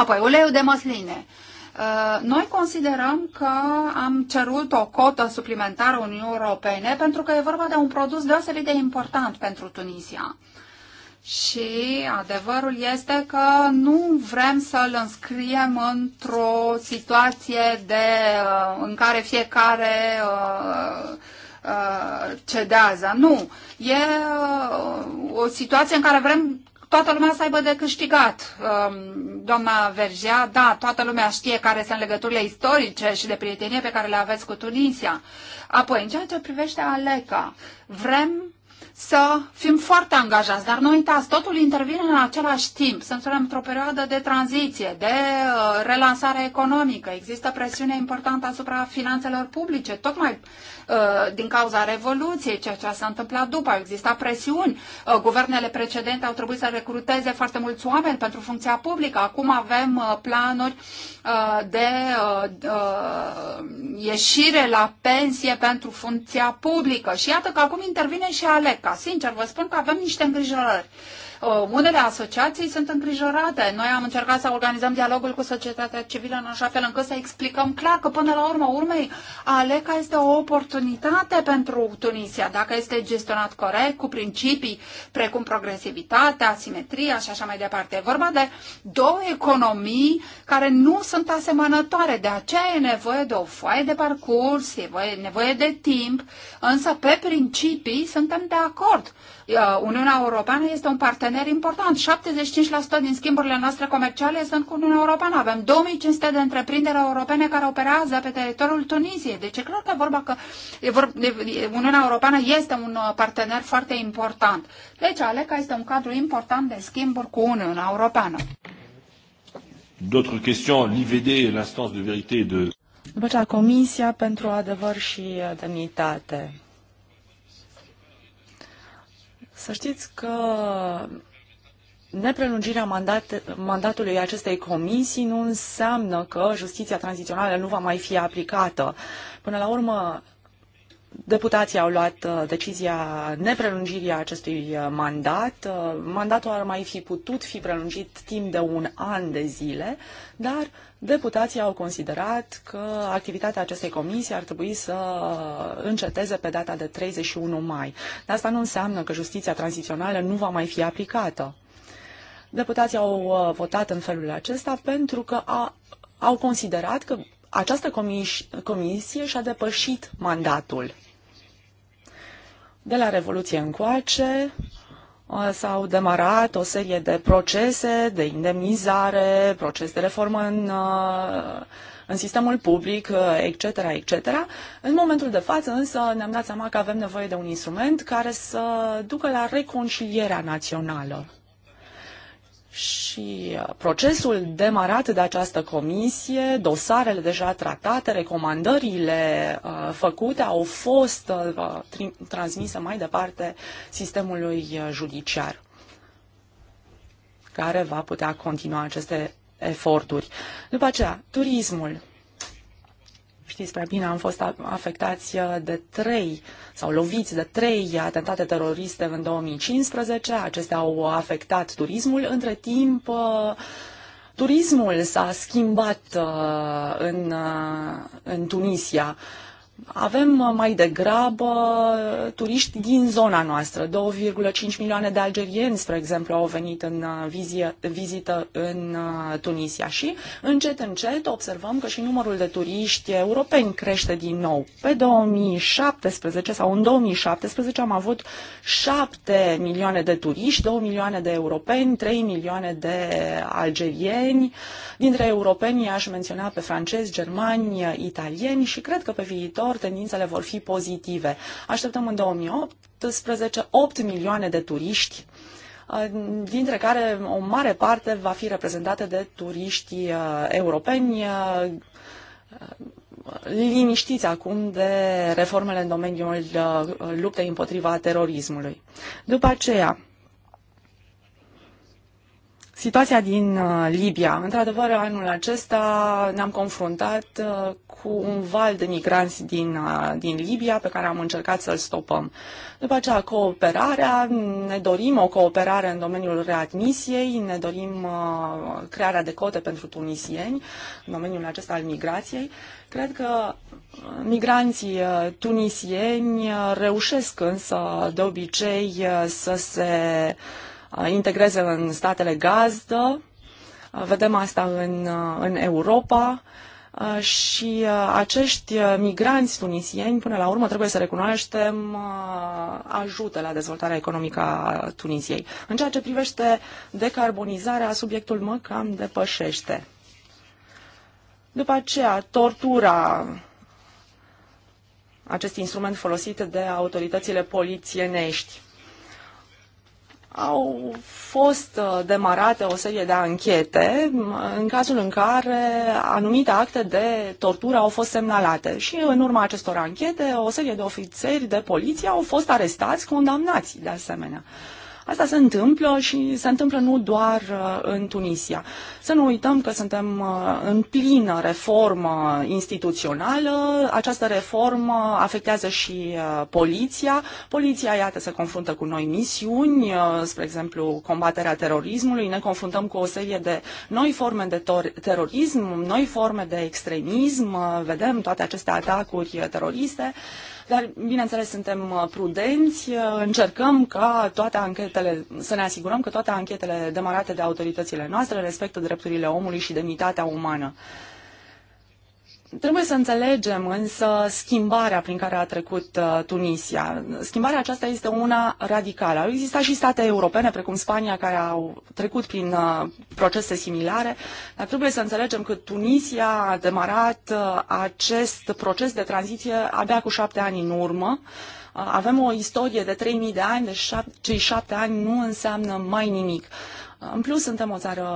Apoi, uleiul de măsline. Uh, noi considerăm că am cerut o cotă suplimentară Uniunii Europene pentru că e vorba de un produs deosebit de important pentru Tunisia. Și adevărul este că nu vrem să-l înscriem într-o situație de, uh, în care fiecare uh, cedează. Nu. E o situație în care vrem toată lumea să aibă de câștigat. Um, doamna Vergea, da, toată lumea știe care sunt legăturile istorice și de prietenie pe care le aveți cu Tunisia. Apoi, în ceea ce privește Aleca, vrem să fim foarte angajați, dar nu uitați, totul intervine în același timp. Suntem într-o perioadă de tranziție, de uh, relansare economică, există presiune importantă asupra finanțelor publice, tocmai uh, din cauza Revoluției, ceea ce s-a întâmplat după, Există presiuni, uh, guvernele precedente au trebuit să recruteze foarte mulți oameni pentru funcția publică, acum avem planuri de ieșire la pensie pentru funcția publică și iată că acum intervine și Alec Sincer, vă spun că avem niște îngrijorări. Uh, unele asociații sunt îngrijorate. Noi am încercat să organizăm dialogul cu societatea civilă în așa fel încât să explicăm clar că până la urmă urmei Aleca este o oportunitate pentru Tunisia, dacă este gestionat corect, cu principii precum progresivitatea, asimetria și așa mai departe. E vorba de două economii care nu sunt asemănătoare, de aceea e nevoie de o foaie de parcurs, e nevoie de timp, însă pe principii suntem de acord. Uh, Uniunea Europeană este un partener important. 75% din schimburile noastre comerciale sunt cu Uniunea Europeană. Avem 2500 de întreprinderi europene care operează pe teritoriul Tunisiei. Deci e clar că vorba că Uniunea Europeană este un uh, partener foarte important. Deci ALECA este un cadru important de schimburi cu Uniunea Europeană. D'autres questions, l'IVD, l'instance de vérité de... După aceea, Comisia pentru Adevăr și Demnitate. Să știți că Neprelungirea mandat, mandatului acestei comisii nu înseamnă că justiția tranzițională nu va mai fi aplicată. Până la urmă, Deputații au luat uh, decizia neprelungirii acestui uh, mandat. Uh, mandatul ar mai fi putut fi prelungit timp de un an de zile, dar deputații au considerat că activitatea acestei comisii ar trebui să înceteze pe data de 31 mai. Dar asta nu înseamnă că justiția tranzițională nu va mai fi aplicată. Deputații au votat în felul acesta pentru că a, au considerat că această comis comisie și-a depășit mandatul. De la Revoluție încoace uh, s-au demarat o serie de procese de indemnizare, proces de reformă în, uh, în sistemul public, etc., uh, etc. În momentul de față, însă, ne-am dat seama că avem nevoie de un instrument care să ducă la reconcilierea națională. Și uh, procesul demarat de această comisie, dosarele deja tratate, recomandările uh, făcute au fost uh, transmise mai departe sistemului uh, judiciar, care va putea continua aceste eforturi. După aceea, turismul știți prea bine, am fost afectați uh, de trei sau loviți de trei atentate teroriste în 2015. Acestea au afectat turismul. Între timp, uh, turismul s-a schimbat uh, în, în Tunisia. Avem uh, mai degrabă uh, turiști din zona noastră. 2,5 milioane de algerieni, spre exemplu, au venit în uh, vizie, vizită în Tunisia și încet, încet observăm că și numărul de turiști europeni crește din nou. Pe 2017 sau în 2017 am avut 7 milioane de turiști, 2 milioane de europeni, 3 milioane de algerieni. Dintre europeni aș menționa pe francezi, germani, italieni și cred că pe viitor viitor tendințele vor fi pozitive. Așteptăm în 2018 8 milioane de turiști uh, dintre care o mare parte va fi reprezentată de turiști uh, europeni uh, liniștiți acum de reformele în domeniul luptei împotriva terorismului. După aceea, Situația din uh, Libia. Într-adevăr, anul acesta ne-am confruntat uh, cu un val de migranți din, uh, din Libia pe care am încercat să-l stopăm. După aceea, cooperarea. Ne dorim o cooperare în domeniul readmisiei, ne dorim crearea de cote pentru tunisieni în domeniul acesta al migrației. Cred că migranții tunisieni reușesc însă de obicei să se Uh, integreze în statele gazdă. Uh, vedem asta în, uh, în Europa și acești migranți tunisieni, până la urmă, trebuie să recunoaștem, ajută la dezvoltarea economică a Tunisiei. În ceea ce privește decarbonizarea, subiectul mă cam depășește. După aceea, tortura, acest instrument folosit de autoritățile polițienești au fost uh, demarate o serie de anchete în cazul în care anumite acte de tortură au fost semnalate și în urma acestor anchete o serie de ofițeri de poliție au fost arestați, condamnați de asemenea. Uh, Asta se întâmplă și se întâmplă nu doar uh, în Tunisia. Să nu uităm că suntem uh, în plină reformă instituțională. Această reformă afectează și uh, poliția. Poliția, iată, se confruntă cu noi misiuni, spre exemplu, combaterea terorismului. Ne confruntăm cu o serie de noi forme de terorism, noi forme de extremism. Vedem toate aceste atacuri teroriste. Dar, bineînțeles, suntem uh, prudenți, uh, încercăm ca toate anchetele, să ne asigurăm că toate anchetele demarate de autoritățile noastre respectă drepturile omului și demnitatea umană. Uh, Trebuie să înțelegem însă schimbarea prin care a trecut uh, Tunisia. Schimbarea aceasta este una radicală. Au existat și state europene, precum Spania, care au trecut prin uh, procese similare, dar trebuie să înțelegem că Tunisia a demarat uh, acest proces de tranziție abia cu șapte ani în urmă. Uh, avem o istorie de 3000 de ani, deci șap- cei șapte ani nu înseamnă mai nimic. În plus, suntem o țară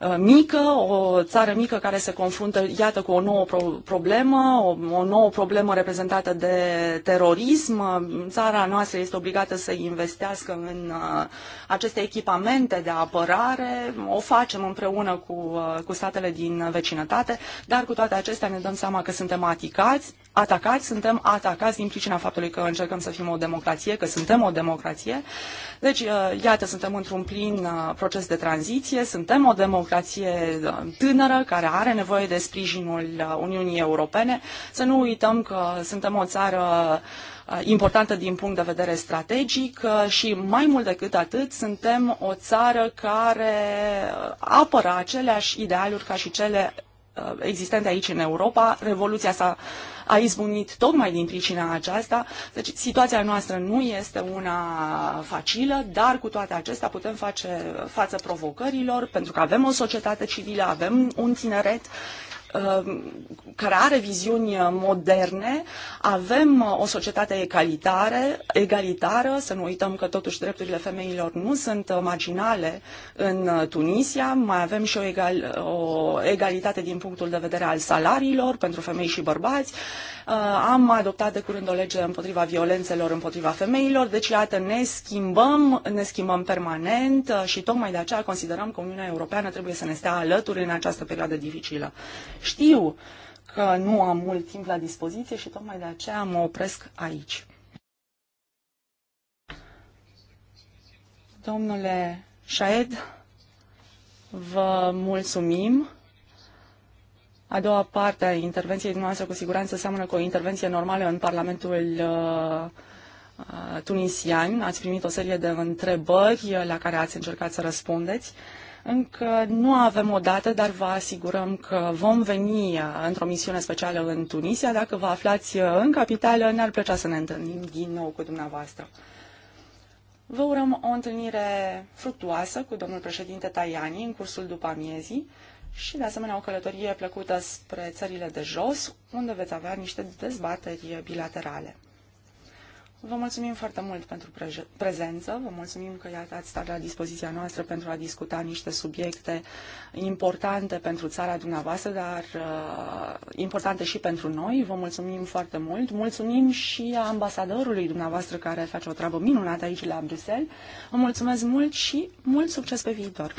Uh, mică, o țară mică care se confruntă, iată, cu o nouă pro- problemă, o, o nouă problemă reprezentată de terorism. Țara noastră este obligată să investească în uh, aceste echipamente de apărare. O facem împreună cu, uh, cu statele din vecinătate, dar cu toate acestea ne dăm seama că suntem aticați, atacați, suntem atacați din pricina faptului că încercăm să fim o democrație, că suntem o democrație. Deci, uh, iată, suntem într-un plin uh, proces de tranziție, suntem o democrație uh, tânără care are nevoie de sprijinul Uniunii Europene. Să nu uităm că suntem o țară importantă din punct de vedere strategic și mai mult decât atât suntem o țară care apără aceleași idealuri ca și cele Uh, existente aici în Europa. Revoluția s-a a izbunit tocmai din pricina aceasta. Deci situația noastră nu este una facilă, dar cu toate acestea putem face față provocărilor, pentru că avem o societate civilă, avem un tineret Um, care are viziuni moderne, avem o societate egalitare, egalitară, să nu uităm că totuși drepturile femeilor nu sunt marginale în Tunisia, mai avem și o, egal, o egalitate din punctul de vedere al salariilor pentru femei și bărbați, Uh, am adoptat de curând o lege împotriva violențelor împotriva femeilor, deci iată ne schimbăm, ne schimbăm permanent uh, și tocmai de aceea considerăm că Uniunea Europeană trebuie să ne stea alături în această perioadă dificilă. Știu că nu am mult timp la dispoziție și tocmai de aceea mă opresc aici. Domnule Șaed, vă mulțumim. A doua parte a intervenției dumneavoastră cu siguranță seamănă cu o intervenție normală în Parlamentul uh, uh, tunisian. Ați primit o serie de întrebări la care ați încercat să răspundeți. Încă nu avem o dată, dar vă asigurăm că vom veni uh, într-o misiune specială în Tunisia. Dacă vă aflați în capitală, ne-ar plăcea să ne întâlnim din nou cu dumneavoastră. Vă urăm o întâlnire fructuoasă cu domnul președinte Tajani în cursul după amiezii și, de asemenea, o călătorie plăcută spre țările de jos, unde veți avea niște dezbateri bilaterale. Vă mulțumim foarte mult pentru prezență, vă mulțumim că iată ați stat la dispoziția noastră pentru a discuta niște subiecte importante pentru țara dumneavoastră, dar uh, importante și pentru noi. Vă mulțumim foarte mult. Mulțumim și ambasadorului dumneavoastră care face o treabă minunată aici la Bruxelles. Vă mulțumesc mult și mult succes pe viitor!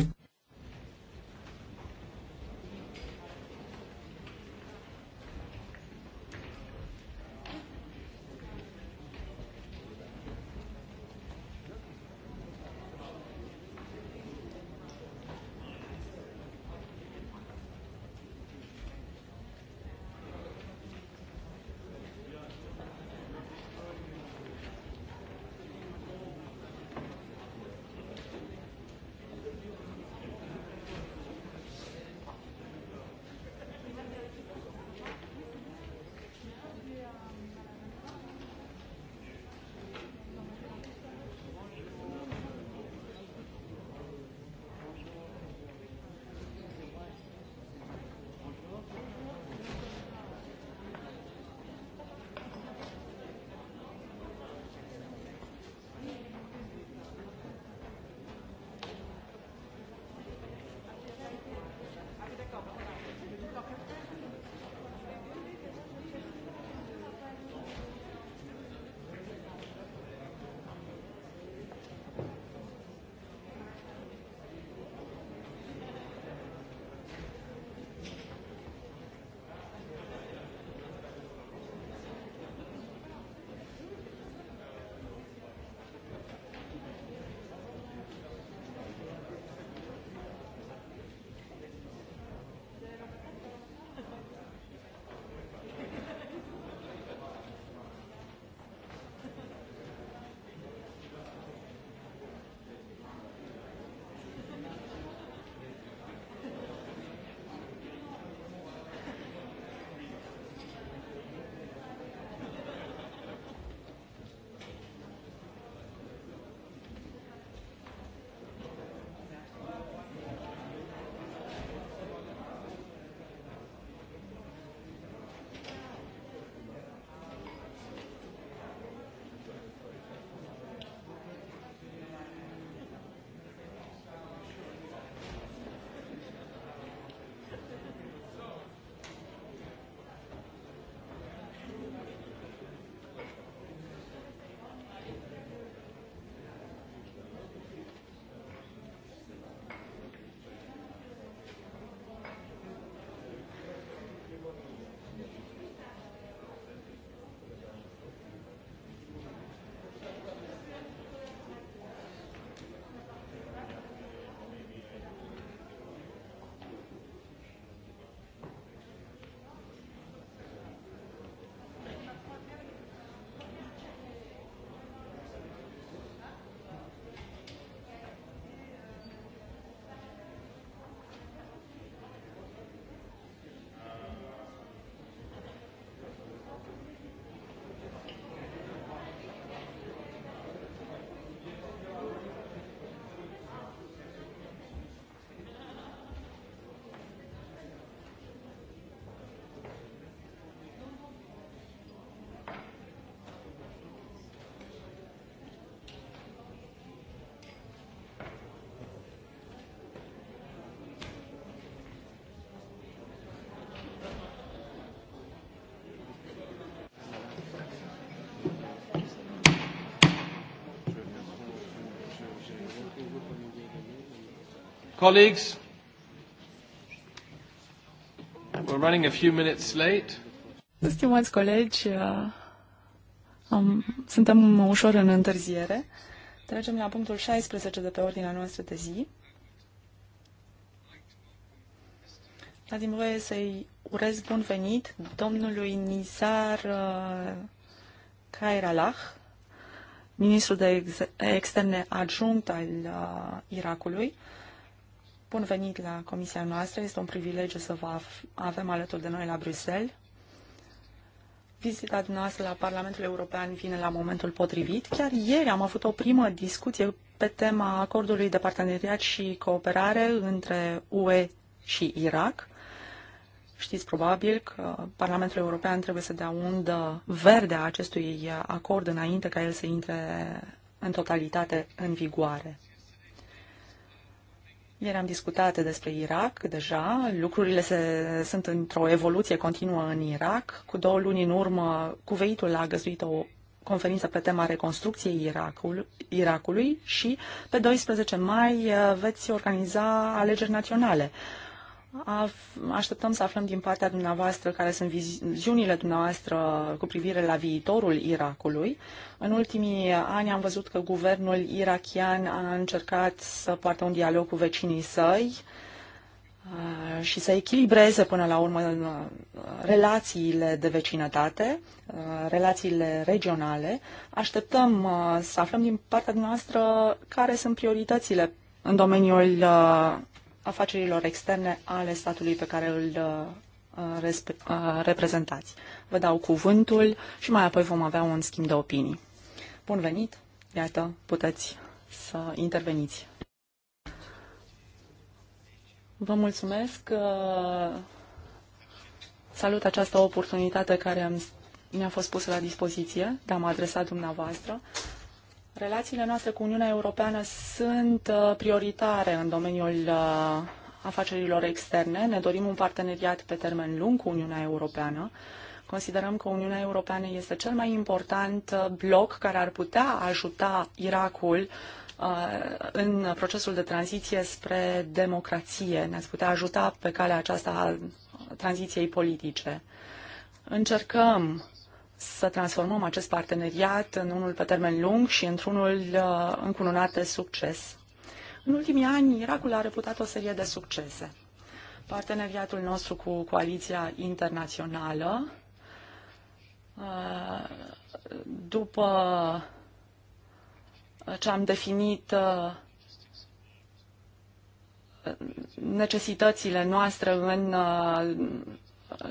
Colleagues, we're running a few minutes late. Stimați colegi, uh, am, suntem ușor în întârziere. Trecem la punctul 16 de pe ordinea noastră de zi. Dați-mi voie să-i urez bun venit domnului Nizar uh, Kairalah, ministrul de externe adjunct al uh, Irakului. Bun venit la comisia noastră. Este un privilegiu să vă avem alături de noi la Bruxelles. Vizita noastră la Parlamentul European vine la momentul potrivit. Chiar ieri am avut o primă discuție pe tema acordului de parteneriat și cooperare între UE și Irak. Știți probabil că Parlamentul European trebuie să dea undă verde a acestui acord înainte ca el să intre în totalitate în vigoare. Ieri am discutat despre Irak deja. Lucrurile se, sunt într-o evoluție continuă în Irak. Cu două luni în urmă, Cuveitul a găzduit o conferință pe tema reconstrucției Irakul, Irakului și pe 12 mai uh, veți organiza alegeri naționale. Uh, Așteptăm să aflăm din partea dumneavoastră care sunt viziunile dumneavoastră cu privire la viitorul Irakului. În ultimii ani am văzut că guvernul irachian a încercat să poartă un dialog cu vecinii săi uh, și să echilibreze până la urmă uh, relațiile de vecinătate, uh, relațiile regionale. Așteptăm să aflăm din partea noastră care sunt prioritățile în domeniul afacerilor externe ale statului pe care îl uh, uh, uh, reprezentați. Vă dau cuvântul și mai apoi vom avea un schimb de opinii. Bun venit! Iată, puteți să interveniți. Vă mulțumesc. Salut această oportunitate care mi-a fost pusă la dispoziție de a mă adresa dumneavoastră. Relațiile noastre cu Uniunea Europeană sunt uh, prioritare în domeniul uh, afacerilor externe. Ne dorim un parteneriat pe termen lung cu Uniunea Europeană. Considerăm că Uniunea Europeană este cel mai important uh, bloc care ar putea ajuta Irakul în procesul de tranziție spre democrație. Ne-ați putea ajuta pe calea aceasta a tranziției politice. Încercăm să transformăm acest parteneriat în unul pe termen lung și într-unul uh, încununat de succes. În ultimii ani, Irakul a reputat o serie de succese. Parteneriatul nostru cu Coaliția Internațională, uh, după ce am definit uh, necesitățile noastre în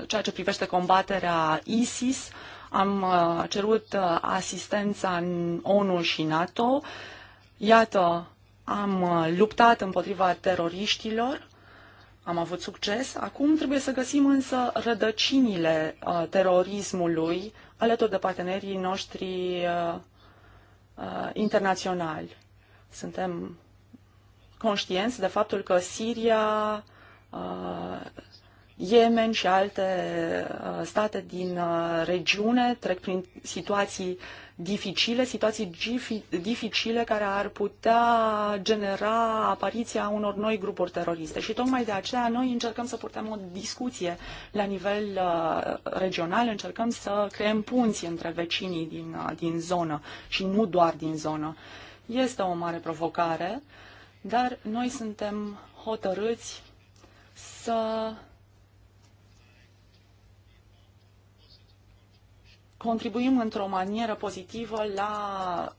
ceea ce privește combaterea ISIS, am uh, cerut uh, asistența în ONU și NATO. Iată, am uh, luptat împotriva teroriștilor, am avut succes. Acum trebuie să găsim însă rădăcinile terorismului alături de partenerii noștri internaționali. Suntem conștienți de faptul că Siria Yemen și alte uh, state din uh, regiune trec prin situații dificile, situații dificile care ar putea genera apariția unor noi grupuri teroriste. Și tocmai de aceea noi încercăm să purtăm o discuție la nivel uh, regional, încercăm să creăm punți între vecinii din, din zonă și nu doar din zonă. Este o mare provocare, dar noi suntem hotărâți să contribuim într-o manieră pozitivă la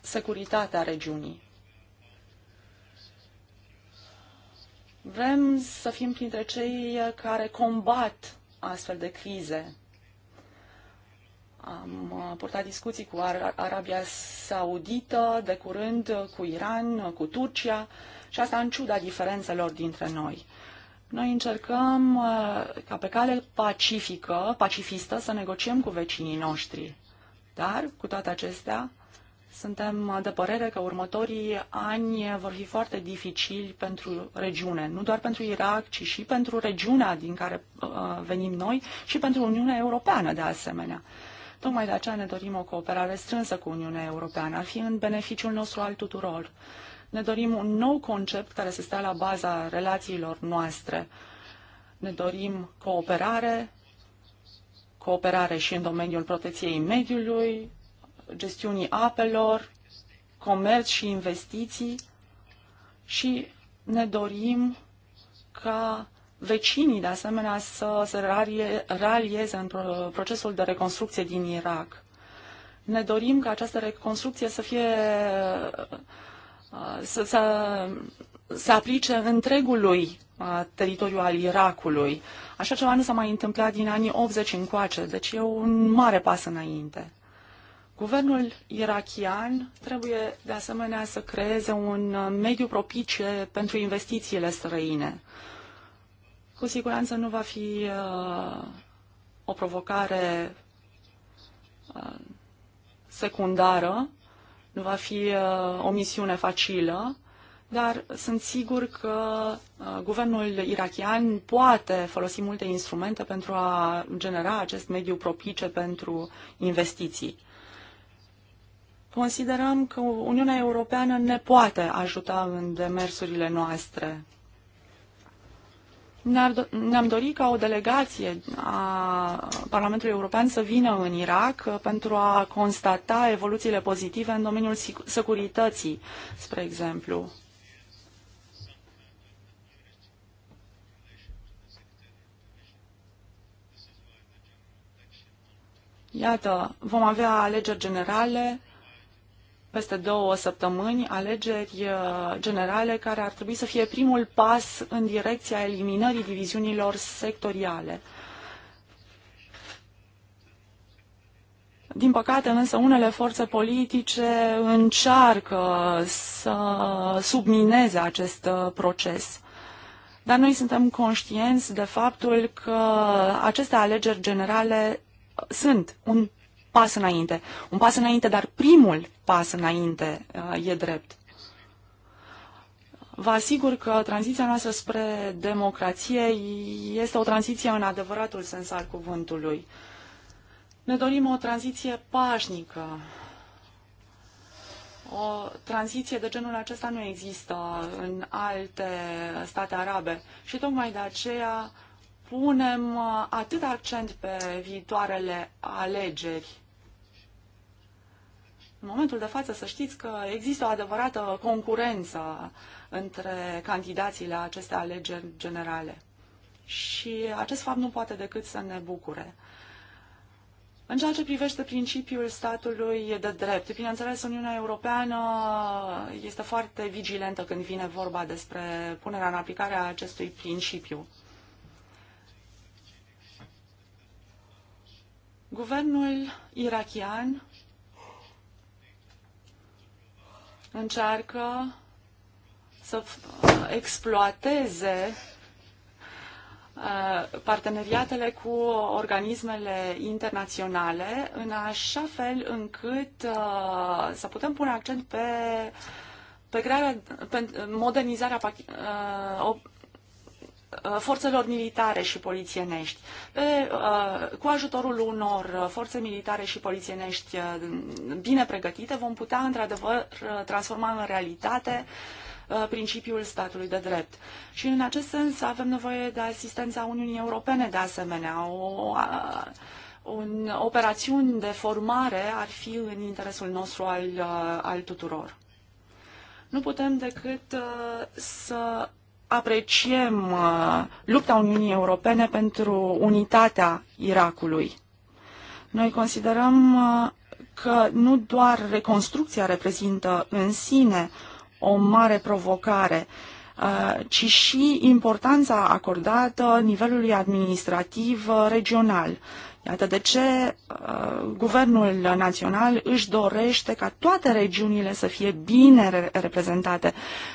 securitatea regiunii. Vrem să fim printre cei care combat astfel de crize. Am uh, purtat discuții cu Arabia Saudită, de curând cu Iran, cu Turcia și asta în ciuda diferențelor dintre noi. Noi încercăm uh, ca pe cale pacifică, pacifistă, să negociem cu vecinii noștri. Dar, cu toate acestea, suntem de părere că următorii ani vor fi foarte dificili pentru regiune, nu doar pentru Irak, ci și pentru regiunea din care uh, venim noi și pentru Uniunea Europeană de asemenea. Tocmai de aceea ne dorim o cooperare strânsă cu Uniunea Europeană. Ar fi în beneficiul nostru al tuturor. Ne dorim un nou concept care să stea la baza relațiilor noastre. Ne dorim cooperare, cooperare și în domeniul protecției mediului, gestiunii apelor, comerț și investiții și ne dorim ca vecinii, de asemenea, să se ralieze în procesul de reconstrucție din Irak. Ne dorim ca această reconstrucție să fie Uh, să, să se aplice întregului uh, teritoriu al Irakului. Așa ceva nu s-a mai întâmplat din anii 80 încoace, deci e un mare pas înainte. Guvernul irachian trebuie de asemenea să creeze un uh, mediu propice pentru investițiile străine. Cu siguranță nu va fi uh, o provocare uh, secundară, nu va fi uh, o misiune facilă, dar sunt sigur că uh, guvernul irachian poate folosi multe instrumente pentru a genera acest mediu propice pentru investiții. Considerăm că Uniunea Europeană ne poate ajuta în demersurile noastre ne-am dorit ca o delegație a Parlamentului European să vină în Irak uh, pentru a constata evoluțiile pozitive în domeniul securității, spre exemplu. Iată, vom avea alegeri generale peste două săptămâni alegeri uh, generale care ar trebui să fie primul pas în direcția eliminării diviziunilor sectoriale. Din păcate, însă, unele forțe politice încearcă să submineze acest uh, proces. Dar noi suntem conștienți de faptul că aceste alegeri generale sunt un pas înainte. Un pas înainte, dar primul pas înainte uh, e drept. Vă asigur că tranziția noastră spre democrație este o tranziție în adevăratul sens al cuvântului. Ne dorim o tranziție pașnică. O tranziție de genul acesta nu există în alte state arabe și tocmai de aceea punem uh, atât accent pe viitoarele alegeri în momentul de față să știți că există o adevărată concurență între candidații la aceste alegeri generale. Și acest fapt nu poate decât să ne bucure. În ceea ce privește principiul statului de drept, bineînțeles, Uniunea Europeană este foarte vigilentă când vine vorba despre punerea în aplicare a acestui principiu. Guvernul irachian încearcă să exploateze uh, parteneriatele cu organismele internaționale în așa fel încât uh, să putem pune accent pe, pe, crearea, pe modernizarea uh, Uh, forțelor militare și polițienești, pe, uh, cu ajutorul unor forțe militare și polițienești uh, bine pregătite, vom putea într-adevăr transforma în realitate principiul statului de drept. Și în acest sens avem nevoie de asistența Uniunii Europene de asemenea. O, un operațiuni de formare ar fi în interesul nostru al, al tuturor. Nu putem decât să apreciem uh, lupta Uniunii Europene pentru unitatea Irakului. Noi considerăm uh, că nu doar reconstrucția reprezintă în sine o mare provocare, uh, ci și importanța acordată nivelului administrativ regional. Iată de ce uh, Guvernul Național își dorește ca toate regiunile să fie bine re- reprezentate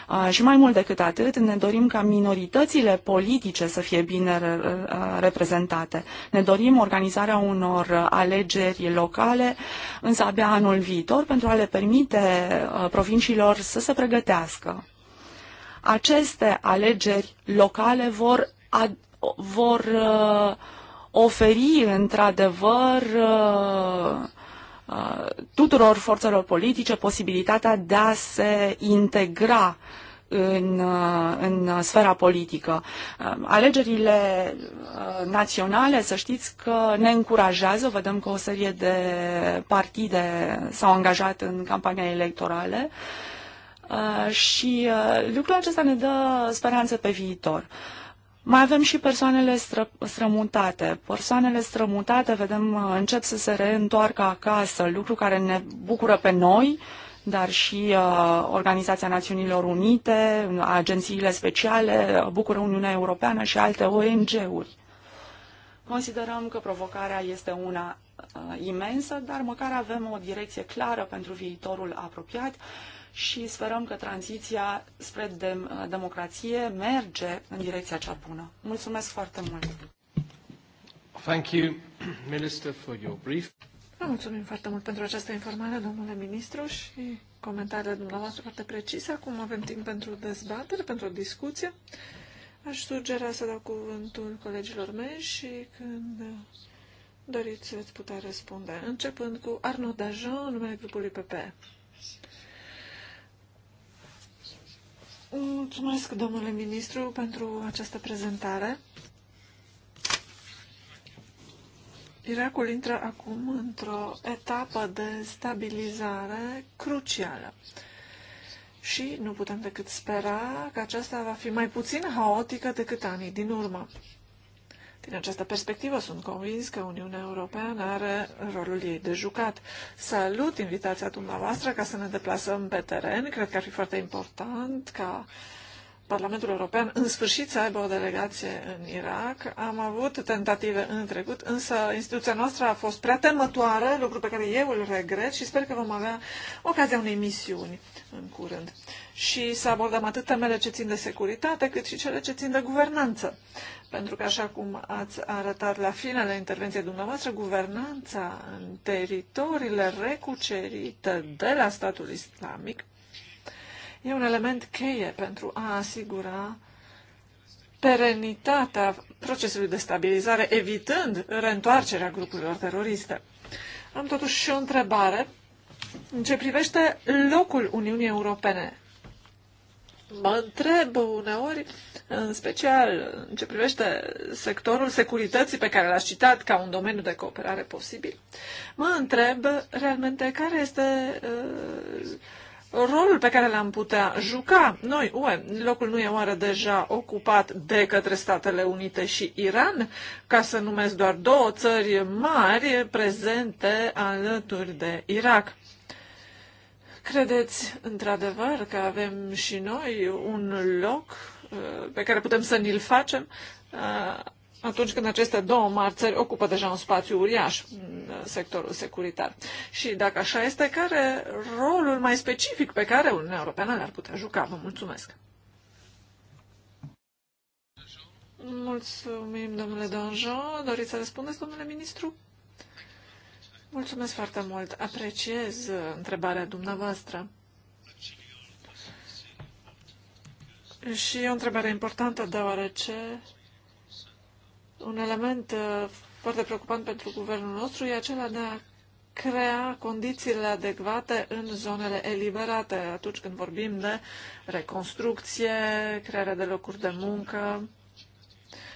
uh, și mai mult decât atât ne dorim ca minoritățile politice să fie bine re- uh, reprezentate. Ne dorim organizarea unor alegeri locale, însă abia anul viitor, pentru a le permite uh, provinciilor să se pregătească. Aceste alegeri locale vor, ad- vor uh, oferi într-adevăr uh, uh, tuturor forțelor politice posibilitatea de a se integra în, uh, în sfera politică. Alegerile naționale, să știți că ne încurajează, vedem că o serie de partide s-au angajat în campania electorale și lucrul acesta ne dă speranță pe viitor. Mai avem și persoanele stră, strămutate. Persoanele strămutate, vedem, uh, încep să se reîntoarcă acasă, lucru care ne bucură pe noi, dar și uh, Organizația Națiunilor Unite, agențiile speciale, bucură Uniunea Europeană și alte ONG-uri. Considerăm că provocarea este una uh, imensă, dar măcar avem o direcție clară pentru viitorul apropiat. Uh, și sperăm că tranziția spre dem- democrație merge în direcția cea bună. Mulțumesc foarte mult! Thank you, Minister, for your brief. Vă mulțumim foarte mult pentru această informare, domnule ministru, și comentariile dumneavoastră foarte precise. Acum avem timp pentru dezbatere, pentru discuție. Aș sugera să dau cuvântul colegilor mei și când doriți veți putea răspunde. Începând cu Arnaud Dajon, numele grupului PP. Mulțumesc, domnule ministru, pentru această prezentare. Irakul intră acum într-o etapă de stabilizare crucială și nu putem decât spera că aceasta va fi mai puțin haotică decât anii din urmă. Din această perspectivă, sunt convins că Uniunea Europeană are rolul ei de jucat. Salut invitația dumneavoastră ca să ne deplasăm pe teren. Cred că ar fi foarte important ca Parlamentul European în sfârșit să aibă o delegație în Irak. Am avut tentative în trecut, însă instituția noastră a fost prea temătoare, lucru pe care eu îl regret și sper că vom avea ocazia unei misiuni în curând. Și să abordăm atât temele ce țin de securitate, cât și cele ce țin de guvernanță. Pentru că, așa cum ați arătat la finele intervenției dumneavoastră, guvernanța în teritoriile recucerite de la statul islamic e un element cheie pentru a asigura perenitatea procesului de stabilizare, evitând reîntoarcerea grupurilor teroriste. Am totuși și o întrebare în ce privește locul Uniunii Europene mă întreb uneori, în special în ce privește sectorul securității pe care l-aș citat ca un domeniu de cooperare posibil, mă întreb realmente care este uh, rolul pe care l-am putea juca noi, UE, locul nu e oare deja ocupat de către Statele Unite și Iran, ca să numesc doar două țări mari prezente alături de Irak. Credeți într-adevăr că avem și noi un loc uh, pe care putem să ni-l facem uh, atunci când aceste două mari țări ocupă deja un spațiu uriaș în uh, sectorul securitar. Și dacă așa este, care rolul mai specific pe care Uniunea Europeană l-ar putea juca? Vă mulțumesc! Mulțumim, domnule Donjo. Doriți să răspundeți, domnule ministru? Mulțumesc foarte mult. Apreciez uh, întrebarea dumneavoastră. Și e o întrebare importantă, deoarece un element uh, foarte preocupant pentru guvernul nostru e acela de a crea condițiile adecvate în zonele eliberate atunci când vorbim de reconstrucție, crearea de locuri de muncă,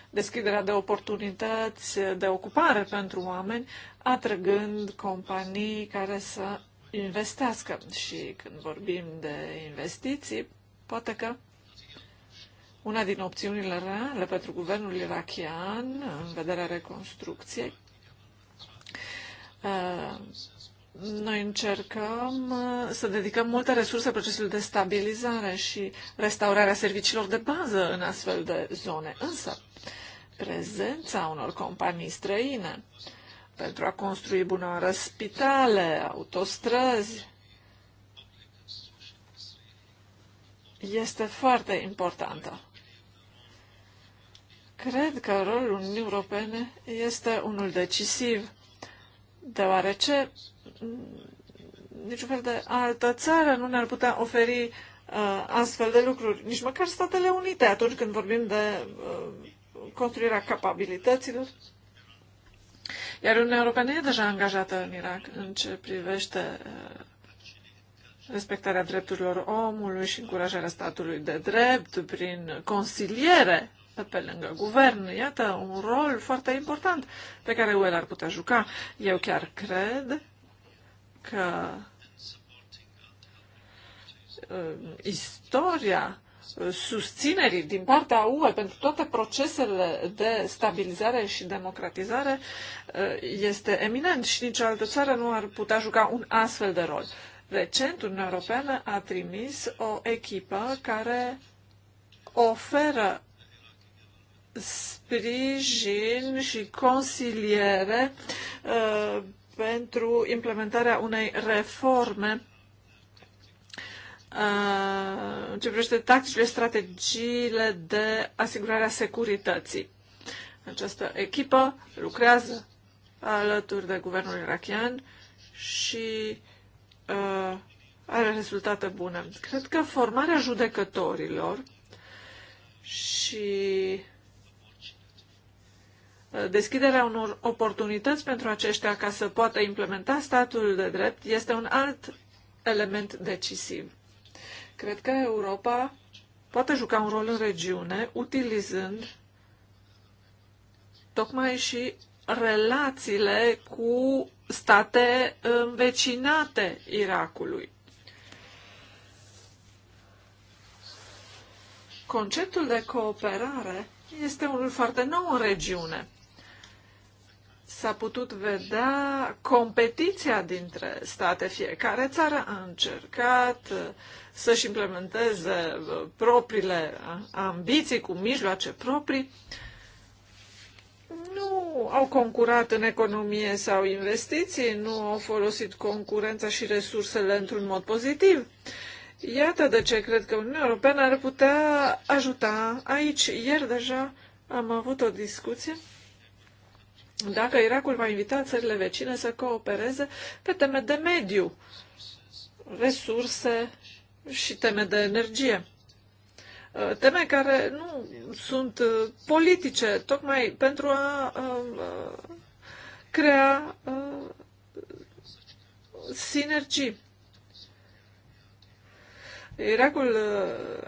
deschiderea de oportunități de ocupare pentru oameni, atrăgând companii care să investească. Și când vorbim de investiții, poate că una din opțiunile reale pentru guvernul irachian în vederea reconstrucției noi încercăm uh, să dedicăm multe resurse procesului de stabilizare și restaurarea serviciilor de bază în astfel de zone. Însă, prezența unor companii străine pentru a construi bună spitale, autostrăzi, este foarte importantă. Cred că rolul Uniunii Europene este unul decisiv, deoarece niciun fel de altă țară nu ne-ar putea oferi uh, astfel de lucruri, nici măcar Statele Unite, atunci când vorbim de uh, construirea capabilităților. Iar Uniunea Europeană e deja angajată în Irak în ce privește uh, respectarea drepturilor omului și încurajarea statului de drept prin consiliere pe lângă guvern. Iată, un rol foarte important pe care UE l-ar putea juca. Eu chiar cred că uh, istoria uh, susținerii din partea UE pentru toate procesele de stabilizare și democratizare uh, este eminent și nicio altă țară nu ar putea juca un astfel de rol. Recent, Uniunea Europeană a trimis o echipă care oferă sprijin și consiliere pentru implementarea unei reforme uh, în ce privește tacticile, strategiile de asigurare a securității. Această echipă lucrează alături de guvernul irachian și uh, are rezultate bune. Cred că formarea judecătorilor și deschiderea unor oportunități pentru aceștia ca să poată implementa statul de drept este un alt element decisiv. Cred că Europa poate juca un rol în regiune utilizând tocmai și relațiile cu state învecinate Irakului. Conceptul de cooperare este unul foarte nou în regiune s-a putut vedea competiția dintre state. Fiecare țară a încercat uh, să-și implementeze uh, propriile uh, ambiții cu mijloace proprii. Nu au concurat în economie sau investiții, nu au folosit concurența și resursele într-un mod pozitiv. Iată de ce cred că Uniunea Europeană ar putea ajuta aici. Ieri deja am avut o discuție dacă Irakul va invita țările vecine să coopereze pe teme de mediu, resurse și teme de energie. Uh, teme care nu sunt uh, politice, tocmai pentru a uh, crea sinergii. Irakul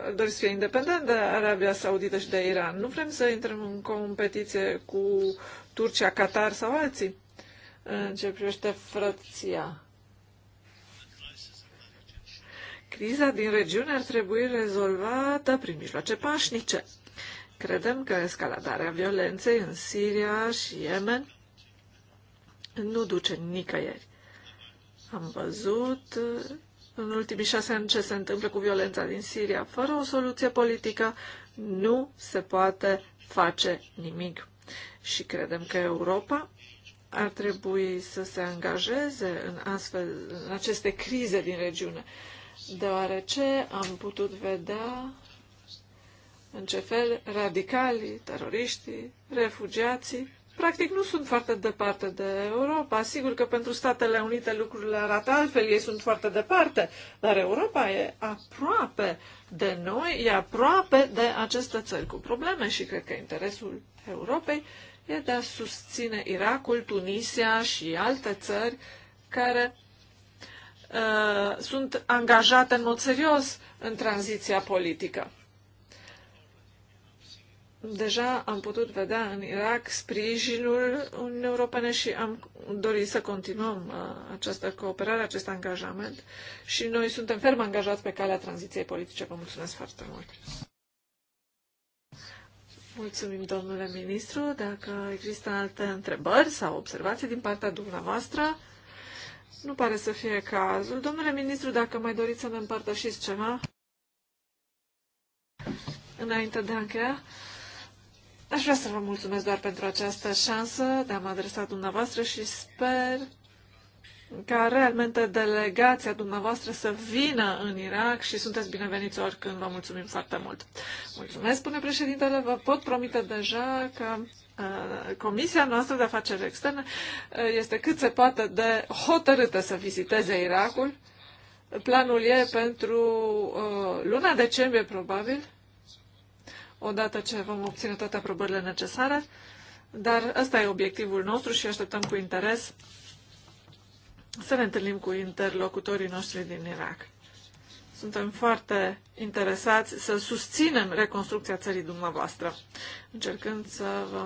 ar dori să fie independent de Arabia Saudită și de Iran. Nu vrem să intrăm în competiție cu Turcia, Qatar sau alții, în ce privește frăția. Criza din regiune ar trebui rezolvată prin mijloace pașnice. Credem că escaladarea violenței în Siria și Yemen nu duce nicăieri. Am văzut uh, în ultimii șase ani ce se întâmplă cu violența din Siria. Fără o soluție politică nu se poate face nimic și credem că Europa ar trebui să se angajeze în, astfel, în aceste crize din regiune, deoarece am putut vedea în ce fel radicalii, teroriștii, refugiații, practic nu sunt foarte departe de Europa. Sigur că pentru Statele Unite lucrurile arată altfel, ei sunt foarte departe, dar Europa e aproape de noi, e aproape de aceste țări cu probleme și cred că interesul Europei e de a susține Irakul, Tunisia și alte țări care uh, sunt angajate în mod serios în tranziția politică. Deja am putut vedea în Irak sprijinul Uniunii Europene și am dorit să continuăm uh, această cooperare, acest angajament și noi suntem ferm angajați pe calea tranziției politice. Vă mulțumesc foarte mult! Mulțumim, domnule ministru. Dacă există alte întrebări sau observații din partea dumneavoastră, nu pare să fie cazul. Domnule ministru, dacă mai doriți să ne împărtășiți ceva înainte de a încheia, aș vrea să vă mulțumesc doar pentru această șansă de a mă adresa dumneavoastră și sper ca realmente delegația dumneavoastră să vină în Irak și sunteți bineveniți oricând. Vă mulțumim foarte mult. Mulțumesc, spune președintele. Vă pot promite deja că uh, Comisia noastră de afaceri externe uh, este cât se poate de hotărâtă să viziteze Irakul. Planul e pentru uh, luna decembrie, probabil, odată ce vom obține toate aprobările necesare, dar ăsta e obiectivul nostru și așteptăm cu interes să ne întâlnim cu interlocutorii noștri din Irak. Suntem foarte interesați să susținem reconstrucția țării dumneavoastră, încercând să vă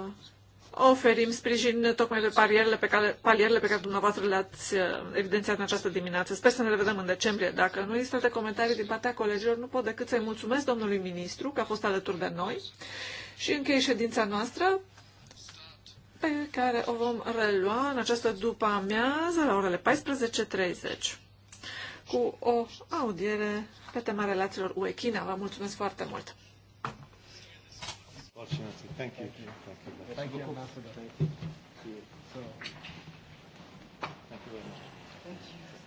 oferim sprijin tocmai de palierele pe care, palierele pe care dumneavoastră le-ați uh, evidențiat în această dimineață. Sper să ne revedem în decembrie. Dacă nu există alte comentarii din partea colegilor, nu pot decât să-i mulțumesc domnului ministru că a fost alături de noi și închei ședința noastră pe care o vom relua în această după amiază la orele 14.30 cu o audiere pe tema relațiilor UE-China. Vă mulțumesc foarte mult! Thank you. Thank you. Thank you. Thank you.